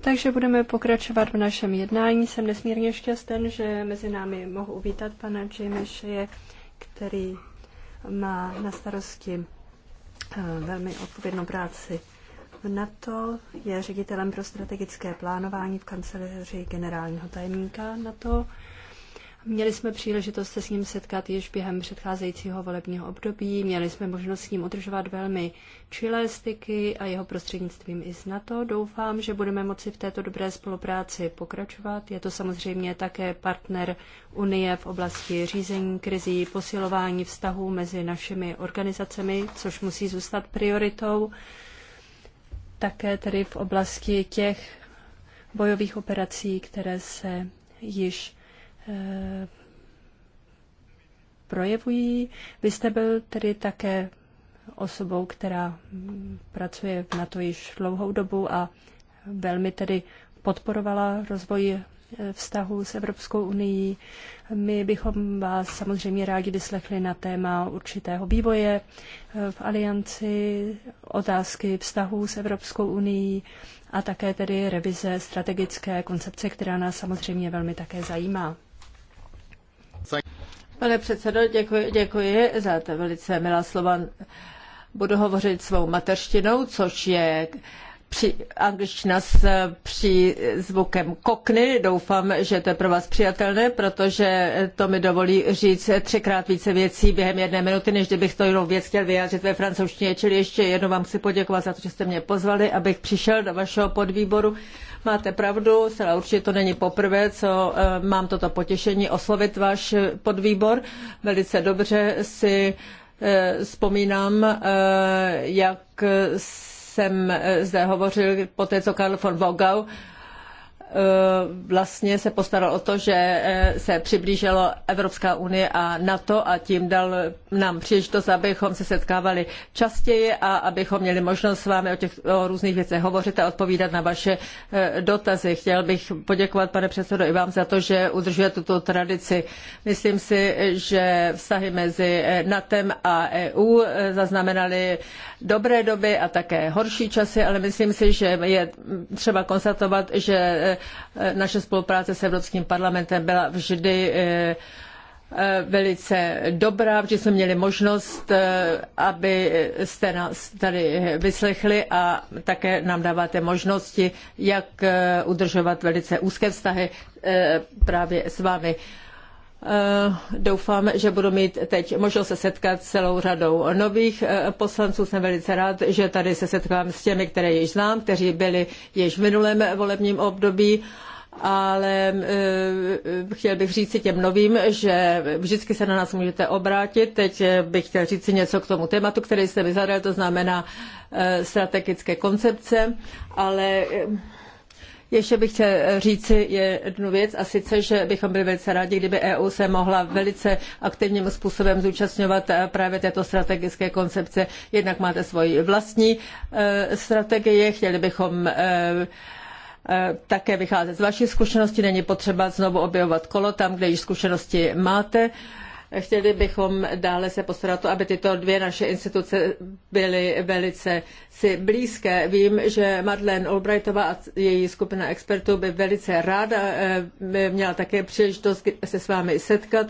Takže budeme pokračovat v našem jednání. Jsem nesmírně šťastný, že mezi námi mohu uvítat pana Jameshe, který má na starosti eh, velmi odpovědnou práci v NATO, je ředitelem pro strategické plánování v kanceláři generálního tajemníka NATO. Měli jsme příležitost se s ním setkat již během předcházejícího volebního období, měli jsme možnost s ním udržovat velmi čilé styky a jeho prostřednictvím i z NATO. Doufám, že budeme moci v této dobré spolupráci pokračovat. Je to samozřejmě také partner Unie v oblasti řízení krizí, posilování vztahů mezi našimi organizacemi, což musí zůstat prioritou. Také tedy v oblasti těch bojových operací, které se již Eh, projevují. Vy jste byl tedy také osobou, která hm, pracuje na to již dlouhou dobu a velmi tedy podporovala rozvoj eh, vztahu s Evropskou unii. My bychom vás samozřejmě rádi vyslechli na téma určitého vývoje eh, v alianci, otázky vztahů s Evropskou unii a také tedy revize strategické koncepce, která nás samozřejmě velmi také zajímá. Pane předsedo, děkuji, děkuji za ta velice milá slova. Budu hovořit svou mateřštinou, což je při, angličtina s eh, přízvukem kokny. Doufám, že to je pro vás přijatelné, protože eh, to mi dovolí říct třikrát více věcí během jedné minuty, než kdybych to jenom věc chtěl vyjádřit ve francouzštině. Čili ještě jednou vám chci poděkovat za to, že jste mě pozvali, abych přišel do vašeho podvýboru. Máte pravdu, zcela určitě to není poprvé, co eh, mám toto potěšení oslovit váš podvýbor. Velice dobře si vzpomínám, jak jsem eh, zde hovořil poté co Karl von Vogau Eh, vlastně se postaral o to, že eh, se přiblížilo Evropská unie a NATO a tím dal nám příležitost, abychom se setkávali častěji a abychom měli možnost s vámi o, těch, o různých věcech hovořit a odpovídat na vaše eh, dotazy. Chtěl bych poděkovat, pane předsedo, i vám za to, že udržuje tuto tradici. Myslím si, že vztahy mezi NATEM a EU zaznamenaly dobré doby a také horší časy, ale myslím si, že je třeba konstatovat, že Eh, naše spolupráce s Evropským parlamentem byla vždy eh, eh, velice dobrá, vždy jsme měli možnost, aby jste nás tady vyslechli a také nám dáváte možnosti, jak udržovat velice úzké vztahy právě s vámi. Eh, doufám, že budu mít teď možnost se setkat s celou řadou nových eh, poslanců. Jsem velice rád, že tady se setkám s těmi, které již znám, kteří byli již v minulém volebním období ale eh, chtěl bych říct si těm novým, že vždycky se na nás můžete obrátit. Teď bych chtěl říct si něco k tomu tématu, který jste mi zadal, to znamená strategické koncepce, ale ještě bych chtěl eh, říci jednu věc a sice, že bychom byli velice rádi, kdyby EU se mohla velice aktivním způsobem zúčastňovat eh, právě této strategické koncepce. Jednak máte svoji vlastní eh, strategii, chtěli bychom také vycházet z vašich zkušenosti, není potřeba znovu objevovat kolo tam, kde již zkušenosti máte. Chtěli bychom dále se postarat o to, aby tyto dvě naše instituce byly velice si blízké. Vím, že Madeleine Albrightová a její skupina expertů by velice ráda by eh, měla také příležitost se s vámi setkat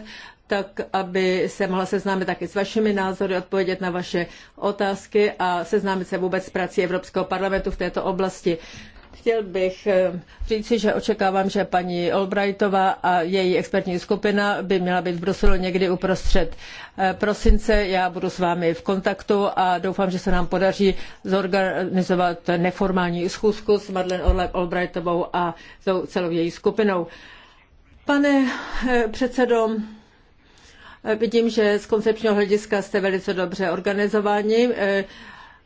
tak aby se mohla seznámit taky s vašimi názory, odpovědět na vaše otázky a seznámit se vůbec s prací Evropského parlamentu v této oblasti. Chtěl bych eh, říci, že očekávám, že paní Albrightová a její expertní skupina by měla být v Bruselu někdy uprostřed eh, prosince. Já budu s vámi v kontaktu a doufám, že se nám podaří zorganizovat neformální schůzku s Madeleine Albrightovou a celou její skupinou. Pane eh, předsedo, vidím, že z koncepčního hlediska jste velice dobře organizováni.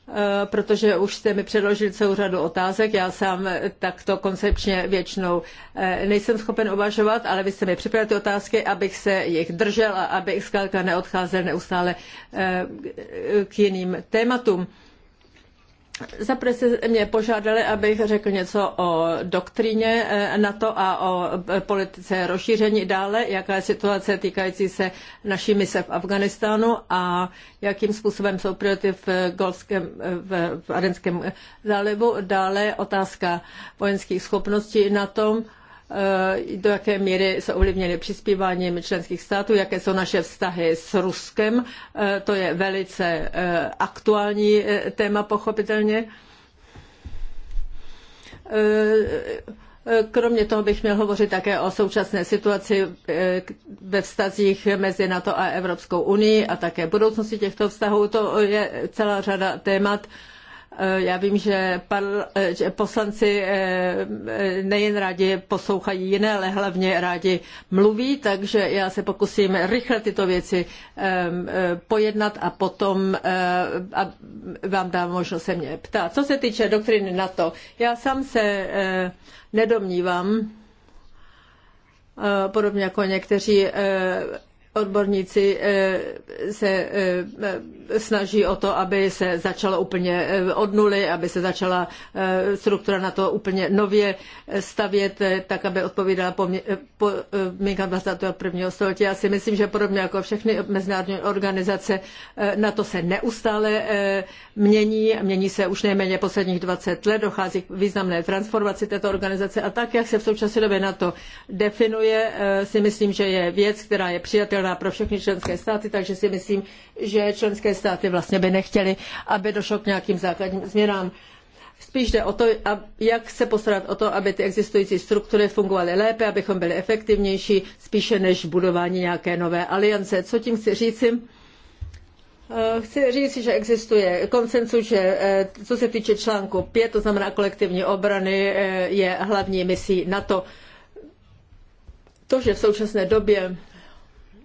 Eh, protože už jste mi předložil celou řadu otázek. Já sám eh, takto koncepčně většinou eh, nejsem schopen uvažovat, ale vy jste mi připravili ty otázky, abych se jich držel a abych zkrátka neodcházel neustále k jiným tématům. Zaprvé mě požádali, abych řekl něco o doktríně eh, NATO a o eh, politice rozšíření dále, jaká je situace týkající se naší mise v Afganistánu a jakým způsobem jsou priority v, Golfském, eh, v Arenském zálivu. Dále otázka vojenských schopností NATO. tom Eh, do jaké míry jsou ovlivněny přispíváním členských států, jaké jsou naše vztahy s Ruskem. Eh, to je velice eh, aktuální téma, pochopitelně. Kromě toho bych měl hovořit také o současné situaci ve vztazích mezi NATO a Evropskou unii a také budoucnosti těchto vztahů. To je celá řada témat, Eh, já vím, že, parl, eh, že poslanci eh, nejen rádi poslouchají jiné, ale hlavně rádi mluví, takže já se pokusím rychle tyto věci ehm, pojednat a potom a vám dám možnost se mě ptát. Co se týče doktriny NATO, já sám se nedomnívám, podobně jako někteří odborníci se snaží o to, aby se začala úplně eh, od nuly, aby se začala eh, struktura na to úplně nově stavět, eh, tak aby odpovídala podmínkám 21. století. Já si myslím, že podobně jako všechny mezinárodní organizace, na to se neustále mění, mění se už nejméně posledních 20 let, dochází k významné transformaci této organizace a tak, jak se v současné době na to definuje, si myslím, že je věc, která je přijatelná pro všechny členské státy, takže si myslím, že členské státy vlastně by nechtěly, aby došlo k nějakým základním změnám. Spíš jde o to, jak se postarat o to, aby ty existující struktury fungovaly lépe, abychom byli efektivnější, spíše než budování nějaké nové aliance. Co tím chci říci? Eh, chci říct, že existuje koncensu, že eh, co se týče článku 5, to znamená kolektivní obrany, eh, je hlavní misí NATO. To, že v současné době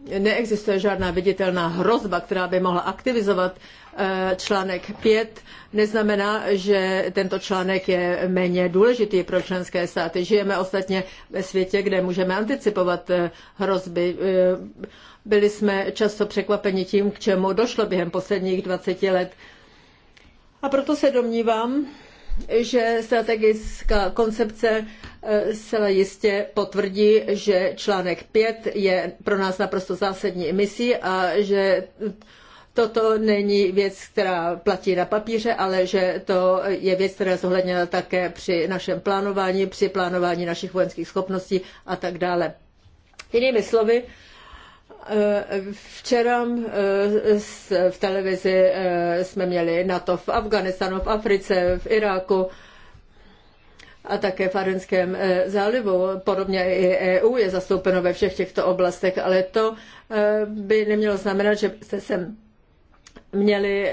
neexistuje žádná viditelná hrozba, která by mohla aktivizovat eh, článek 5, neznamená, že tento článek je méně důležitý pro členské státy. Žijeme ostatně ve světě, kde můžeme anticipovat eh, hrozby. Eh, byli jsme často překvapeni tím, k čemu došlo během posledních 20 let. A proto se domnívám, že strategická koncepce eh, zcela jistě potvrdí, že článek 5 je pro nás naprosto zásadní misí a že toto není věc, která platí na papíře, ale že to je věc, která je zohledněna také při našem plánování, při plánování našich vojenských schopností a tak dále. Jinými slovy, Eh, včera eh, v televizi eh, jsme měli NATO v Afganistanu, v Africe, v Iráku a také v Arenském zálivu. Podobně i EU je zastoupeno ve všech těchto oblastech, ale to by nemělo znamenat, že se sem měli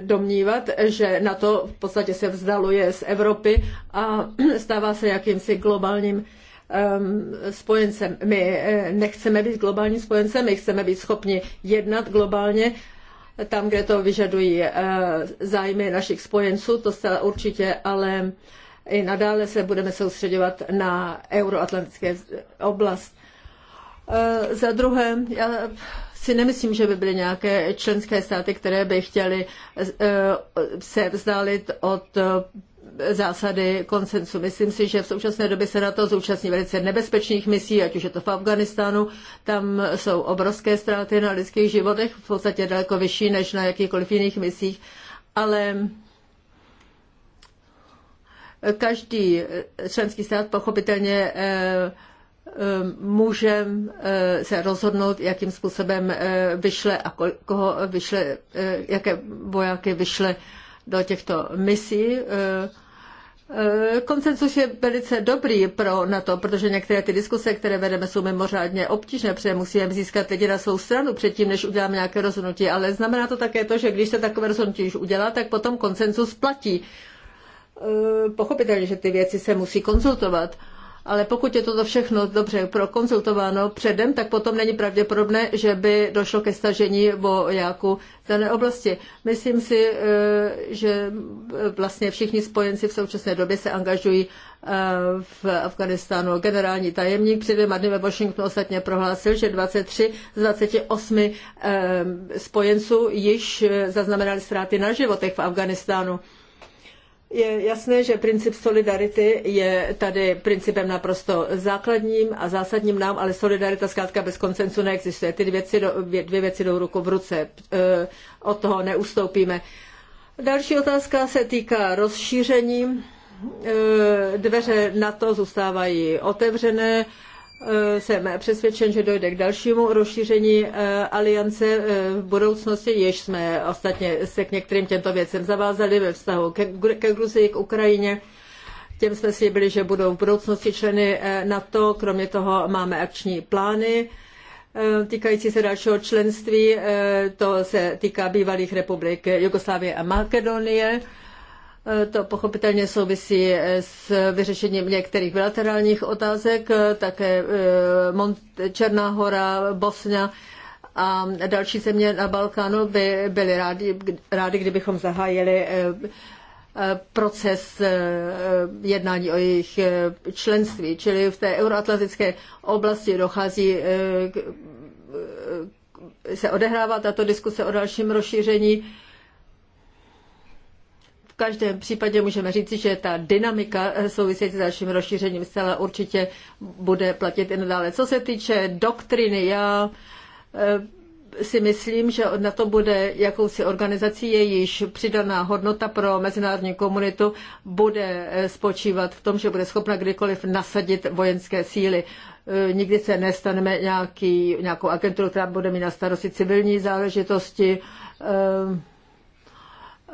domnívat, že na to v podstatě se vzdaluje z Evropy a stává se jakýmsi globálním Ehm, spojencem. My eh, nechceme být globálním spojencem, my chceme být schopni jednat globálně tam, kde to vyžadují eh, zájmy našich spojenců, to zcela určitě, ale i nadále se budeme soustředovat na euroatlantické oblast. Eh, za druhé, já si nemyslím, že by byly nějaké členské státy, které by chtěly se vzdálit od zásady konsensu. Myslím si, že v současné době se na to zúčastní velice nebezpečných misí, ať už je to v Afganistánu, tam jsou obrovské ztráty na lidských životech, v podstatě daleko vyšší než na jakýchkoliv jiných misích, ale každý členský stát pochopitelně eh, eh, může eh, se rozhodnout, jakým způsobem vyšle a koho vyšle, jaké vojáky vyšle do těchto misí. Eh, koncensus je velice dobrý pro NATO, protože některé ty diskuse, které vedeme, jsou mimořádně obtížné, protože musíme získat lidi na svou stranu předtím, než uděláme nějaké rozhodnutí. Ale znamená to také to, že když se takové rozhodnutí už udělá, tak potom koncensus platí. Eh, pochopitelně, že ty věci se musí konzultovat ale pokud je toto všechno dobře prokonzultováno předem, tak potom není pravděpodobné, že by došlo ke stažení vojáků v dané oblasti. Myslím si, eh, že eh, vlastně všichni spojenci v současné době se angažují eh, v Afganistánu. Generální tajemník před dvěma dny ve Washingtonu ostatně prohlásil, že 23 z 28 spojenců již zaznamenali ztráty na životech v Afganistánu. Je jasné, že princip solidarity je tady principem naprosto základním a zásadním nám, ale solidarita zkrátka bez koncensu neexistuje. Ty dvě věci, dvě věci jdou ruku v ruce, e, od toho neustoupíme. Další otázka se týká rozšíření. E, dveře NATO zůstávají otevřené Eh, jsem přesvědčen, že dojde k dalšímu rozšíření eh, aliance eh, v budoucnosti, jež jsme ostatně se k některým těmto věcem zavázali ve vztahu ke Gruzii, k Ukrajině. Těm jsme si byli, že budou v budoucnosti členy NATO, kromě toho máme akční plány týkající se dalšího členství, to se týká bývalých republik Jugoslávie a Makedonie. Eh, to pochopitelně souvisí eh, s vyřešením některých bilaterálních otázek, eh, také Černá hora, Bosna a další země na Balkánu by byly rádi, rádi kdybychom zahájili proces jednání o jejich členství. Čili v té euroatlantické oblasti dochází se odehrává tato diskuse o dalším rozšíření v každém případě můžeme říci, že ta dynamika eh, související s dalším rozšířením zcela určitě bude platit i nadále. Co se týče doktriny, já eh, si myslím, že na to bude jakousi organizací, jejíž přidaná hodnota pro mezinárodní komunitu bude eh, spočívat v tom, že bude schopna kdykoliv nasadit vojenské síly. Nikdy se nestaneme nějaký, nějakou agenturu, která bude mít na starosti civilní záležitosti,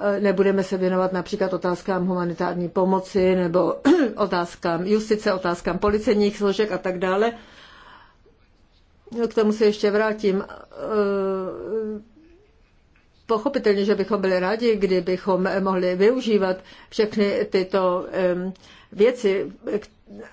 Eh, nebudeme se věnovat například otázkám humanitární pomoci nebo otázkám justice, otázkám policejních složek a tak dále. K tomu se ještě vrátím. Eh, pochopitelně, že bychom byli rádi, kdybychom mohli využívat všechny tyto věci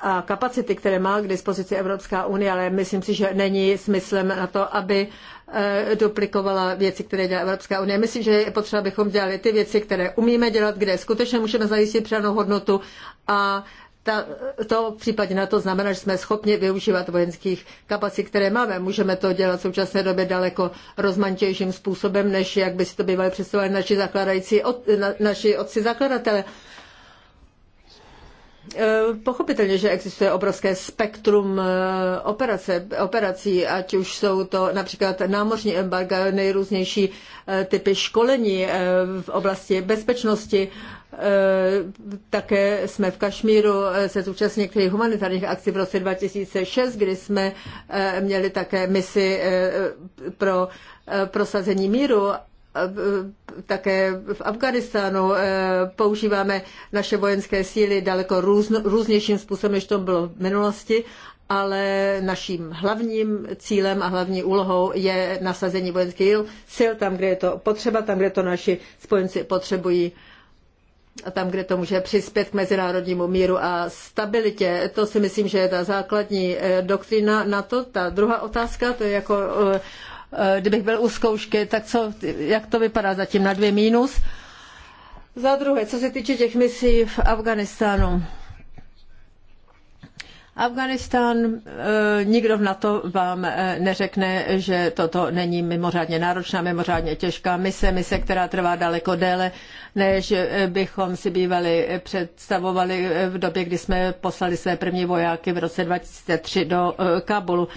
a kapacity, které má k dispozici Evropská unie, ale myslím si, že není smyslem na to, aby Eh, duplikovala věci, které dělá Evropská unie. Myslím, že je potřeba, abychom dělali ty věci, které umíme dělat, kde skutečně můžeme zajistit přidanou hodnotu a ta, to v případě na to znamená, že jsme schopni využívat vojenských kapacit, které máme. Můžeme to dělat v současné době daleko rozmanitějším způsobem, než jak by si to bývali představovali naši, zakládající, na, naši otci zakladatele. Eh, pochopitelně, že existuje obrovské spektrum eh, operace, operací, ať už jsou to například námořní embarga, nejrůznější eh, typy školení v oblasti bezpečnosti. Také jsme v Kašmíru se zúčastnili některých humanitárních akcí v roce 2006, kdy jsme měli také misi pro prosazení míru E, také v Afganistánu e, používáme naše vojenské síly daleko růz, různějším způsobem, než to bylo v minulosti, ale naším hlavním cílem a hlavní úlohou je nasazení vojenských sil tam, kde je to potřeba, tam, kde to naši spojenci potřebují a tam, kde to může přispět k mezinárodnímu míru a stabilitě. To si myslím, že je ta základní e, doktrína na to. Ta druhá otázka, to je jako Eh, kdybych byl u zkoušky, tak co, jak to vypadá zatím na dvě mínus? Za druhé, co se týče těch misí v Afganistánu. Afganistán, eh, nikdo v NATO vám eh, neřekne, že toto není mimořádně náročná, mimořádně těžká mise, mise, která trvá daleko déle, než bychom si bývali představovali v době, kdy jsme poslali své první vojáky v roce 2003 do Kabulu.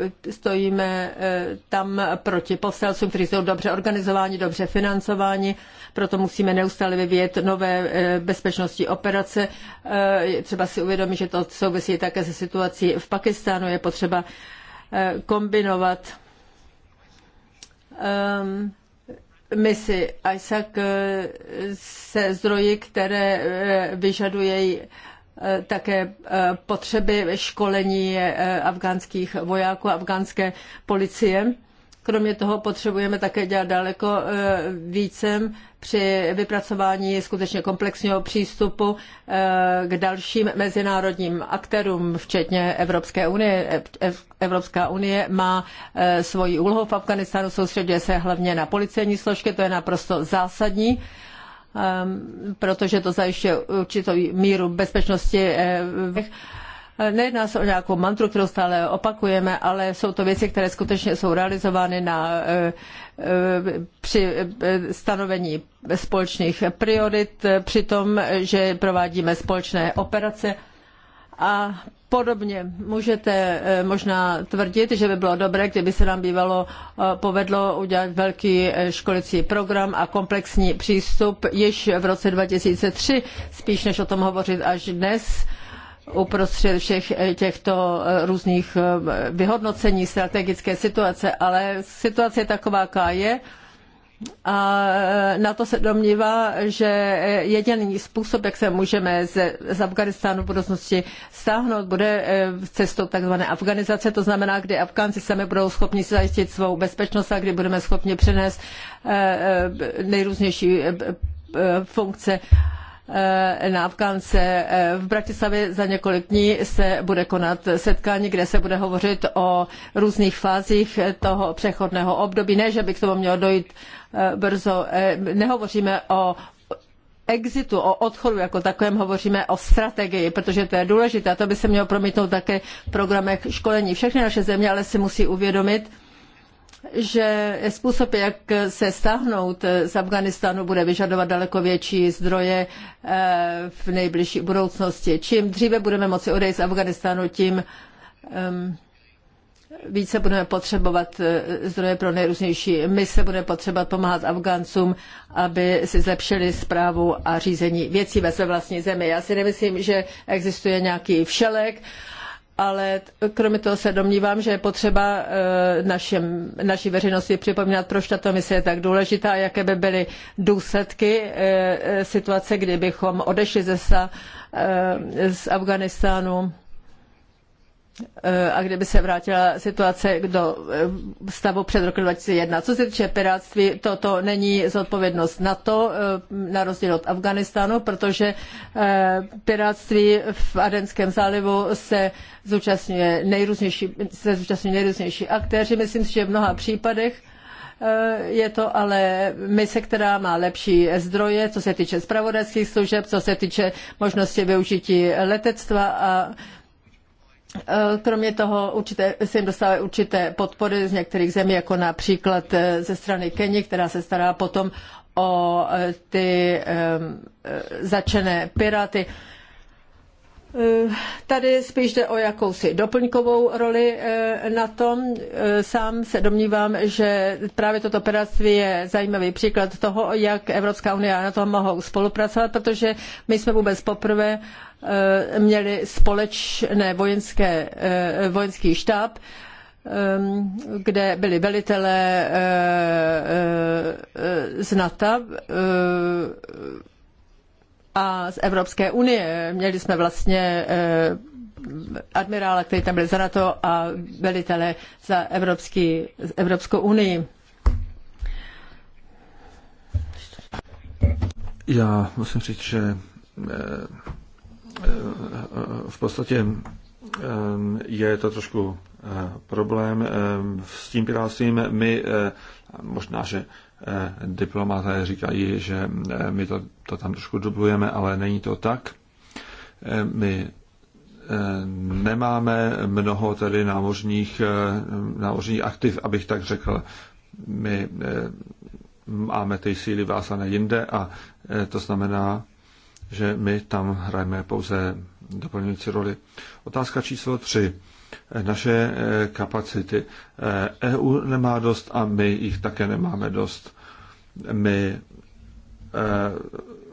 Eh, stojíme eh, tam proti poselcům, kteří jsou dobře organizováni, dobře financováni, proto musíme neustále vyvíjet nové eh, bezpečnostní operace. Třeba si uvědomit, že to souvisí také se situací v Pakistánu, je potřeba kombinovat ehm, misi ISAC se zdroji, které vyžadují Eh, také eh, potřeby školení eh, afgánských vojáků, afgánské policie. Kromě toho potřebujeme také dělat daleko více při vypracování skutečně komplexního přístupu k dalším mezinárodním aktérům, včetně Evropské unie. Evropská unie má svoji úlohu v Afganistánu, soustředuje se hlavně na policejní složky, to je naprosto zásadní. Ehm, protože to zajišťuje určitou míru bezpečnosti. Eh, eh, nejedná se o nějakou mantru, kterou stále opakujeme, ale jsou to věci, které skutečně jsou realizovány na, eh, při stanovení společných priorit, při tom, že provádíme společné operace a podobně. Můžete eh, možná tvrdit, že by bylo dobré, kdyby se nám bývalo eh, povedlo udělat velký eh, školicí program a komplexní přístup již v roce 2003, spíš než o tom hovořit až dnes uprostřed všech těchto různých vyhodnocení strategické situace, ale situace je taková, jaká je a e, na to se domnívá, že jediný způsob, jak se můžeme z, z Afganistánu v budoucnosti stáhnout, bude e, cestou tzv. afganizace, to znamená, kdy Afgánci sami budou schopni zajistit svou bezpečnost a kdy budeme schopni přenést e, nejrůznější funkce Eh, na Afgánce. Eh, v Bratislavě za několik dní se bude konat setkání, kde se bude hovořit o různých fázích toho přechodného období. Ne, že by k tomu mělo dojít eh, brzo. Nehovoříme o exitu, o odchodu jako takovém hovoříme o strategii, protože to je důležité a to by se mělo promítnout také v programech školení. Všechny naše země ale si musí uvědomit, že způsob, jak se stáhnout z Afganistánu, bude vyžadovat daleko větší zdroje eh, v nejbližší budoucnosti. Čím dříve budeme moci odejít z Afganistánu, tím ehm, více budeme potřebovat eh, zdroje pro nejrůznější se budeme potřebovat pomáhat Afgáncům, aby si zlepšili správu a řízení věcí ve své vlastní zemi. Já si nemyslím, že existuje nějaký všelek, ale kromě toho se domnívám, že je potřeba eh, našem, naší veřejnosti připomínat, proč tato mise je tak důležitá a jaké by byly důsledky eh, eh, situace, kdybychom odešli ze, z Afganistánu Eh, a kdyby se vrátila situace do eh, stavu před rokem 2001. Co se týče piráctví, toto není zodpovědnost NATO, eh, na rozdíl od Afganistánu, protože piráctví v Adenském zálivu se zúčastňuje nejrůznější, se zúčastňuje nejrůznější aktéři. Myslím si, že v mnoha případech je to ale mise, která má lepší zdroje, co se týče zpravodajských služeb, co se týče možnosti využití letectva a Eh, kromě toho určité, se jim dostávají určité podpory z některých zemí, jako například eh, ze strany Keni, která se stará potom o eh, ty začené piráty. Eh, tady spíš jde o jakousi doplňkovou roli eh, na tom. Eh, sám se domnívám, že právě toto operaci je zajímavý příklad toho, jak Evropská unie a na tom mohou spolupracovat, protože my jsme vůbec poprvé měli společné vojenské, vojenský štáb, kde byli velitelé z NATO a z Evropské unie. Měli jsme vlastně eh, admirála, který tam byl za NATO a velitele za Evropský, Evropskou unii. Já musím říct, že eh, eh, v podstatě je to trošku problém s tím piráctvím. My možná, že Eh, diplomaté říkají, že eh, my to, to tam trošku dublujeme, ale není to tak. Eh, my nemáme mnoho tedy námořních, námořních aktiv, abych tak řekl. My máme ty síly vásané jinde a to znamená, že my tam hrajeme pouze doplňující roli. Otázka číslo tři. Naše kapacity. EU e nemá dost a my jich také nemáme dost. My eh,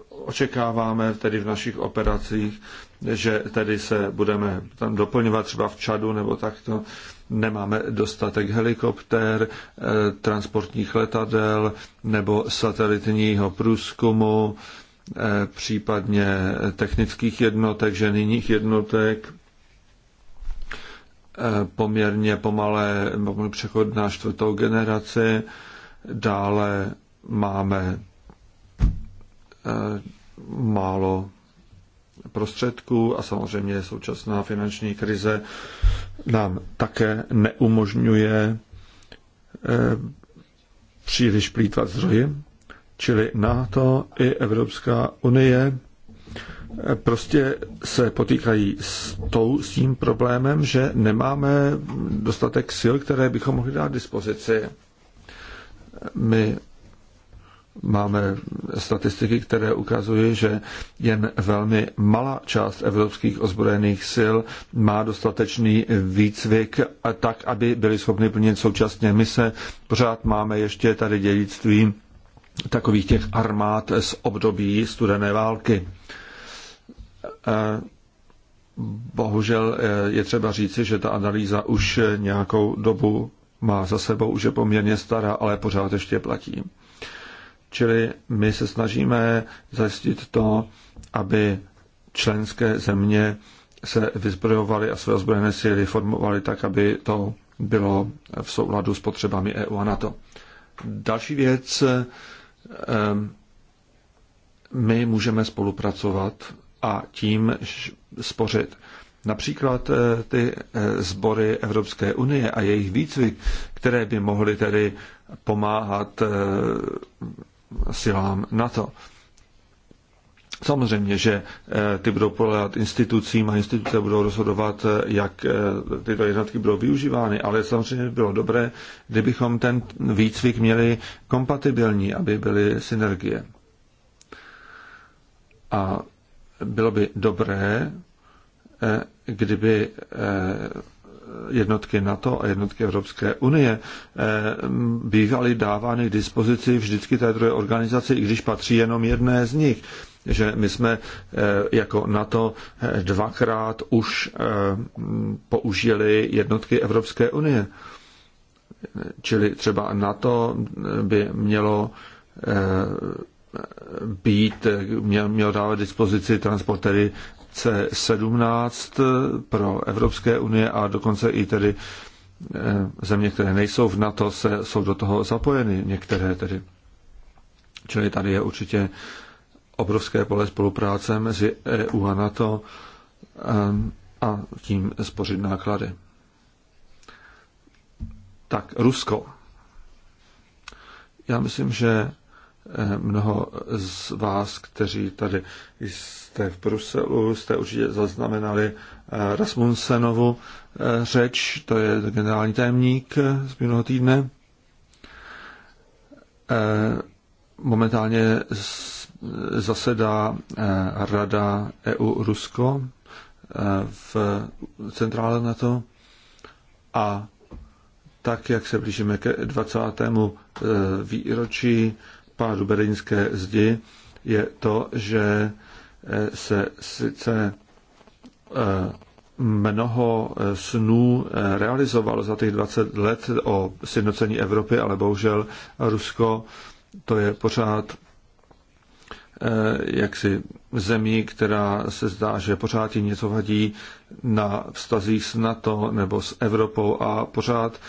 očekáváme tedy v našich operacích, že tedy se budeme tam doplňovat třeba v Čadu nebo takto. Nemáme dostatek helikoptér, eh, transportních letadel nebo satelitního průzkumu, eh, případně technických jednotek, ženyních jednotek. Poměrně pomalé přechod na čtvrtou generaci, dále máme eh, málo prostředků a samozřejmě současná finanční krize nám také neumožňuje eh, příliš plítvat zdroje, čili NATO i Evropská unie eh, prostě se potýkají s, tou, s tím problémem, že nemáme dostatek sil, které bychom mohli dát dispozici. My Máme statistiky, které ukazují, že jen velmi malá část evropských ozbrojených sil má dostatečný výcvik tak, aby byly schopny plnit současně mise. Pořád máme ještě tady dědictví takových těch armád z období studené války. Bohužel eh, je třeba říci, že ta analýza už nějakou dobu má za sebou, už je poměrně stará, ale pořád ještě platí. Čili my se snažíme zajistit to, aby členské země se vyzbrojovaly a své ozbrojené síly formovaly tak, aby to bylo v souladu s potřebami EU a NATO. Další věc, ehm, my můžeme spolupracovat a tím spořit. Například eh, ty eh, sbory Evropské unie a jejich výcvik, které by mohly tedy pomáhat eh, silám NATO. Samozřejmě, že eh, ty budou podléhat institucím a instituce budou rozhodovat, eh, jak eh, tyto jednotky budou využívány, ale samozřejmě by bylo dobré, kdybychom ten výcvik měli kompatibilní, aby byly synergie. A bylo by dobré, kdyby jednotky NATO a jednotky Evropské unie eh, bývaly dávány k dispozici vždycky té druhé organizaci, i když patří jenom jedné z nich. Že my jsme eh, jako NATO eh, dvakrát už použili jednotky Evropské unie. Čili třeba NATO by mělo být, měl, měl dávat dispozici transportéry C17 pro Evropské unie a dokonce i tedy eh, země, které nejsou v NATO, se, jsou do toho zapojeny některé tedy. Čili tady je určitě obrovské pole spolupráce mezi EU a NATO eh, a tím spořit náklady. Tak, Rusko. Já myslím, že eh, mnoho z vás, kteří tady jste v Bruselu, jste určitě zaznamenali eh, Rasmussenovu eh, řeč, to je generální tajemník eh, z minulého týdne. Momentálně zasedá Rada EU-Rusko v centrále na to. a tak, jak se blížíme ke 20. výročí pádu berlínské zdi, je to, že se sice eh, mnoho eh, snů eh, realizovalo za těch 20 let o sjednocení Evropy, ale bohužel Rusko to je pořád Eh, jaksi zemí, která se zdá, že pořád ji něco vadí na vztazích s NATO nebo s Evropou a pořád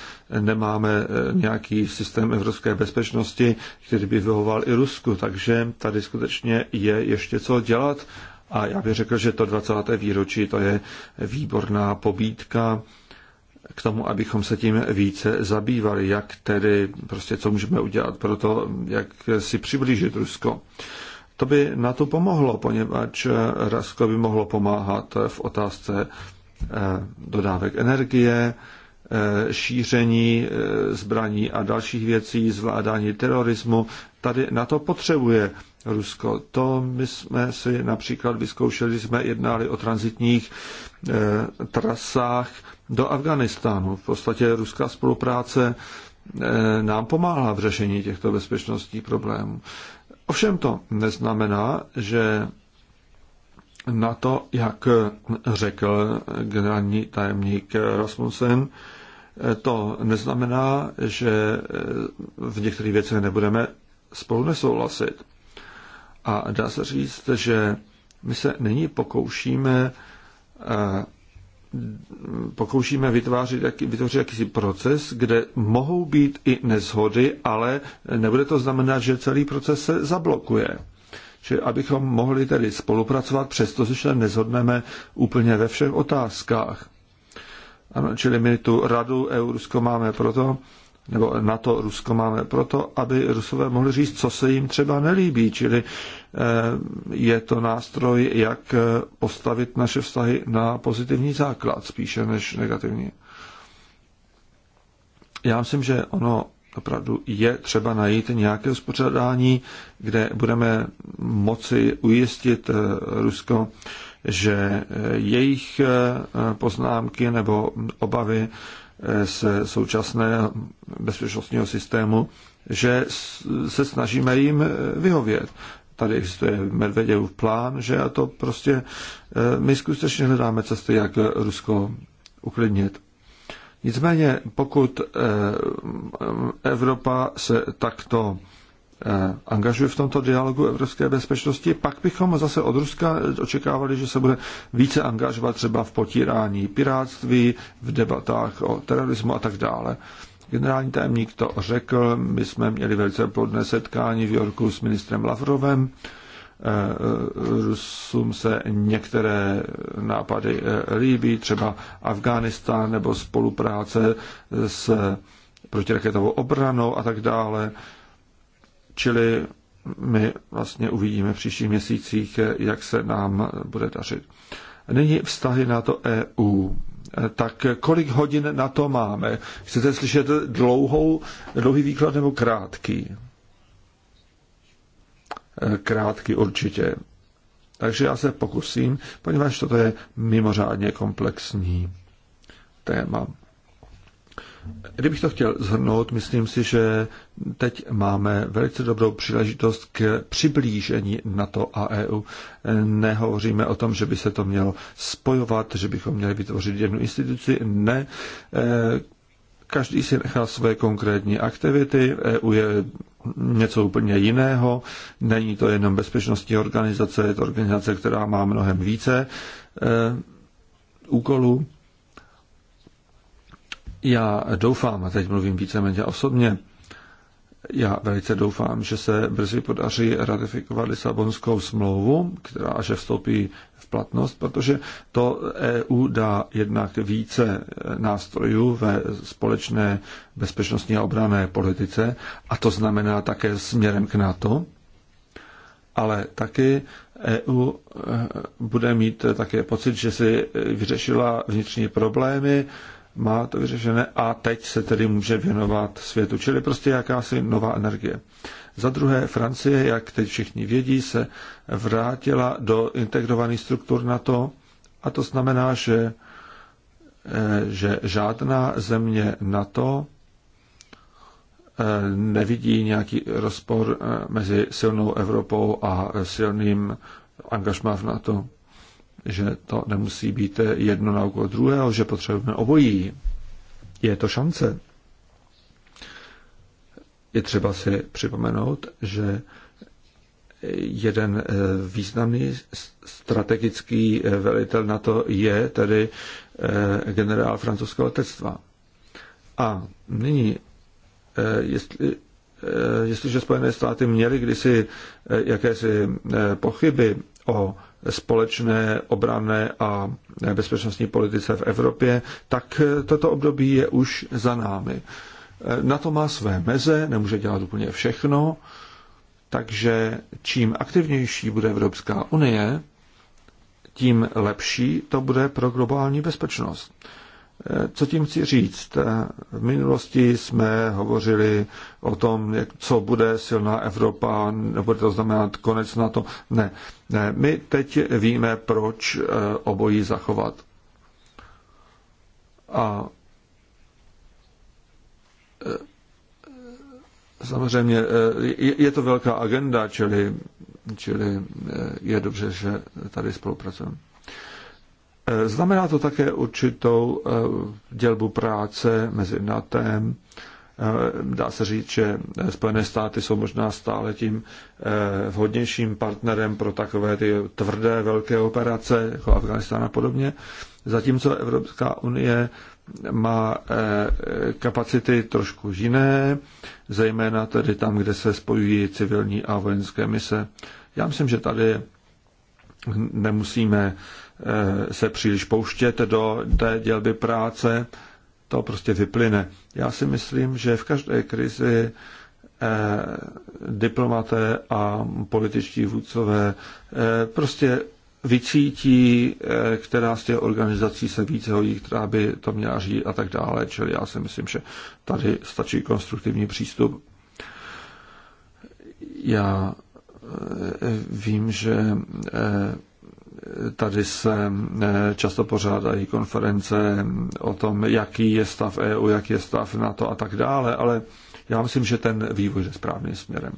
nemáme eh, nějaký systém evropské bezpečnosti, který by vyhoval i Rusku. Takže tady skutečně je ještě co dělat a já bych řekl, že to 20. výročí to je výborná pobídka k tomu, abychom se tím více zabývali, jak tedy, prostě co můžeme udělat pro to, jak si přiblížit Rusko. To by na to pomohlo, poněvadž Rasko by mohlo pomáhat v otázce eh, dodávek energie, eh, šíření eh, zbraní a dalších věcí, zvládání terorismu. Tady na to potřebuje Rusko. To my jsme si například vyzkoušeli, jsme jednali o transitních trasách do Afganistánu. V podstatě ruská spolupráce nám pomáhá v řešení těchto bezpečnostních problémů. Ovšem to neznamená, že na to, jak řekl generální tajemník Rasmussen, to neznamená, že v některých věcech nebudeme spolu nesouhlasit. A dá se říct, že my se nyní pokoušíme eh, pokoušíme vytvářet, jaký, vytvořit jakýsi proces, kde mohou být i nezhody, ale nebude to znamenat, že celý proces se zablokuje. Čili abychom mohli tedy spolupracovat, přesto se nezhodneme úplně ve všech otázkách. Ano, čili my tu radu Eurusko máme proto, nebo na to Rusko máme proto, aby Rusové mohli říct, co se jim třeba nelíbí. Čili eh, je to nástroj, jak eh, postavit naše vztahy na pozitivní základ, spíše než negativní. Já myslím, že ono opravdu je třeba najít nějaké uspořádání, kde budeme moci ujistit eh, Rusko, že jejich poznámky nebo obavy z současného bezpečnostního systému, že se snažíme jim eh, vyhovět. Tady existuje Medvedějův plán, že a to prostě eh, my skutečně hledáme cesty, jak Rusko uklidnit. Nicméně, pokud eh, Evropa se takto Eh, angažuje v tomto dialogu evropské bezpečnosti, pak bychom zase od Ruska očekávali, že se bude více angažovat třeba v potírání pirátství, v debatách o terorismu a tak dále. Generální tajemník to řekl, my jsme měli velice plodné setkání v Jorku s ministrem Lavrovem, eh, Rusům se některé nápady eh, líbí, třeba Afghánistán nebo spolupráce s protiraketovou obranou a tak dále. Čili my vlastně uvidíme v příštích měsících, jak se nám bude dařit. Nyní vztahy na to EU. Tak kolik hodin na to máme? Chcete slyšet dlouhou, dlouhý výklad nebo krátký? E, krátký určitě. Takže já se pokusím, poněvadž toto je mimořádně komplexní téma. Kdybych to chtěl zhrnout, myslím si, že teď máme velice dobrou příležitost k přiblížení NATO a EU. Nehovoříme o tom, že by se to mělo spojovat, že bychom měli vytvořit jednu instituci. Ne. E, každý si nechá své konkrétní aktivity. EU je něco úplně jiného. Není to jenom bezpečnostní organizace, je to organizace, která má mnohem více e, úkolů já doufám, a teď mluvím víceméně osobně, já velice doufám, že se brzy podaří ratifikovat Lisabonskou smlouvu, která že vstoupí v platnost, protože to EU dá jednak více nástrojů ve společné bezpečnostní a obrané politice, a to znamená také směrem k NATO, ale taky EU eh, bude mít také pocit, že si vyřešila vnitřní problémy, má to vyřešené a teď se tedy může věnovat světu, čili prostě jakási nová energie. Za druhé, Francie, jak teď všichni vědí, se vrátila do integrovaných struktur NATO a to znamená, že, eh, že žádná země NATO eh, nevidí nějaký rozpor eh, mezi silnou Evropou a silným angažmá v NATO že to nemusí být jedno na úkor druhého, že potřebujeme obojí. Je to šance. Je třeba si připomenout, že jeden eh, významný strategický eh, velitel na to je tedy eh, generál francouzského letectva. A nyní, jestli, jestliže Spojené státy měly kdysi jakési pochyby o společné obranné a bezpečnostní politice v Evropě, tak toto období je už za námi. Na to má své meze, nemůže dělat úplně všechno, takže čím aktivnější bude Evropská unie, tím lepší to bude pro globální bezpečnost. Co tím chci říct? V minulosti jsme hovořili o tom, jak, co bude silná Evropa, nebude to znamenat konec na to. Ne. ne. My teď víme, proč eh, obojí zachovat. A eh, samozřejmě eh, je to velká agenda, čili, čili je dobře, že tady spolupracujeme. Eh, znamená to také určitou eh, dělbu práce mezi NATEM. Eh, dá se říct, že Spojené státy jsou možná stále tím vhodnějším partnerem pro takové ty tvrdé velké operace, jako Afganistán a podobně. Zatímco Evropská unie má kapacity trošku jiné, zejména tedy tam, kde se spojují civilní a vojenské mise. Já myslím, že tady nemusíme Eh, se příliš pouštět do té dělby práce, to prostě vyplyne. Já si myslím, že v každé krizi eh, diplomaté a političtí vůdcové eh, prostě vycítí, která z těch organizací se více hodí, která by to měla řídit a tak dále. Čili já si myslím, že tady stačí konstruktivní přístup. Já vím, že Tady se eh, často pořádají konference o tom, jaký je stav EU, jaký je stav NATO a tak dále, ale já myslím, že ten vývoj je správným směrem.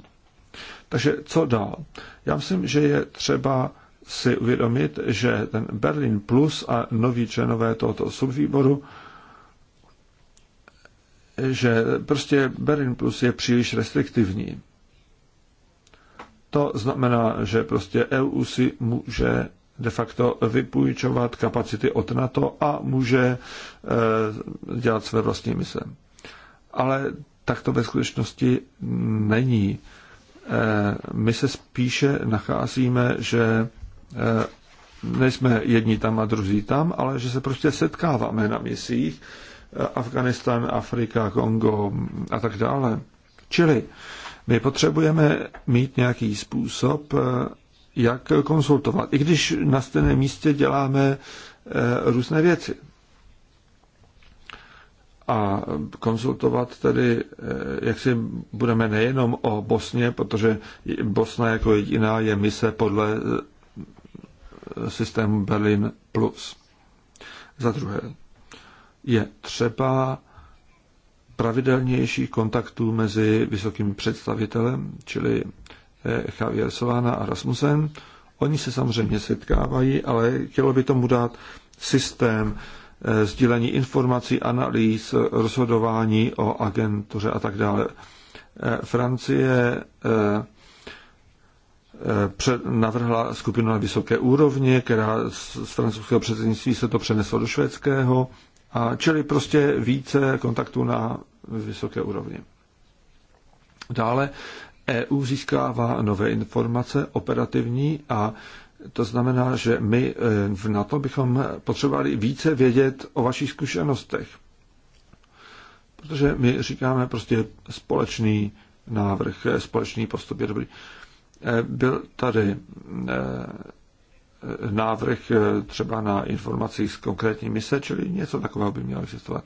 Takže co dál? Já myslím, že je třeba si uvědomit, že ten Berlin Plus a noví členové tohoto subvýboru, že prostě Berlin Plus je příliš restriktivní. To znamená, že prostě EU si může de facto vypůjčovat kapacity od NATO a může eh, dělat své vlastní mise. Ale tak to ve skutečnosti není. Eh, my se spíše nacházíme, že eh, nejsme jedni tam a druzí tam, ale že se prostě setkáváme na misích Afganistan, Afrika, Kongo a tak dále. Čili my potřebujeme mít nějaký způsob, jak konsultovat. I když na stejném místě děláme eh, různé věci. A konsultovat tedy, eh, jak si budeme nejenom o Bosně, protože Bosna jako jediná je mise podle eh, systému Berlin Plus. Za druhé, je třeba pravidelnějších kontaktů mezi vysokým představitelem, čili Javier Solana a Rasmussen. Oni se samozřejmě setkávají, ale chtělo by tomu dát systém eh, sdílení informací, analýz, rozhodování o agentuře a tak dále. Eh, Francie eh, navrhla skupinu na vysoké úrovni, která z francouzského předsednictví se to přeneslo do švédského, a čili prostě více kontaktů na vysoké úrovni. Dále EU získává nové informace operativní a to znamená, že my e, v NATO bychom potřebovali více vědět o vašich zkušenostech. Protože my říkáme prostě společný návrh, e, společný postup je dobrý. E, byl tady návrh třeba na informacích z konkrétní mise, čili něco takového by mělo existovat.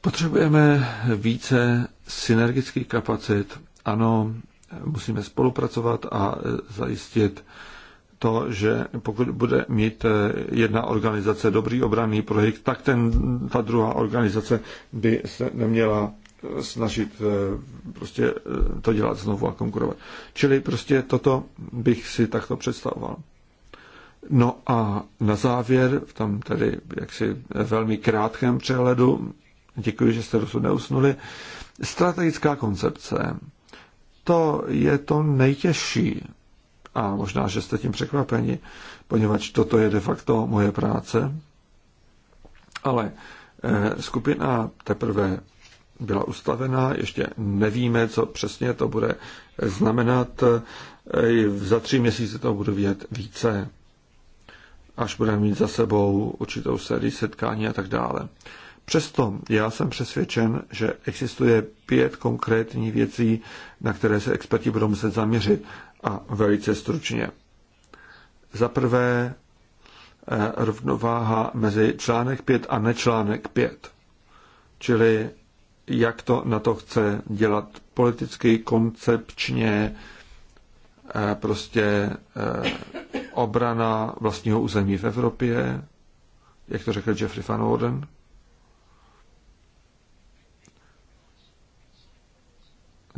Potřebujeme více synergických kapacit. Ano, musíme spolupracovat a e, zajistit to, že pokud bude mít e, jedna organizace dobrý obranný projekt, tak ten, ta druhá organizace by se neměla e, snažit prostě to dělat znovu a konkurovat. Čili prostě toto bych si takto představoval. No a na závěr, v tom tedy jaksi velmi krátkém přehledu, Děkuji, že jste dosud neusnuli. Strategická koncepce. To je to nejtěžší. A možná, že jste tím překvapeni, poněvadž toto je de facto moje práce. Ale eh, skupina teprve byla ustavená, ještě nevíme, co přesně to bude znamenat. Eh, za tři měsíce to budu vědět více, až budeme mít za sebou určitou sérii setkání a tak dále. Přesto já jsem přesvědčen, že existuje pět konkrétních věcí, na které se experti budou muset zaměřit a velice stručně. Za prvé eh, rovnováha mezi článek 5 a nečlánek 5, čili jak to na to chce dělat politicky, koncepčně, eh, prostě eh, obrana vlastního území v Evropě, jak to řekl Jeffrey Van Orden,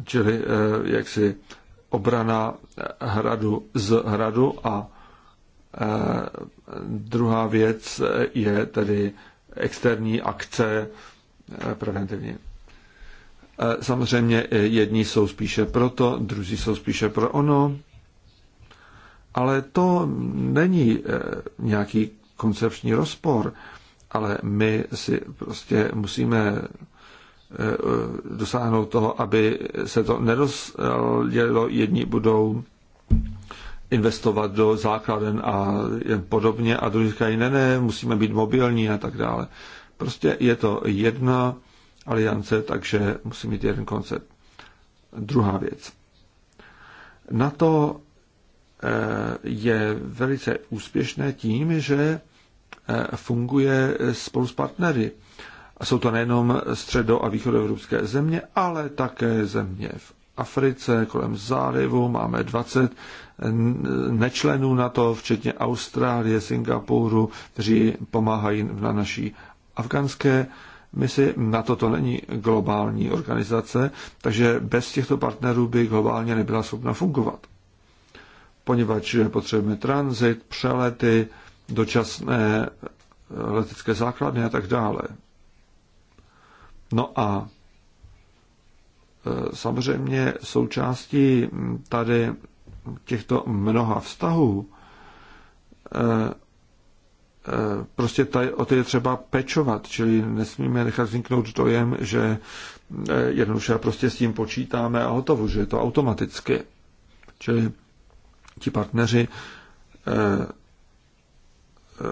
čili eh, jaksi obrana hradu z hradu a eh, druhá věc eh, je tedy externí akce preventivní. Samozřejmě jedni jsou spíše proto, druzí jsou spíše pro ono, ale to není nějaký koncepční rozpor, ale my si prostě musíme Eh, dosáhnout toho, aby se to nerozdělilo. Jedni budou investovat do základen a podobně a druhý říkají, ne, ne, musíme být mobilní a tak dále. Prostě je to jedna aliance, takže musí mít jeden koncept. Druhá věc. Na to eh, je velice úspěšné tím, že eh, funguje spolu s partnery. A jsou to nejenom středo- a východoevropské země, ale také země v Africe, kolem zálivu. Máme 20 nečlenů na to, včetně Austrálie, Singapuru, kteří pomáhají na naší afganské misi. Na to to není globální organizace, takže bez těchto partnerů by globálně nebyla schopna fungovat. Poněvadž potřebujeme tranzit, přelety, dočasné letecké základny a tak dále. No a e, samozřejmě součástí tady těchto mnoha vztahů e, e, prostě tady, o ty je třeba pečovat, čili nesmíme nechat vzniknout dojem, že jednoduše prostě s tím počítáme a hotovo, že je to automaticky. Čili ti partneři Eh,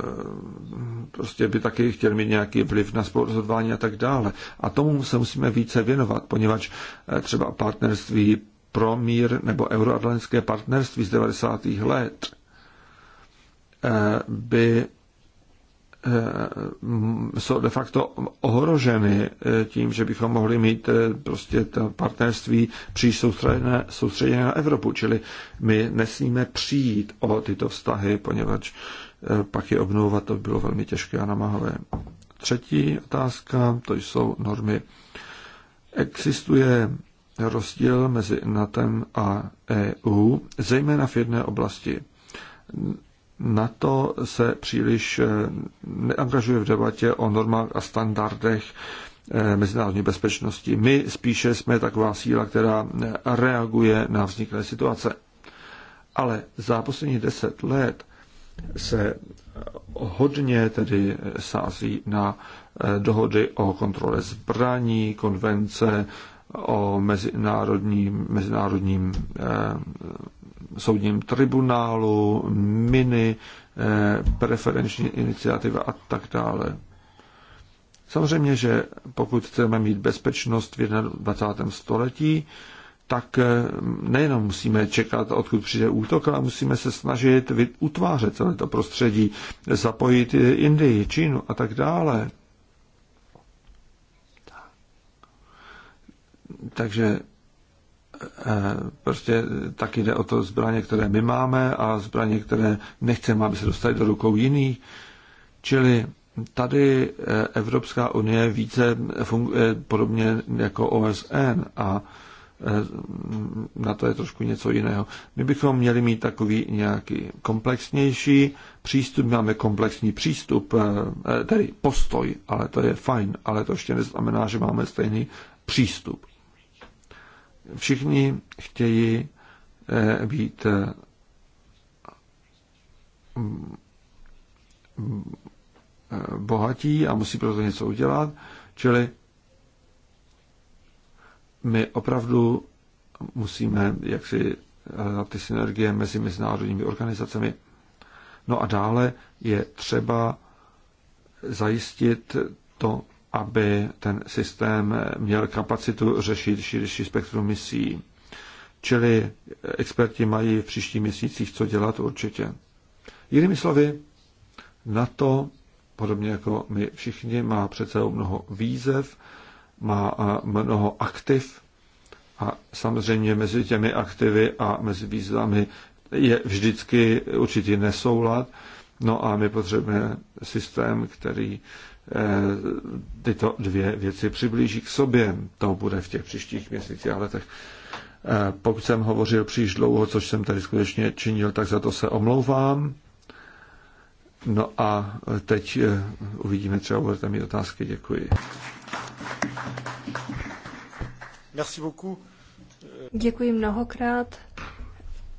prostě by taky chtěl mít nějaký vliv na spolurozhodování a tak dále. A tomu se musíme více věnovat, poněvadž eh, třeba partnerství pro mír nebo euroatlantické partnerství z 90. let eh, by jsou de facto ohroženy tím, že bychom mohli mít prostě to partnerství příliš soustředěné, soustředěné na Evropu, čili my nesmíme přijít o tyto vztahy, poněvadž Eh, pak je obnovovat, to by bylo velmi těžké a namahové. Třetí otázka, to jsou normy. Existuje rozdíl mezi NATO a EU, zejména v jedné oblasti. NATO se příliš eh, neangažuje v debatě o normách a standardech eh, mezinárodní bezpečnosti. My spíše jsme taková síla, která reaguje na vzniklé situace. Ale za posledních deset let se hodně tedy sází na eh, dohody o kontrole zbraní, konvence o mezinárodním, mezinárodním eh, soudním tribunálu, mini, eh, preferenční iniciativa a tak dále. Samozřejmě, že pokud chceme mít bezpečnost v 21. století, eh, tak eh, nejenom musíme čekat, odkud přijde útok, ale musíme se snažit utvářet celé to prostředí, zapojit Indii, Čínu a tak dále. Takže eh, prostě tak jde o to zbraně, které my máme a zbraně, které nechceme, aby se dostaly do rukou jiných. Čili tady eh, Evropská unie více funguje podobně jako OSN a Eh, na to je trošku něco jiného. My bychom měli mít takový nějaký komplexnější přístup, máme komplexní přístup, eh, eh, tedy postoj, ale to je fajn, ale to ještě neznamená, že máme stejný přístup. Všichni chtějí být mm, mm, bohatí a musí proto něco udělat, čili my opravdu musíme jaksi eh, na ty synergie mezi mezinárodními organizacemi. No a dále je třeba zajistit to, aby ten systém měl kapacitu řešit širší spektrum misí. Čili experti mají v příštích měsících co dělat určitě. Jinými slovy, na to, podobně jako my všichni, má přece mnoho výzev, má eh, mnoho aktiv a samozřejmě mezi těmi aktivy a mezi výzvami je vždycky určitý nesoulad. No a my potřebujeme systém, který eh, tyto dvě věci přiblíží k sobě. To bude v těch příštích měsících ale letech. Eh, pokud jsem hovořil příliš dlouho, což jsem tady skutečně činil, tak za to se omlouvám. No a teď uvidíme, třeba budete mít otázky. Děkuji. Děkuji mnohokrát.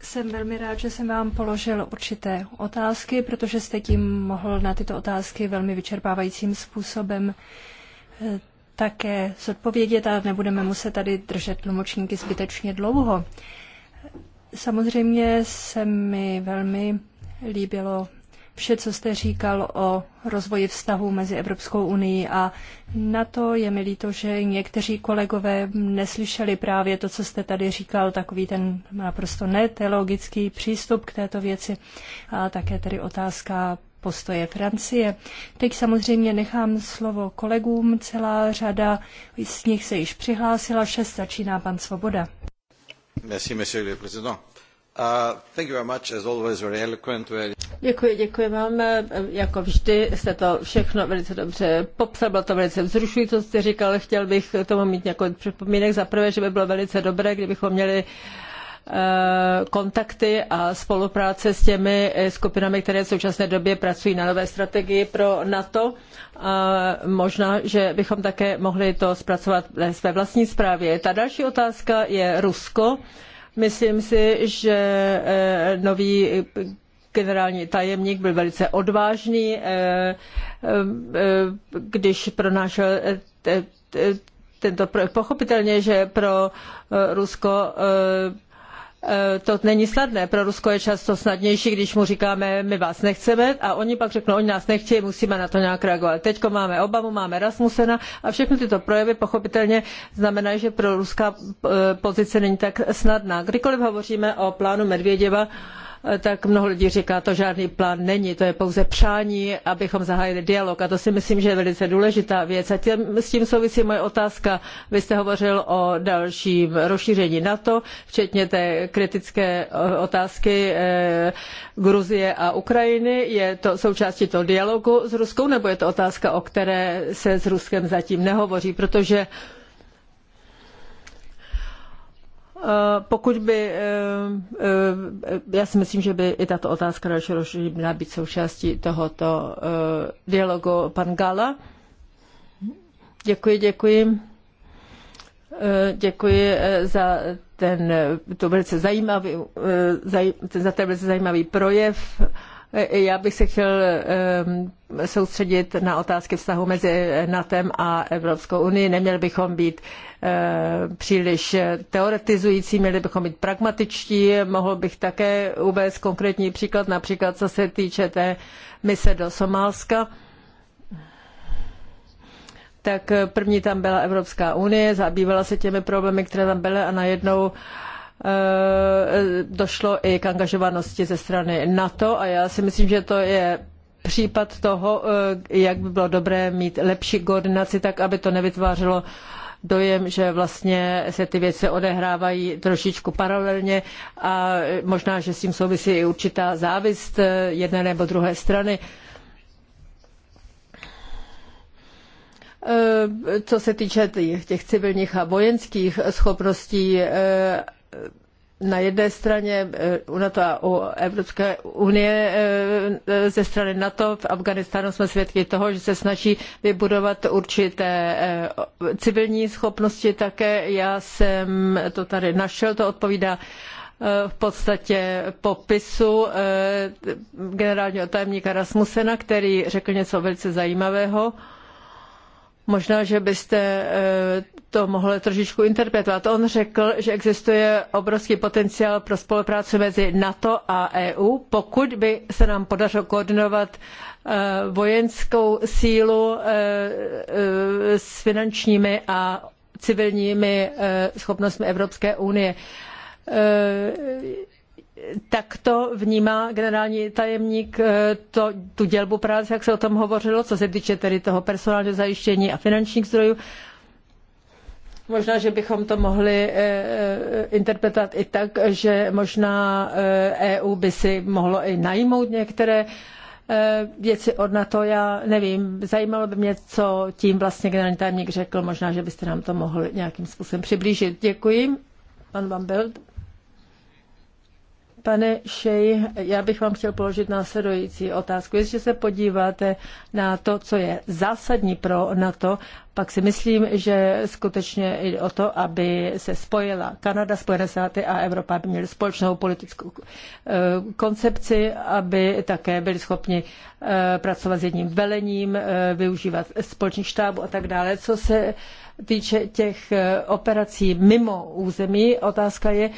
Jsem velmi rád, že jsem vám položil určité otázky, protože jste tím mohl na tyto otázky velmi vyčerpávajícím způsobem eh, také zodpovědět a nebudeme muset tady držet tlumočníky zbytečně dlouho. Samozřejmě se mi velmi líbilo vše, co jste říkal o rozvoji vztahu mezi Evropskou unii a na to je mi líto, že někteří kolegové neslyšeli právě to, co jste tady říkal, takový ten naprosto neteologický přístup k této věci a také tedy otázka postoje Francie. Teď samozřejmě nechám slovo kolegům, celá řada z nich se již přihlásila, šest začíná pan Svoboda. Merci, monsieur le président. Děkuji, děkuji vám. Jako vždy jste to všechno velice dobře popsal, bylo to velice vzrušující, co jste říkal. Chtěl bych tomu mít několik připomínek. Za prvé, že by bylo velice dobré, kdybychom měli eh, kontakty a spolupráce s těmi eh, skupinami, které v současné době pracují na nové strategii pro NATO. A možná, že bychom také mohli to zpracovat ve své vlastní zprávě. Ta další otázka je Rusko. Myslím si, že eh, nový eh, generální tajemník byl velice odvážný, eh, když pronášel tento pochopitelně, že pro Rusko Eh, to není snadné. Pro Rusko je často snadnější, když mu říkáme, my vás nechceme a oni pak řeknou, oni nás nechtějí, musíme na to nějak reagovat. Teď máme Obamu, máme Rasmusena a všechny tyto projevy pochopitelně znamenají, že pro ruská eh, pozice není tak snadná. Kdykoliv hovoříme o plánu Medvěděva, Eh, tak mnoho lidí říká, to žádný plán není, to je pouze přání, abychom zahájili dialog. A to si myslím, že je velice důležitá věc. A tím, s tím souvisí moje otázka. Vy jste hovořil o dalším rozšíření NATO, včetně té kritické eh, otázky eh, Gruzie a Ukrajiny. Je to součástí toho dialogu s Ruskou, nebo je to otázka, o které se s Ruskem zatím nehovoří? Protože Eh, pokud by, eh, eh, já si myslím, že by i tato otázka další rozšíření měla být součástí tohoto dialogu. Pan Gala. Děkuji, děkuji. Děkuji za ten, to velice zajímavý, za ten velice zajímavý projev. Já bych se chtěl ehm, soustředit na otázky vztahu mezi NATEM a Evropskou unii. Neměli bychom být ehm, příliš teoretizující, měli bychom být pragmatičtí. Mohl bych také uvést konkrétní příklad, například co se týče té mise do Somálska tak první tam byla Evropská unie, zabývala se těmi problémy, které tam byly a najednou uh, Eh, došlo i k angažovanosti ze strany NATO a já si myslím, že to je případ toho, eh, jak by bylo dobré mít lepší koordinaci, tak aby to nevytvářelo dojem, že vlastně se ty věci odehrávají trošičku paralelně a možná, že s tím souvisí i určitá závist eh, jedné nebo druhé strany. Co se týče těch civilních a vojenských schopností na jedné straně eh, u a Evropské unie eh, eh, ze strany NATO v Afganistánu jsme svědky toho, že se snaží vybudovat určité civilní schopnosti také. Já jsem to tady našel, to odpovídá v podstatě popisu generálního tajemníka Rasmusena, který řekl něco velice zajímavého. Možná, že byste eh, to mohli trošičku interpretovat. On řekl, že existuje obrovský potenciál pro spolupráci mezi NATO a EU, pokud by se nám podařilo koordinovat eh, vojenskou sílu eh, s finančními a civilními schopnostmi Evropské unie takto vnímá generální tajemník eh, to, tu dělbu práce, jak se o tom hovořilo, co se týče tedy toho personálního zajištění a finančních zdrojů. Možná, že bychom to mohli eh, eh, interpretovat i tak, že možná EU e by si mohlo i najmout některé věci od NATO, já nevím, zajímalo by mě, co tím vlastně generální tajemník řekl, možná, že byste nám to mohli nějakým způsobem přiblížit. Děkuji, pan Van Pane Šej, já bych vám chtěl položit následující otázku. Jestliže se podíváte na to, co je zásadní pro NATO, pak si myslím, že skutečně i o to, aby se spojila Kanada, Spojené státy a Evropa, aby měly společnou politickou eh, koncepci, aby také byli schopni eh, pracovat s jedním velením, eh, využívat společných štábů a tak dále. Co se týče těch operací mimo území, otázka je,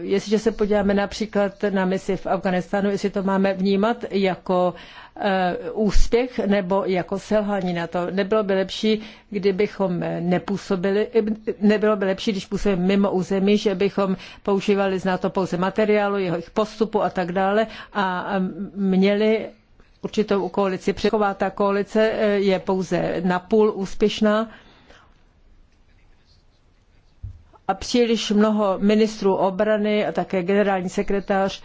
jestliže se podíváme například na misi v Afganistánu, jestli to máme vnímat jako eh, úspěch nebo jako selhání na to. Nebylo by lepší, kdybychom nepůsobili, nebylo by lepší, když působíme mimo území, že bychom používali z NATO pouze materiálu, jeho postupu a tak dále a měli určitou koalici. Překová ta koalice eh, je pouze napůl úspěšná a příliš mnoho ministrů obrany a také generální sekretář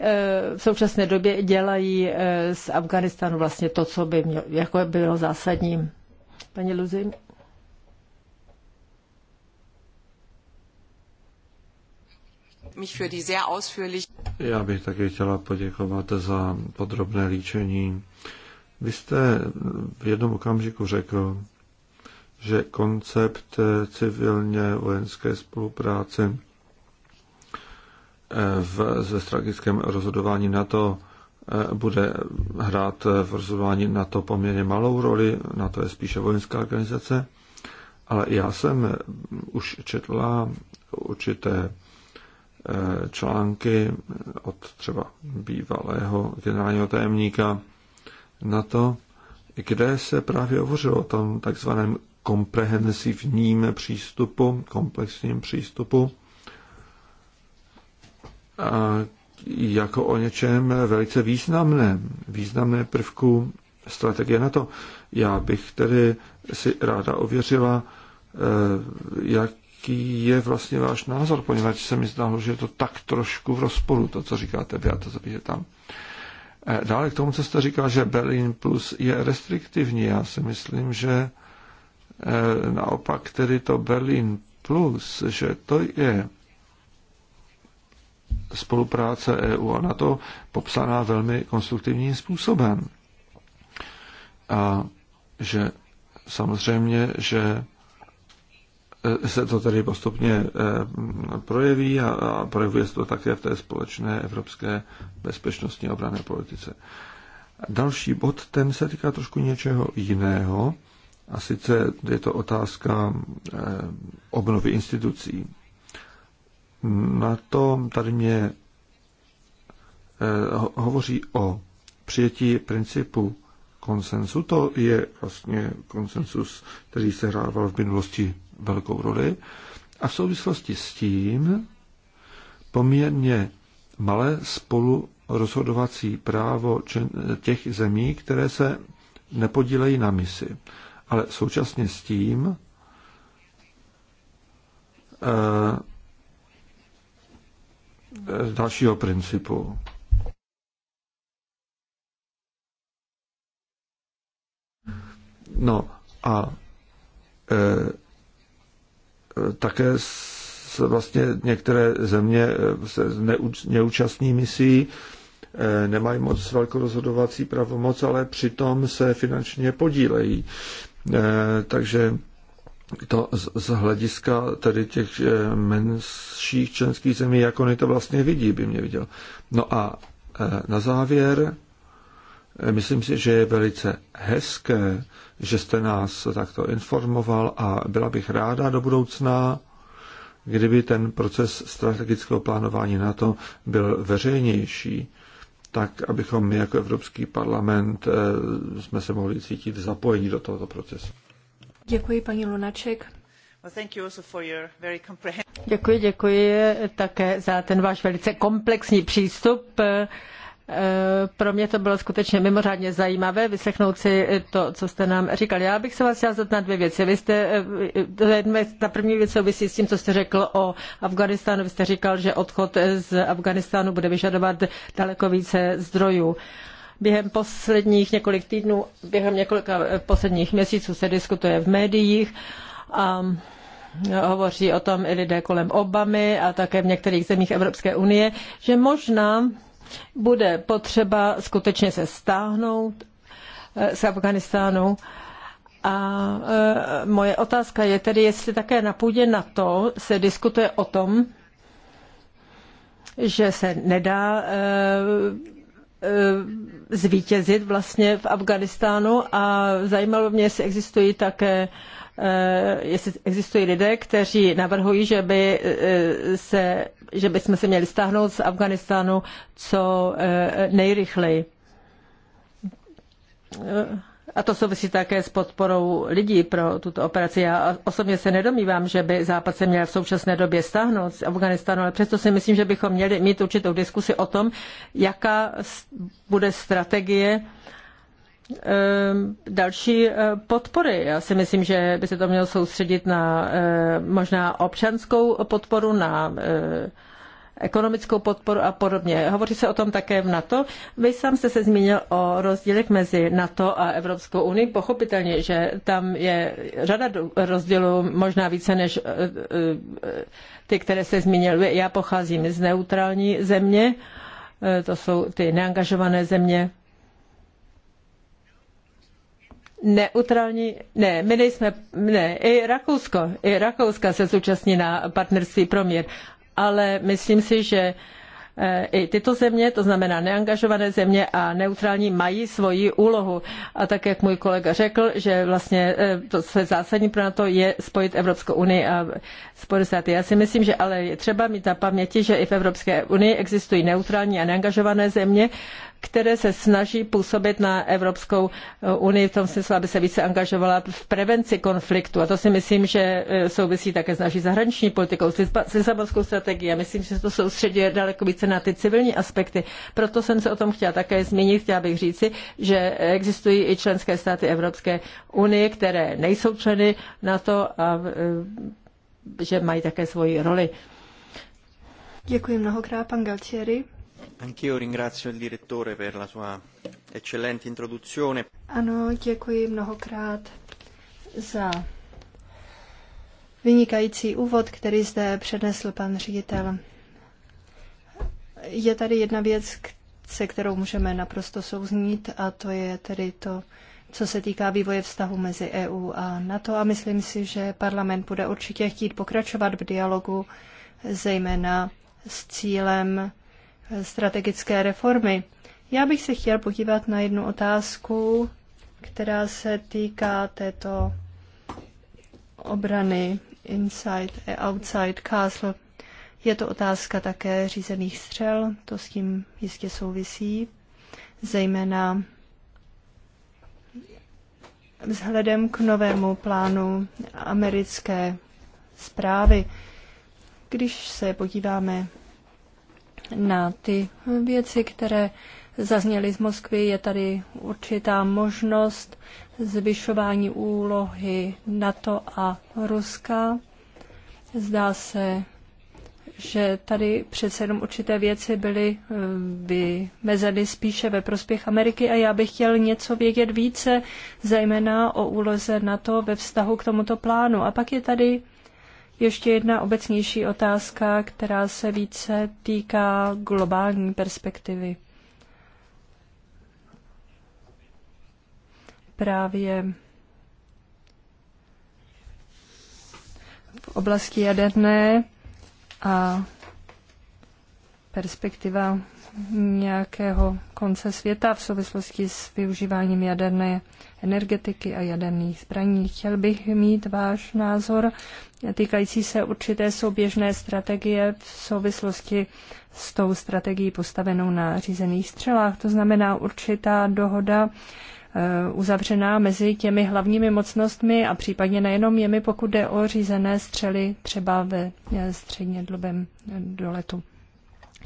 eh, v současné době dělají eh, z Afganistánu vlastně to, co by mělo, jako bylo zásadní. Paní Luzi? Já bych také chtěla poděkovat za podrobné líčení. Vy jste v jednom okamžiku řekl, že koncept eh, civilně vojenské spolupráce eh, v, ze strategickém rozhodování NATO eh, bude hrát v rozhodování NATO poměrně malou roli, na to je spíše vojenská organizace, ale já jsem už četla určité články od třeba bývalého generálního tajemníka NATO, kde se právě hovořilo o tom takzvaném komprehensivním přístupu, komplexním přístupu, a jako o něčem velice významném, významné prvku strategie na to. Já bych tedy si ráda ověřila, eh, jaký je vlastně váš názor, poněvadž se mi zdálo, že je to tak trošku v rozporu, to, co říkáte já to, co tam. Eh, dále k tomu, co jste říkal, že Berlin Plus je restriktivní. Já si myslím, že Eh, naopak tedy to Berlin Plus, že to je spolupráce EU a NATO popsaná velmi konstruktivním způsobem. A že samozřejmě, že eh, se to tedy postupně eh, projeví a projevuje se to také v té společné evropské bezpečnostní obrané politice. Další bod, ten se týká trošku něčeho jiného. A sice je to otázka eh, obnovy institucí. Na to tady mě eh, hovoří o přijetí principu konsensu. To je vlastně konsensus, který se hrával v minulosti velkou roli. A v souvislosti s tím poměrně malé spolu rozhodovací právo těch zemí, které se nepodílejí na misi ale současně s tím eh, z dalšího principu. No a e, také s, vlastně některé země eh, se neúč, neúčastní misí, e, nemají moc velkou rozhodovací pravomoc, ale přitom se finančně podílejí. Eh, takže to z hlediska tedy těch eh, menších členských zemí, jak oni to vlastně vidí, by mě viděl. No a eh, na závěr, myslím si, že je velice hezké, že jste nás takto informoval a byla bych ráda do budoucna, kdyby ten proces strategického plánování na to byl veřejnější, tak abychom my jako Evropský parlament eh, jsme se mohli cítit zapojení do tohoto procesu. Děkuji, paní Lunaček. Děkuji, děkuji také za ten váš velice komplexní přístup eh, Eh, pro mě to bylo skutečně mimořádně zajímavé vyslechnout si eh, to, co jste nám říkal. Já bych se vás chtěla zeptat na dvě věci. Vy jste, eh, ta první věc souvisí s tím, co jste řekl o Afganistánu. Vy jste říkal, že odchod z Afganistánu bude vyžadovat daleko více zdrojů během posledních několik týdnů, během několika posledních měsíců se diskutuje v médiích a hovoří o tom i lidé kolem Obamy a také v některých zemích Evropské unie, že možná bude potřeba skutečně se stáhnout eh, z Afganistánu. A eh, moje otázka je tedy, jestli také na půdě to se diskutuje o tom, že se nedá eh, zvítězit vlastně v Afganistánu a zajímalo mě, jestli existují také Eh, jestli existují lidé, kteří navrhují, že by, eh, se, že by jsme se měli stáhnout z Afganistánu co eh, nejrychleji. A to souvisí také s podporou lidí pro tuto operaci. Já osobně se nedomývám, že by Západ se měl v současné době stáhnout z Afganistánu, ale přesto si myslím, že bychom měli mít určitou diskusi o tom, jaká bude strategie Ehm, další eh, podpory. Já si myslím, že by se to mělo soustředit na eh, možná občanskou podporu, na eh, ekonomickou podporu a podobně. Hovoří se o tom také v NATO. Vy sám jste se zmínil o rozdílech mezi NATO a Evropskou unii. Pochopitelně, že tam je řada rozdílů, možná více než ty, které se zmínil. Já pocházím z neutrální země, to jsou ty neangažované země neutrální, ne, my nejsme, ne, i Rakousko, i Rakouska se zúčastní na partnerství pro mír, ale myslím si, že eh, i tyto země, to znamená neangažované země a neutrální, mají svoji úlohu. A tak, jak můj kolega řekl, že vlastně eh, to, co je zásadní pro NATO, je spojit Evropskou unii a Spojené státy. Já si myslím, že ale je třeba mít na paměti, že i v Evropské unii existují neutrální a neangažované země, které se snaží působit na Evropskou eh, unii v tom smyslu, aby se více angažovala v prevenci konfliktu. A to si myslím, že eh, souvisí také s naší zahraniční politikou, s Lisabonskou strategií. A myslím, že se to soustředí daleko více na ty civilní aspekty. Proto jsem se o tom chtěla také zmínit. Chtěla bych říci, že existují i členské státy Evropské unie, které nejsou členy na to a eh, že mají také svoji roli. Děkuji mnohokrát, pan Galtieri. Anch'io ringrazio il direttore per la sua eccellente introduzione. Ano, děkuji mnohokrát za vynikající úvod, který zde přednesl pan ředitel. Je tady jedna věc, se kterou můžeme naprosto souznít, a to je tedy to, co se týká vývoje vztahu mezi EU a NATO. A myslím si, že parlament bude určitě chtít pokračovat v dialogu, zejména s cílem strategické reformy. Já bych se chtěl podívat na jednu otázku, která se týká této obrany inside a outside castle. Je to otázka také řízených střel, to s tím jistě souvisí, zejména vzhledem k novému plánu americké zprávy. Když se podíváme na ty věci, které zazněly z Moskvy. Je tady určitá možnost zvyšování úlohy NATO a Ruska. Zdá se, že tady přece jenom určité věci byly eh, vymezeny spíše ve prospěch Ameriky a já bych chtěl něco vědět více, zejména o úloze NATO ve vztahu k tomuto plánu. A pak je tady ještě jedna obecnější otázka, která se více týká globální perspektivy. Právě v oblasti jaderné a perspektiva nějakého konce světa v souvislosti s využíváním jaderné energetiky a jaderných zbraní. Chtěl bych mít váš názor týkající se určité souběžné strategie v souvislosti s tou strategií postavenou na řízených střelách. To znamená určitá dohoda eh, uzavřená mezi těmi hlavními mocnostmi a případně nejenom jemi, pokud jde o řízené střely třeba ve eh, střednědlobém eh, doletu.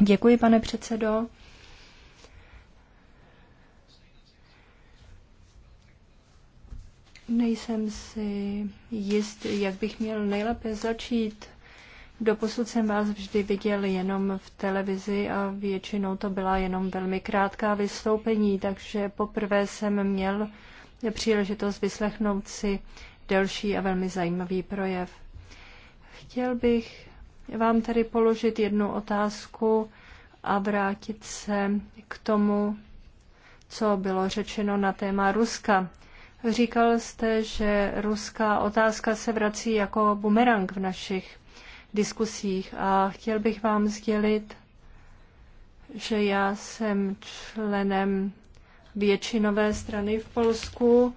Děkuji, pane předsedo. Nejsem si jist, jak bych měl nejlépe začít. Doposud jsem vás vždy viděl jenom v televizi a většinou to byla jenom velmi krátká vystoupení, takže poprvé jsem měl příležitost vyslechnout si delší a velmi zajímavý projev. Chtěl bych vám tedy položit jednu otázku a vrátit se k tomu, co bylo řečeno na téma Ruska. Říkal jste, že ruská otázka se vrací jako bumerang v našich diskusích a chtěl bych vám sdělit, že já jsem členem většinové strany v Polsku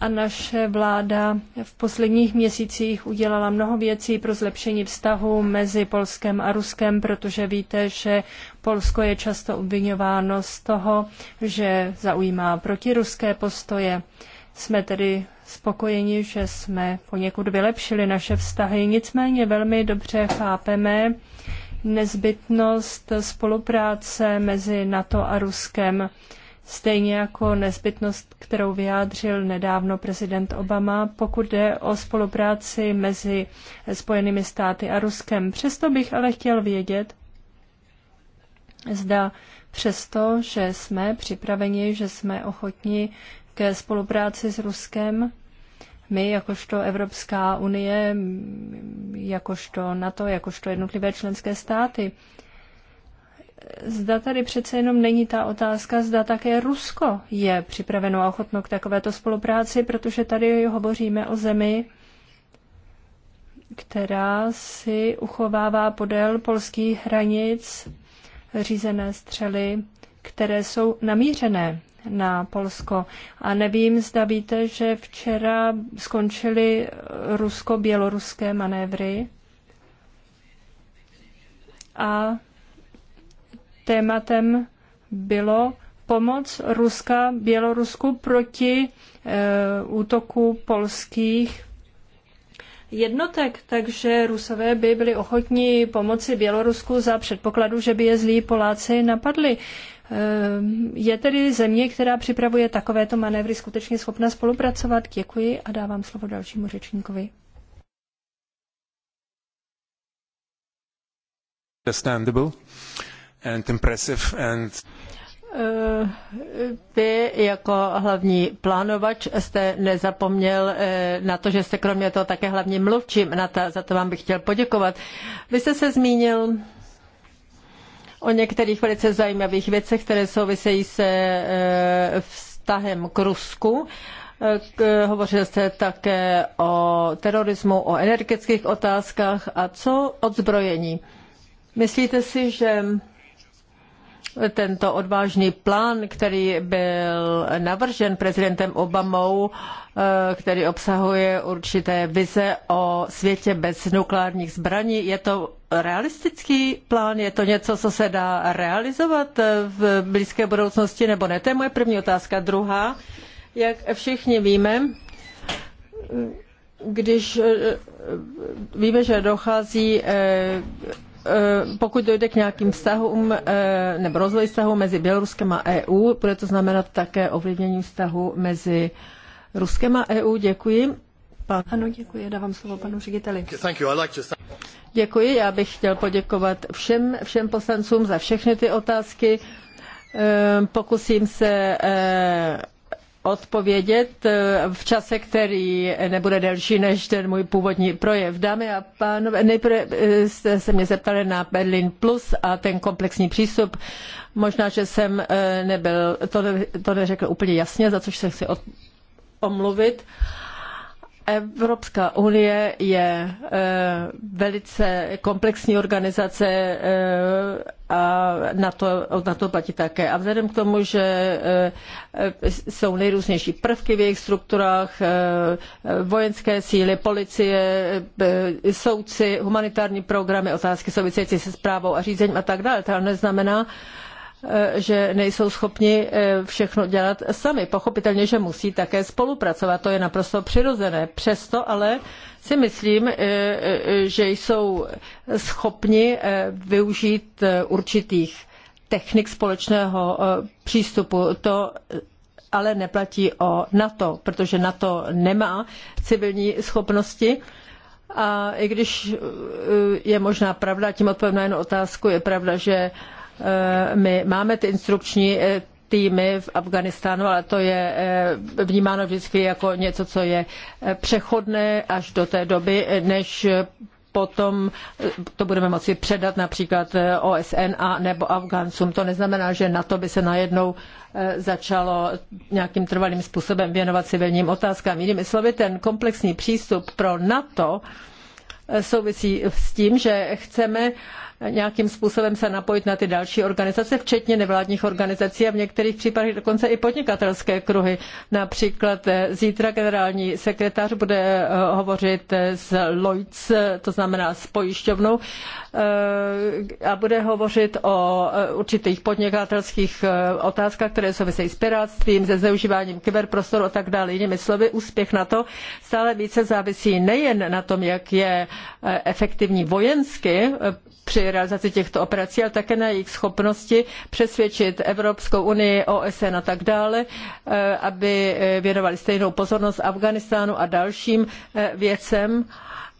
a naše vláda v posledních měsících udělala mnoho věcí pro zlepšení vztahu mezi Polskem a Ruskem, protože víte, že Polsko je často obvinováno z toho, že zaujímá protiruské postoje. Jsme tedy spokojeni, že jsme poněkud vylepšili naše vztahy, nicméně velmi dobře chápeme nezbytnost spolupráce mezi NATO a Ruskem, stejně jako nezbytnost, kterou vyjádřil nedávno prezident Obama, pokud jde o spolupráci mezi Spojenými státy a Ruskem. Přesto bych ale chtěl vědět, zda přesto, že jsme připraveni, že jsme ochotni ke spolupráci s Ruskem. My, jakožto Evropská unie, jakožto NATO, jakožto jednotlivé členské státy. Zda tady přece jenom není ta otázka, zda také Rusko je připraveno a ochotno k takovéto spolupráci, protože tady hovoříme o zemi, která si uchovává podél polských hranic řízené střely, které jsou namířené na Polsko. A nevím, zda víte, že včera skončily rusko-běloruské manévry a tématem bylo pomoc Ruska Bělorusku proti e, útoku polských jednotek, takže Rusové by byli ochotní pomoci Bělorusku za předpokladu, že by je zlí Poláci napadli. Ehm, je tedy země, která připravuje takovéto manévry, skutečně schopna spolupracovat? Děkuji a dávám slovo dalšímu řečníkovi. Understandable and impressive and ehm, vy jako hlavní plánovač jste nezapomněl eh, na to, že jste kromě toho také hlavně mluvčím, na to, za to vám bych chtěl poděkovat. Vy jste se zmínil o některých velice zajímavých věcech, které souvisejí se e, vztahem k Rusku. E, hovořil jste také o terorismu, o energetických otázkách a co odzbrojení. Myslíte si, že tento odvážný plán, který byl navržen prezidentem Obamou, eh, který obsahuje určité vize o světě bez nukleárních zbraní, je to realistický plán? Je to něco, co se dá realizovat eh, v blízké budoucnosti nebo ne? To je moje první otázka. Druhá, jak všichni víme, když eh, víme, že dochází Eh, pokud dojde k nějakým vztahům eh, nebo rozvoji vztahu mezi Běloruskem a EU, bude to znamenat také ovlivnění vztahu mezi Ruskem a EU. Děkuji. Pan... Ano, děkuji. Dávám slovo panu řediteli. Děkuji. Já bych chtěl poděkovat všem, všem poslancům za všechny ty otázky. Eh, pokusím se odpovědět eh, v čase, který nebude delší než ten můj původní projev. Dámy a pánové, nejprve eh, jste se mě zeptali na Berlin Plus a ten komplexní přístup. Možná, že jsem eh, nebyl, to, to neřekl úplně jasně, za což se chci omluvit. Uh, Evropská unie je eh, velice komplexní organizace eh, a na to, na to platí také. A vzhledem k tomu, že eh, jsou nejrůznější prvky v jejich strukturách, vojenské síly, policie, soudci, humanitární programy, otázky související se zprávou a řízením a tak dále, to ale neznamená, Eh, že nejsou schopni eh, všechno dělat sami. Pochopitelně, že musí také spolupracovat, to je naprosto přirozené. Přesto ale si myslím, eh, že jsou schopni využít určitých technik společného přístupu. To ale neplatí o NATO, protože NATO nemá civilní schopnosti. A i když je možná pravda, tím odpovím na jednu otázku, je pravda, že Eh, my máme ty instrukční eh, týmy v Afganistánu, ale to je eh, vnímáno vždycky jako něco, co je přechodné až do té doby, než potom to budeme moci předat například OSN a nebo Afgáncům. To neznamená, že na to by se najednou začalo nějakým trvalým způsobem věnovat civilním otázkám. Jinými slovy, ten komplexní přístup pro NATO souvisí s tím, že chceme nějakým způsobem se napojit na ty další organizace, včetně nevládních organizací a v některých případech dokonce i podnikatelské kruhy. Například eh, zítra generální sekretář bude eh, hovořit eh, s Lloyds, to znamená s pojišťovnou, a bude hovořit o určitých podnikatelských otázkách, které souvisejí s pirátstvím, se zneužíváním kyberprostoru a tak dále. Jinými slovy, úspěch na to stále více závisí nejen na tom, jak je efektivní vojensky při realizaci těchto operací, ale také na jejich schopnosti přesvědčit Evropskou unii, OSN a tak dále, eh, aby eh, věnovali stejnou pozornost Afganistánu a dalším eh, věcem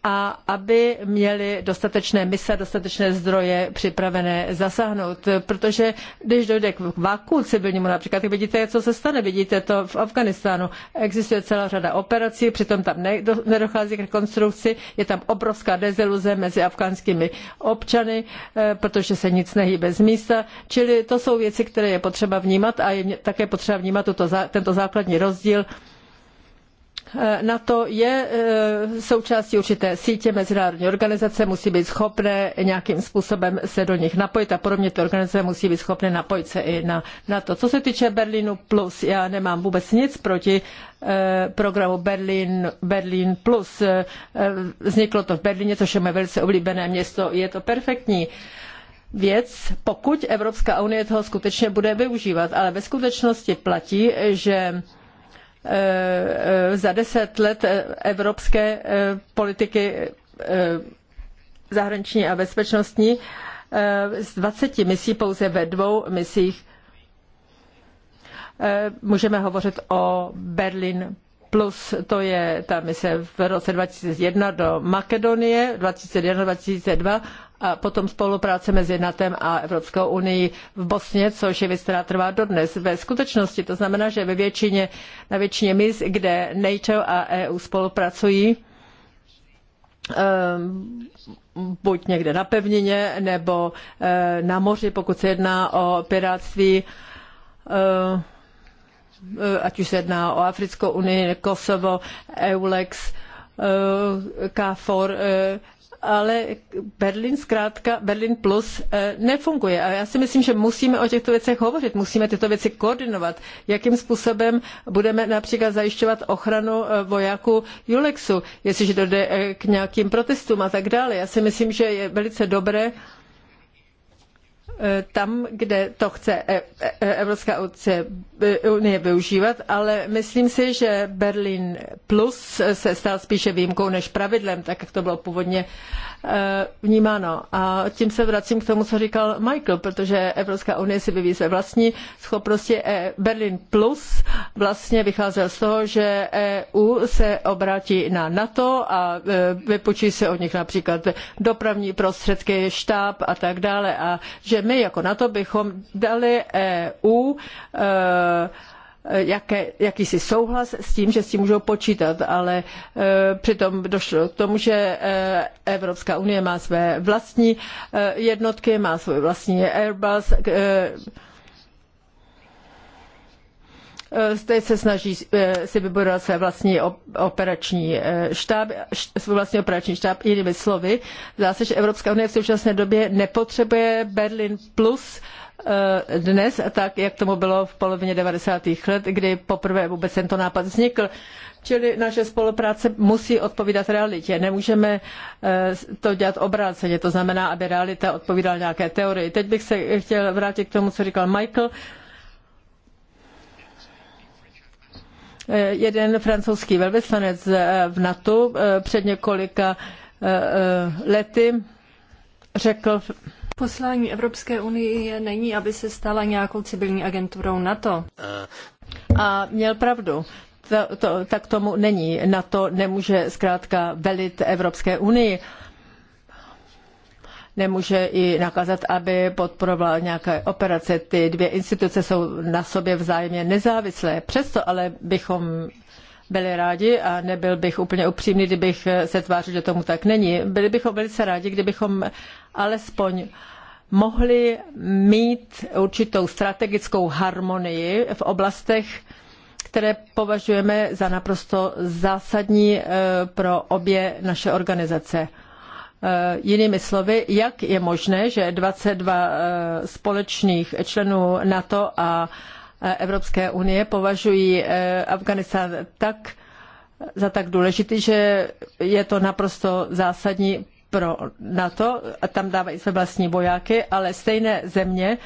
a aby měli dostatečné mise, dostatečné zdroje připravené zasáhnout. Protože když dojde k vaku civilnímu například, tak vidíte, co se stane. Vidíte to v Afganistánu. Existuje celá řada operací, přitom tam nedochází k rekonstrukci. Je tam obrovská deziluze mezi afgánskými občany, eh, protože se nic nehýbe z místa. Čili to jsou věci, které je potřeba vnímat a je také potřeba vnímat tuto, tento základní rozdíl Eh, NATO je eh, součástí určité sítě mezinárodní organizace, musí být schopné nějakým způsobem se do nich napojit a podobně ty organizace musí být schopné napojit se i na NATO. Co se týče Berlínu Plus, já nemám vůbec nic proti eh, programu Berlín, Berlín Plus. Vzniklo to v Berlíně, což je moje velice oblíbené město. Je to perfektní věc, pokud Evropská unie toho skutečně bude využívat. Ale ve skutečnosti platí, že Eh, eh, za deset let eh, evropské politiky zahraniční a bezpečnostní z 20 misí pouze ve dvou misích můžeme hovořit o Berlin plus, to je ta mise v roce 2001 do Makedonie, 2001-2002 potom spolupráce mezi NATEM a Evropskou unii v Bosně, což je věc, která trvá dodnes. Ve skutečnosti to znamená, že ve většině, na většině míst, kde NATO a EU spolupracují, ehm, buď někde na pevnině nebo eh, na moři, pokud se jedná o piráctví, eh, ať už se jedná o Africkou unii, Kosovo, EULEX, eh, KFOR, ale Berlin zkrátka, Berlin plus eh, nefunguje. A já si myslím, že musíme o těchto věcech hovořit, musíme tyto věci koordinovat. Jakým způsobem budeme například zajišťovat ochranu eh, vojáků Julexu, jestliže dojde eh, k nějakým protestům a tak dále. Já si myslím, že je velice dobré, tam, kde to chce e- e- e- Evropská unie využívat, ale myslím si, že Berlin Plus se stal spíše výjimkou než pravidlem, tak jak to bylo původně vnímáno. A tím se vracím k tomu, co říkal Michael, protože Evropská unie si vyvíjí své vlastní schopnosti. Berlin Plus vlastně vycházel z toho, že EU se obrátí na NATO a vypočí se od nich například dopravní prostředky, štáb a tak dále. A že my strany, jako na to, bychom dali EU eh, jaké, jakýsi souhlas s tím, že s tím můžou počítat, ale e, přitom došlo k tomu, že e, Evropská unie má své vlastní e, jednotky, má svůj vlastní Airbus. E, Eh, Teď se snaží eh, si vybudovat své vlastní operační eh, štáb, svůj vlastní operační štáb, jinými slovy. Zdá se, že Evropská unie v současné době nepotřebuje Berlin Plus, dnes, tak jak tomu bylo v polovině 90. let, kdy poprvé vůbec tento nápad vznikl. Čili naše spolupráce musí odpovídat realitě. Nemůžeme to dělat obráceně, to znamená, aby realita odpovídala nějaké teorii. Teď bych se chtěl vrátit k tomu, co říkal Michael. Eh, jeden francouzský velvyslanec eh, v NATO eh, před několika lety řekl, Poslání Evropské unie není, aby se stala nějakou civilní agenturou NATO. A měl pravdu. To, to, tak tomu není. NATO nemůže zkrátka velit Evropské unii nemůže i nakazat, aby podporovala nějaké operace. Ty dvě instituce jsou na sobě vzájemně nezávislé. Přesto ale bychom byli rádi a nebyl bych úplně upřímný, kdybych se tvářil, že tomu tak není. Byli bychom velice rádi, kdybychom alespoň mohli mít určitou strategickou harmonii v oblastech, které považujeme za naprosto zásadní eh, pro obě naše organizace. Eh, jinými slovy, jak je možné, že 22 eh, společných členů NATO a eh, Evropské unie považují Afganistán tak za tak důležitý, že je to naprosto zásadní pro NATO, a tam dávají své vlastní vojáky, ale stejné země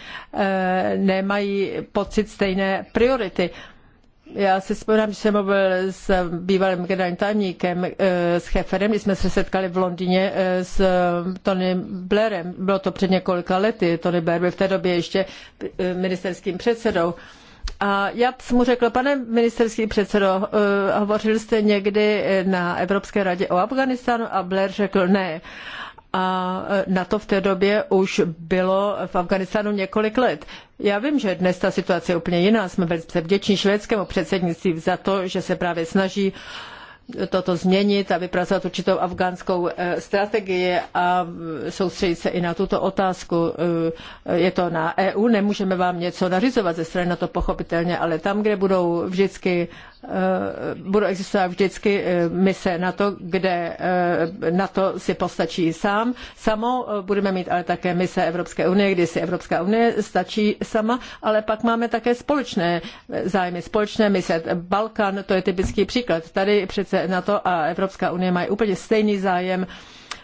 nemají pocit stejné priority. Já si vzpomínám, že jsem mluvil s bývalým generálním tajemníkem, eh, s Heferem, když jsme se setkali v Londýně eh, s eh, Tony Blairem. Bylo to před několika lety. Tony Blair byl v té době ještě ministerským předsedou. A já jsem mu řekl, pane ministerský předsedo, hovořil jste někdy na Evropské radě o Afganistánu a Blair řekl ne a e, na to v té době už bylo v Afganistánu několik let. Já vím, že dnes ta situace je úplně jiná. Jsme velice vděční švédskému předsednictví za to, že se právě snaží toto změnit a vypracovat určitou afgánskou e, strategii a e, soustředit se i na tuto otázku. Je to na EU, nemůžeme vám něco nařizovat ze strany na no to pochopitelně, ale tam, kde budou vždycky Eh, budou existovat vždycky eh, mise na to, kde eh, na to si postačí sám. Samo budeme mít ale také mise Evropské unie, kdy si Evropská unie stačí sama, ale pak máme také společné zájmy, společné mise. Balkán to je typický příklad. Tady přece na to a Evropská unie mají úplně stejný zájem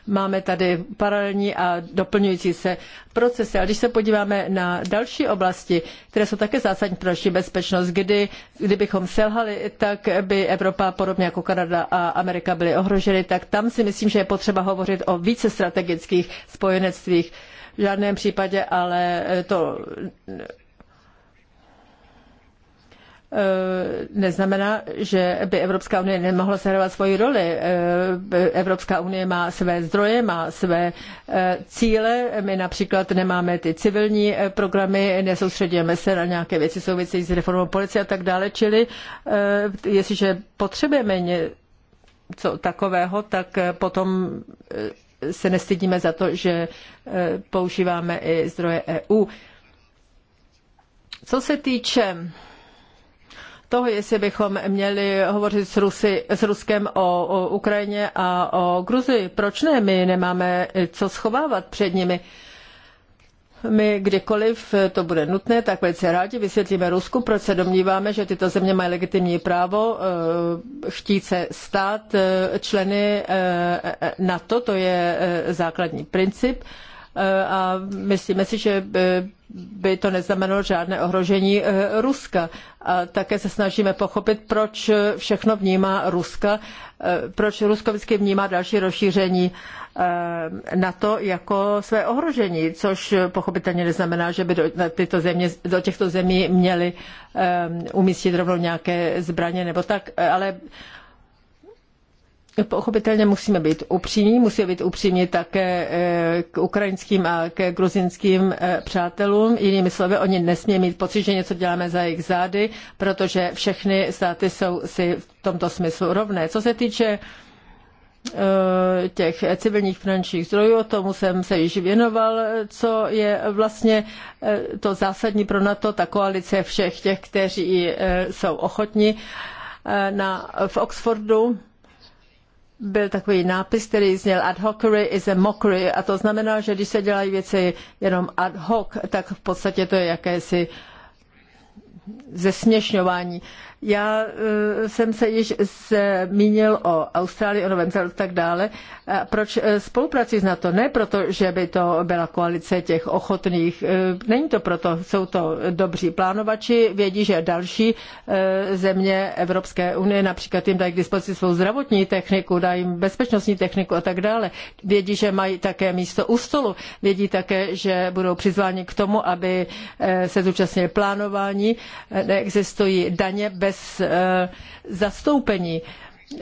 Máme tady paralelní a doplňující se procesy. A když se podíváme na další oblasti, které jsou také zásadní pro naši bezpečnost, kdy, kdybychom selhali, tak by Evropa, podobně jako Kanada a Amerika, byly ohroženy, tak tam si myslím, že je potřeba hovořit o více strategických spojenectvích. V žádném případě ale to Eh, neznamená, že by Evropská unie nemohla sehrávat svoji roli. Eh, Evropská unie má své zdroje, má své eh, cíle. My například nemáme ty civilní programy, nesoustředíme se na nějaké věci související s reformou policie a tak dále. Čili jestliže potřebujeme něco takového, tak potom se nestydíme za to, že používáme i zdroje EU. Co se týče toho, jestli bychom měli hovořit s, Rusy, s Ruskem o, o Ukrajině a o Gruzii. Proč ne? My nemáme co schovávat před nimi. My kdykoliv to bude nutné, tak velice rádi vysvětlíme Rusku, proč se domníváme, že tyto země mají legitimní právo eh, chtít se stát eh, členy eh, NATO, to je základní princip. Eh, a myslíme si, že by to neznamenalo žádné ohrožení eh, Ruska. A také se snažíme pochopit, proč všechno vnímá Ruska, eh, proč Rusko vždycky vnímá další rozšíření na to jako své ohrožení, což pochopitelně neznamená, že by do, tyto země, do těchto zemí měli umístit rovnou nějaké zbraně nebo tak, ale Pochopitelně musíme být upřímní, musíme být upřímní také eh, k ukrajinským a ke gruzinským eh, přátelům. Jinými slovy, oni nesmí mít pocit, že něco děláme za jejich zády, protože všechny státy jsou si v tomto smyslu rovné. Co se týče eh, těch civilních finančních zdrojů, tomu jsem se již věnoval, co je vlastně to zásadní pro NATO, ta koalice všech těch, kteří jsou ochotni na, v Oxfordu byl takový nápis, který zněl ad hocery is a mockery a to znamená, že když se dělají věci jenom ad hoc, tak v podstatě to je jakési zesměšňování. Já eh, jsem se již zmínil o Austrálii, o Novém Zélandu a tak dále. Proč eh, spolupráci s NATO? Ne proto, že by to byla koalice těch ochotných. Eh, není to proto, jsou to dobří plánovači, vědí, že další země Evropské unie například jim dají k dispozici svou zdravotní techniku, dají jim bezpečnostní techniku a tak dále. Vědí, že mají také místo u stolu. Vědí také, že budou přizváni k tomu, aby se zúčastnili plánování. Neexistují daně bez bez eh, zastoupení jak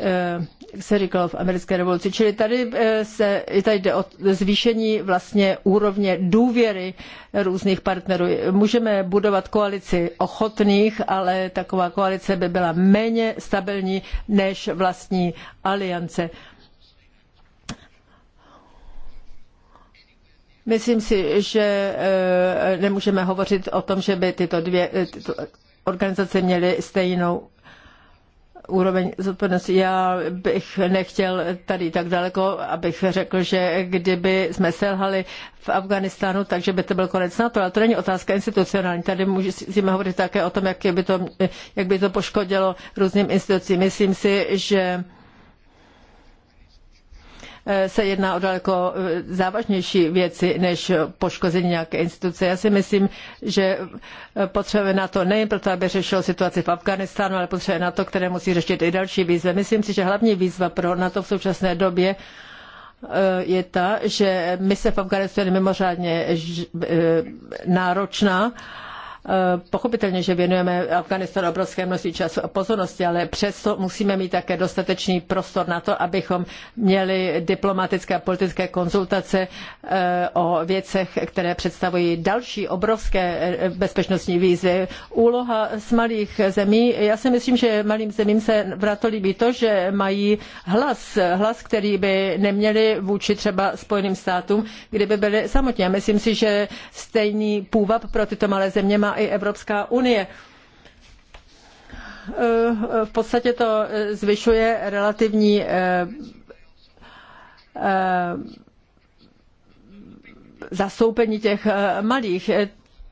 eh, se říkalo v americké revoluci. Čili tady, eh, se, tady jde o zvýšení vlastně úrovně důvěry různých partnerů. Můžeme budovat koalici ochotných, ale taková koalice by byla méně stabilní než vlastní aliance. Myslím si, že nemůžeme hovořit o tom, že by tyto dvě, tyto, organizace měly stejnou úroveň zodpovědnosti. Já bych nechtěl tady tak daleko, abych řekl, že kdyby jsme selhali v Afganistánu, takže by to byl konec NATO, ale to není otázka institucionální. Tady můžeme hovořit také o tom, jak by to, jak by to poškodilo různým institucím. Myslím si, že Eh, se jedná o daleko eh, závažnější věci než poškození nějaké instituce. Já si myslím, že eh, potřebujeme na to nejen proto, aby řešilo situaci v Afganistánu, ale potřebujeme na to, které musí řešit i další výzvy. Myslím si, že hlavní výzva pro NATO v současné době je ta, že mise v Afganistánu je mimořádně náročná Eh, pochopitelně, že věnujeme Afganistanu obrovské množství času a pozornosti, ale přesto musíme mít také dostatečný prostor na to, abychom měli diplomatické a politické konzultace eh, o věcech, které představují další obrovské eh, bezpečnostní výzvy. Úloha s malých zemí, já si myslím, že malým zemím se vrato líbí to, že mají hlas, hlas, který by neměli vůči třeba Spojeným státům, kdyby byli samotně. myslím si, že stejný půvab pro tyto malé země má i Evropská unie eh, v podstatě to eh, zvyšuje relativní eh, zastoupení těch malých.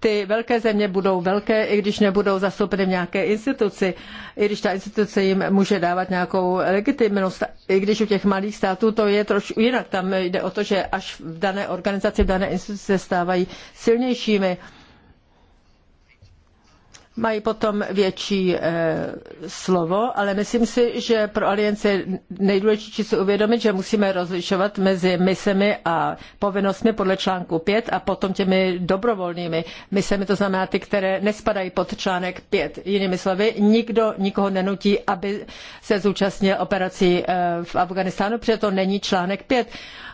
Ty velké země budou velké, i když nebudou zastoupeny v nějaké instituci, i když ta instituce jim může dávat nějakou legitimnost, i když u těch malých států to je trošku jinak. Tam jde o to, že až v dané organizaci, v dané instituci se stávají silnějšími. Uh, mají potom větší eh, slovo, ale myslím si, že pro aliance je nejdůležitější si uvědomit, že musíme rozlišovat mezi misemi a povinnostmi podle článku 5 a potom těmi dobrovolnými misemi, to znamená ty, které nespadají pod článek 5. Jinými slovy, nikdo nikoho nenutí, aby se zúčastnil operací eh, v Afganistánu, protože to není článek 5.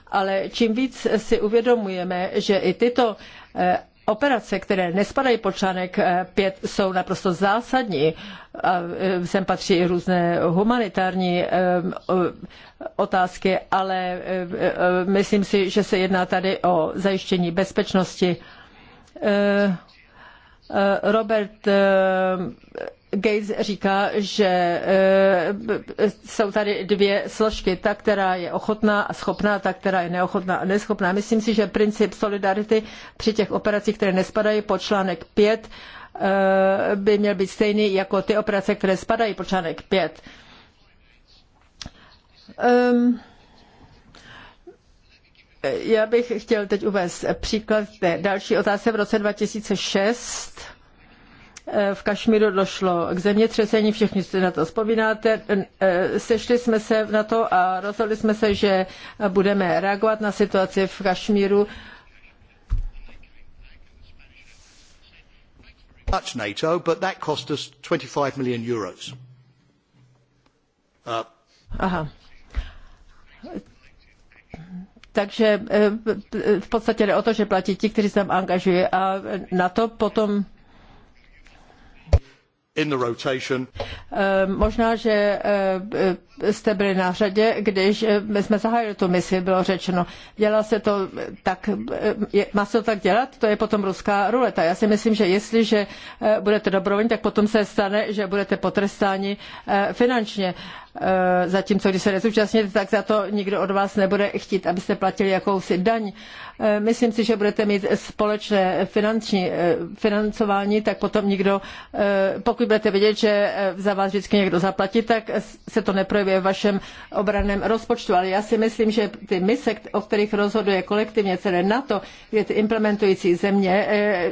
Ale čím víc si uvědomujeme, že i tyto eh, operace, které nespadají pod článek 5, eh, jsou naprosto zásadní. Eh, sem patří i různé humanitární eh, otázky, ale myslím si, že se jedná tady o zajištění bezpečnosti. Robert Gates říká, že eh, jsou tady dvě složky, ta, která je ochotná a schopná, ta, která je neochotná a neschopná. Myslím si, že princip solidarity při těch operacích, které nespadají pod článek 5, eh, by měl být stejný jako ty operace, které spadají pod článek 5. Um, ehm, já bych chtěl teď uvést příklad té další otázce v roce 2006 v Kašmíru došlo k zemětřesení, všichni si na to vzpomínáte. E, sešli jsme se na to a rozhodli jsme se, že budeme reagovat na situaci v Kašmíru. That's NATO, but that cost us 25 million euros. Uh. Aha. Takže e, v podstatě jde o to, že platí ti, kteří se tam angažují a na to potom Eh, možná, že eh, jste byli na řadě, když eh, jsme zahájili tu misi, bylo řečeno, dělá se to tak, má se to tak dělat, to je potom ruská ruleta. Já si myslím, že jestliže budete dobrovolní, tak potom se stane, že budete potrestáni finančně. Eh, zatímco když se nezúčastníte, tak za to nikdo od vás nebude chtít, abyste platili jakousi daň. Eh, myslím si, že budete mít společné finanční eh, financování, tak potom nikdo, pokud budete vědět, že za vás vždycky někdo zaplatí, tak se to neprojeví v vašem obraném rozpočtu. Ale já si myslím, že ty mise, o kterých rozhoduje kolektivně celé NATO, kde ty implementující země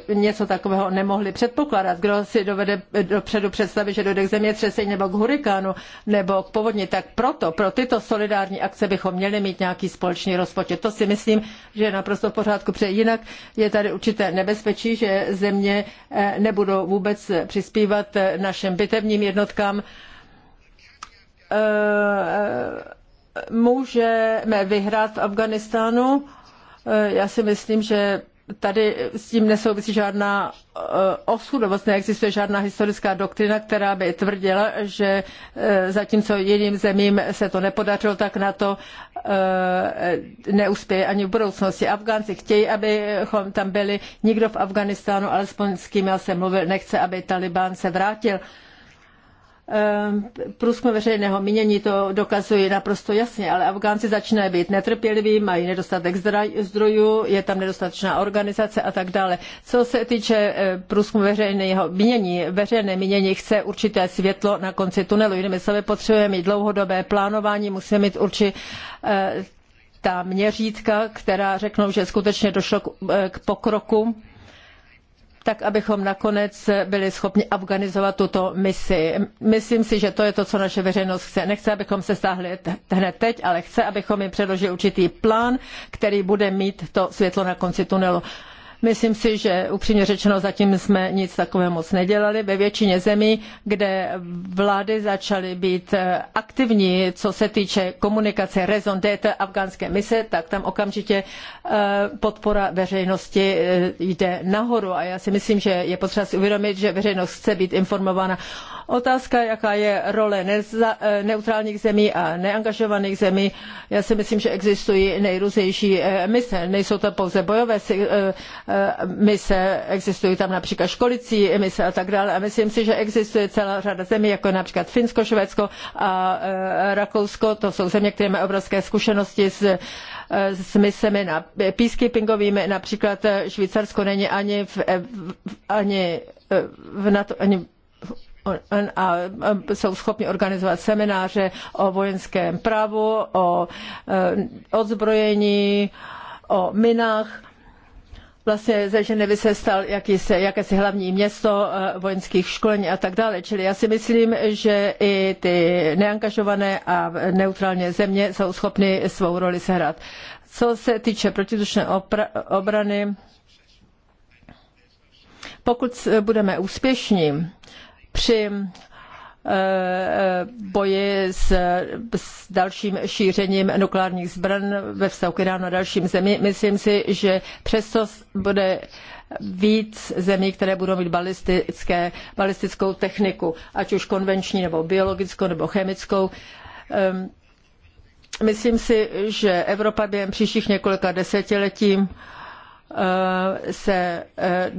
něco takového nemohli předpokládat. Kdo si dovede dopředu představit, že dojde k zemětřesení nebo k hurikánu nebo povodně, tak proto pro tyto solidární akce bychom měli mít nějaký společný rozpočet. To si myslím, že je naprosto v pořádku, protože jinak je tady určité nebezpečí, že země eh, nebudou vůbec přispívat eh, našim bitevním jednotkám eh, můžeme vyhrát v Afganistánu. Já si myslím, že tady s tím nesouvisí žádná eh, osudovost, vlastně neexistuje žádná historická doktrina, která by tvrdila, že eh, zatímco jiným zemím se to nepodařilo, tak na to eh, neuspěje ani v budoucnosti. Afgánci chtějí, abychom tam byli. Nikdo v Afganistánu, alespoň s kým já jsem mluvil, nechce, aby Taliban se vrátil. Uh, Ehm, průzkum veřejného mínění to dokazuje naprosto jasně, ale Afgánci začínají být netrpěliví, mají nedostatek zdrojů, je tam nedostatečná organizace a tak dále. Co se týče eh, průzkumu veřejného mínění, veřejné mínění chce určité světlo na konci tunelu. Jinými slovy, potřebujeme mít dlouhodobé plánování, musíme mít určitě eh, ta měřítka, která řeknou, že skutečně došlo k eh, pokroku tak abychom nakonec byli schopni afganizovat tuto misi. Myslím si, že to je to, co naše veřejnost chce. Nechce, abychom se stáhli hned teď, ale chce, abychom jim předložili určitý plán, který bude mít to světlo na konci tunelu. Myslím si, že upřímně řečeno zatím jsme nic takového moc nedělali. Ve většině zemí, kde vlády začaly být eh, aktivní, co se týče komunikace raison d'être afgánské mise, tak tam okamžitě eh, podpora veřejnosti eh, jde nahoru. A já si myslím, že je potřeba si uvědomit, že veřejnost chce být informována. Otázka, jaká je role neza, neutrálních zemí a neangažovaných zemí, já si myslím, že existují nejrůznější mise. Nejsou to pouze bojové Eh, mise, existují tam například školicí mise a tak dále a myslím si, že existuje celá řada zemí, jako například Finsko, Švédsko a eh, Rakousko, to jsou země, které mají obrovské zkušenosti s, eh, s misemi na peacekeepingovými, například Švýcarsko není ani v, ani v NATO, ani a jsou schopni organizovat semináře o vojenském právu, o odzbrojení, o minách vlastně ze Ženevy se stal jakýsi, jakési hlavní město eh, vojenských školení a tak dále. Čili já si myslím, že i ty neangažované a neutrální země jsou schopny svou roli sehrát. Co se týče protizdušné obrany, pokud budeme úspěšní při Eh, eh, boji s, s dalším šířením nukleárních zbran ve vztahu k Iránu a dalším zemím. Myslím si, že přesto bude víc zemí, které budou mít balistické, balistickou techniku, ať už konvenční nebo biologickou nebo chemickou. Ehm, myslím si, že Evropa během příštích několika desetiletí Eh, se eh,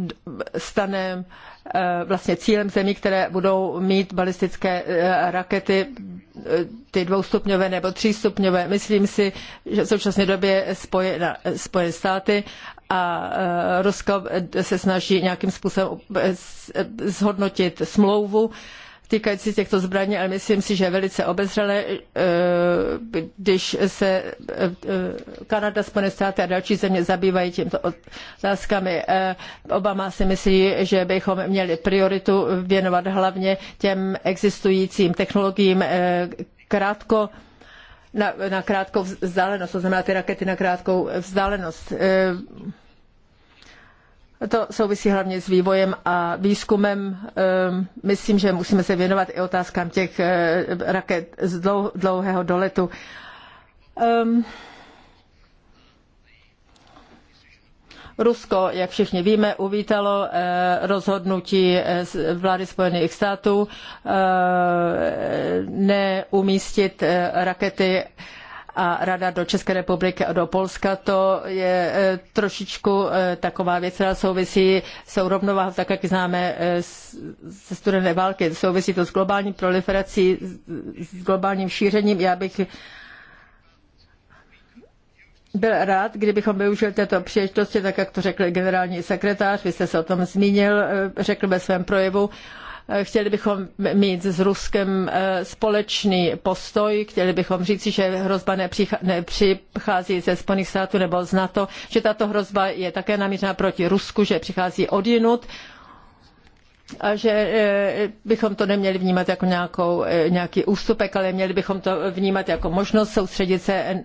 stane eh, vlastně cílem zemí, které budou mít balistické rakety, ty dvoustupňové nebo třístupňové. Myslím si, že v současné době Spojené státy a Rusko se snaží nějakým způsobem zhodnotit smlouvu týkající se těchto zbraní, ale myslím si, že je velice obezřelé, eh, když se eh, Kanada, Spojené státy a další země zabývají těmto otázkami. Eh, Obama si myslí, že bychom měli prioritu věnovat hlavně těm existujícím technologiím krátko na, na krátkou vzdálenost, to znamená ty rakety na krátkou vzdálenost. To souvisí hlavně s vývojem a výzkumem. Ehm, myslím, že musíme se věnovat i otázkám těch eh, raket z dlouhého doletu. Ehm, Rusko, jak všichni víme, uvítalo eh, rozhodnutí eh, vlády Spojených států neumístit rakety a rada do České republiky a do Polska, to je e, trošičku e, taková věc, která souvisí s rovnováhou, tak jak známe ze studené války. Souvisí to s globální proliferací, s globálním šířením. Já bych byl rád, kdybychom využili této příležitosti, tak jak to řekl generální sekretář, vy jste se o tom zmínil, e, řekl ve svém projevu, Eh, chtěli bychom mít s Ruskem eh, společný postoj, chtěli bychom říci, že hrozba nepřichází ze Spojených států nebo z NATO, že tato hrozba je také namířena proti Rusku, že přichází jinut a že e, bychom to neměli vnímat jako nějakou, e, nějaký ústupek, ale měli bychom to vnímat jako možnost soustředit se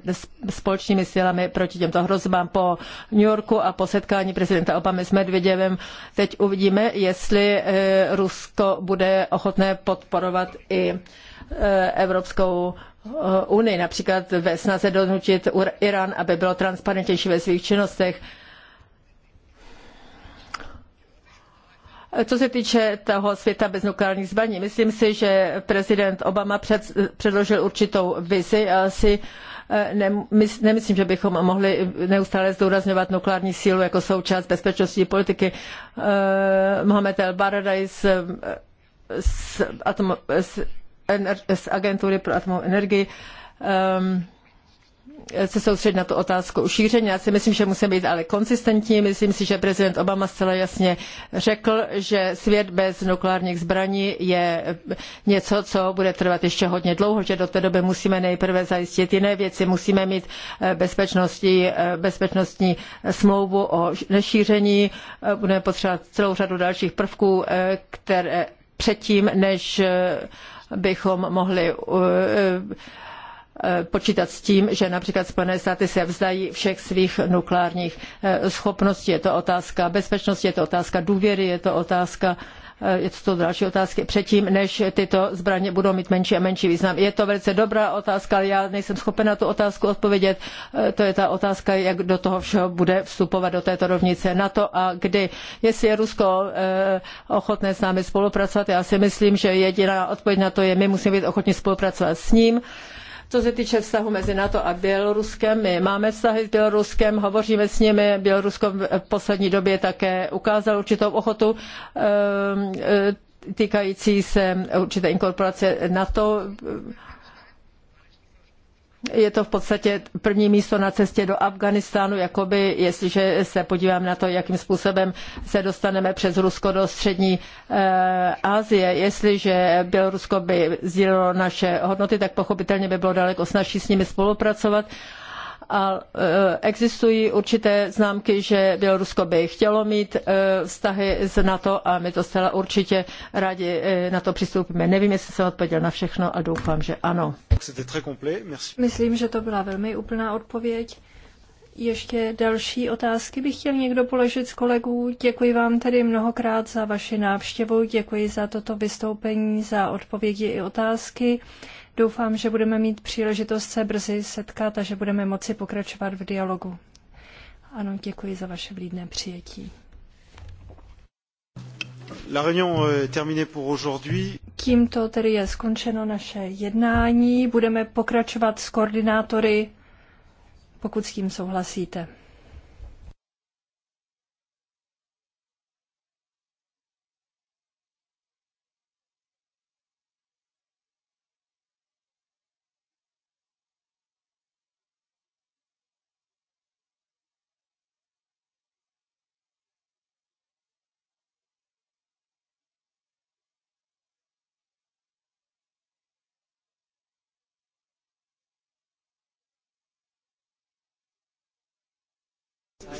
společnými silami proti těmto hrozbám po New Yorku a po setkání prezidenta Obamy s Medvěděvem. Teď uvidíme, jestli e, Rusko bude ochotné podporovat i Evropskou unii, například ve snaze donutit Irán, aby bylo transparentnější ve svých činnostech. Co se týče toho světa bez nukleárních zbraní, myslím si, že prezident Obama před, předložil určitou vizi a asi eh, nemyslím, že bychom mohli neustále zdůrazňovat nukleární sílu jako součást bezpečnostní politiky. Eh, Mohamed El Baradaj z, z, atom, z, z agentury pro atomovou energii ehm, se soustředit na tu otázku šíření. Já si myslím, že musíme být ale konsistentní. Myslím si, že prezident Obama zcela jasně řekl, že svět bez nukleárních zbraní je něco, co bude trvat ještě hodně dlouho, že do té doby musíme nejprve zajistit jiné věci. Musíme mít eh, bezpečnosti, eh, bezpečnostní smlouvu o nešíření, eh, budeme potřebovat celou řadu dalších prvků, které předtím, než bychom mohli Eh, počítat s tím, že například Spojené státy se vzdají všech svých nukleárních eh, schopností. Je to otázka bezpečnosti, je to otázka důvěry, je to otázka eh, je to další otázky, předtím, než tyto zbraně budou mít menší a menší význam. Je to velice dobrá otázka, ale já nejsem schopen na tu otázku odpovědět. To je ta otázka, jak do toho všeho bude vstupovat do této rovnice NATO a kdy. Jestli je Rusko ochotné s námi spolupracovat, já si myslím, že jediná odpověď na to je, my musíme být ochotni spolupracovat s ním. Co se týče vztahu mezi NATO a Běloruskem, my máme vztahy s Běloruskem, hovoříme s nimi. Bělorusko v poslední době také ukázalo určitou ochotu ehm, e, týkající se určité inkorporace NATO je to v podstatě první místo na cestě do Afganistánu, jakoby, jestliže se podívám na to, jakým způsobem se dostaneme přes Rusko do střední eh, Asie. Jestliže Bělorusko by sdílelo naše hodnoty, tak pochopitelně by bylo daleko snažší s nimi spolupracovat a e, existují určité známky, že Bělorusko by chtělo mít e, vztahy s NATO a my to zcela určitě rádi e, na to přistoupíme. Nevím, jestli jsem odpověděl na všechno a doufám, že ano. Myslím, že to byla velmi úplná odpověď. Ještě další otázky bych chtěl někdo položit z kolegů. Děkuji vám tedy mnohokrát za vaši návštěvu, děkuji za toto vystoupení, za odpovědi i otázky. Doufám, že budeme mít příležitost se brzy setkat a že budeme moci pokračovat v dialogu. Ano, děkuji za vaše vlídné přijetí. La réunion euh, est terminée pour aujourd'hui. Tímto tedy je skončeno naše jednání. Budeme pokračovat s koordinátory, pokud s tím souhlasíte.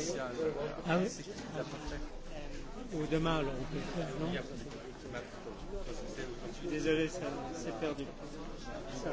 ici ah oui Ou demain, alors, on peut le faire, non Je suis désolé, c'est perdu. Ça,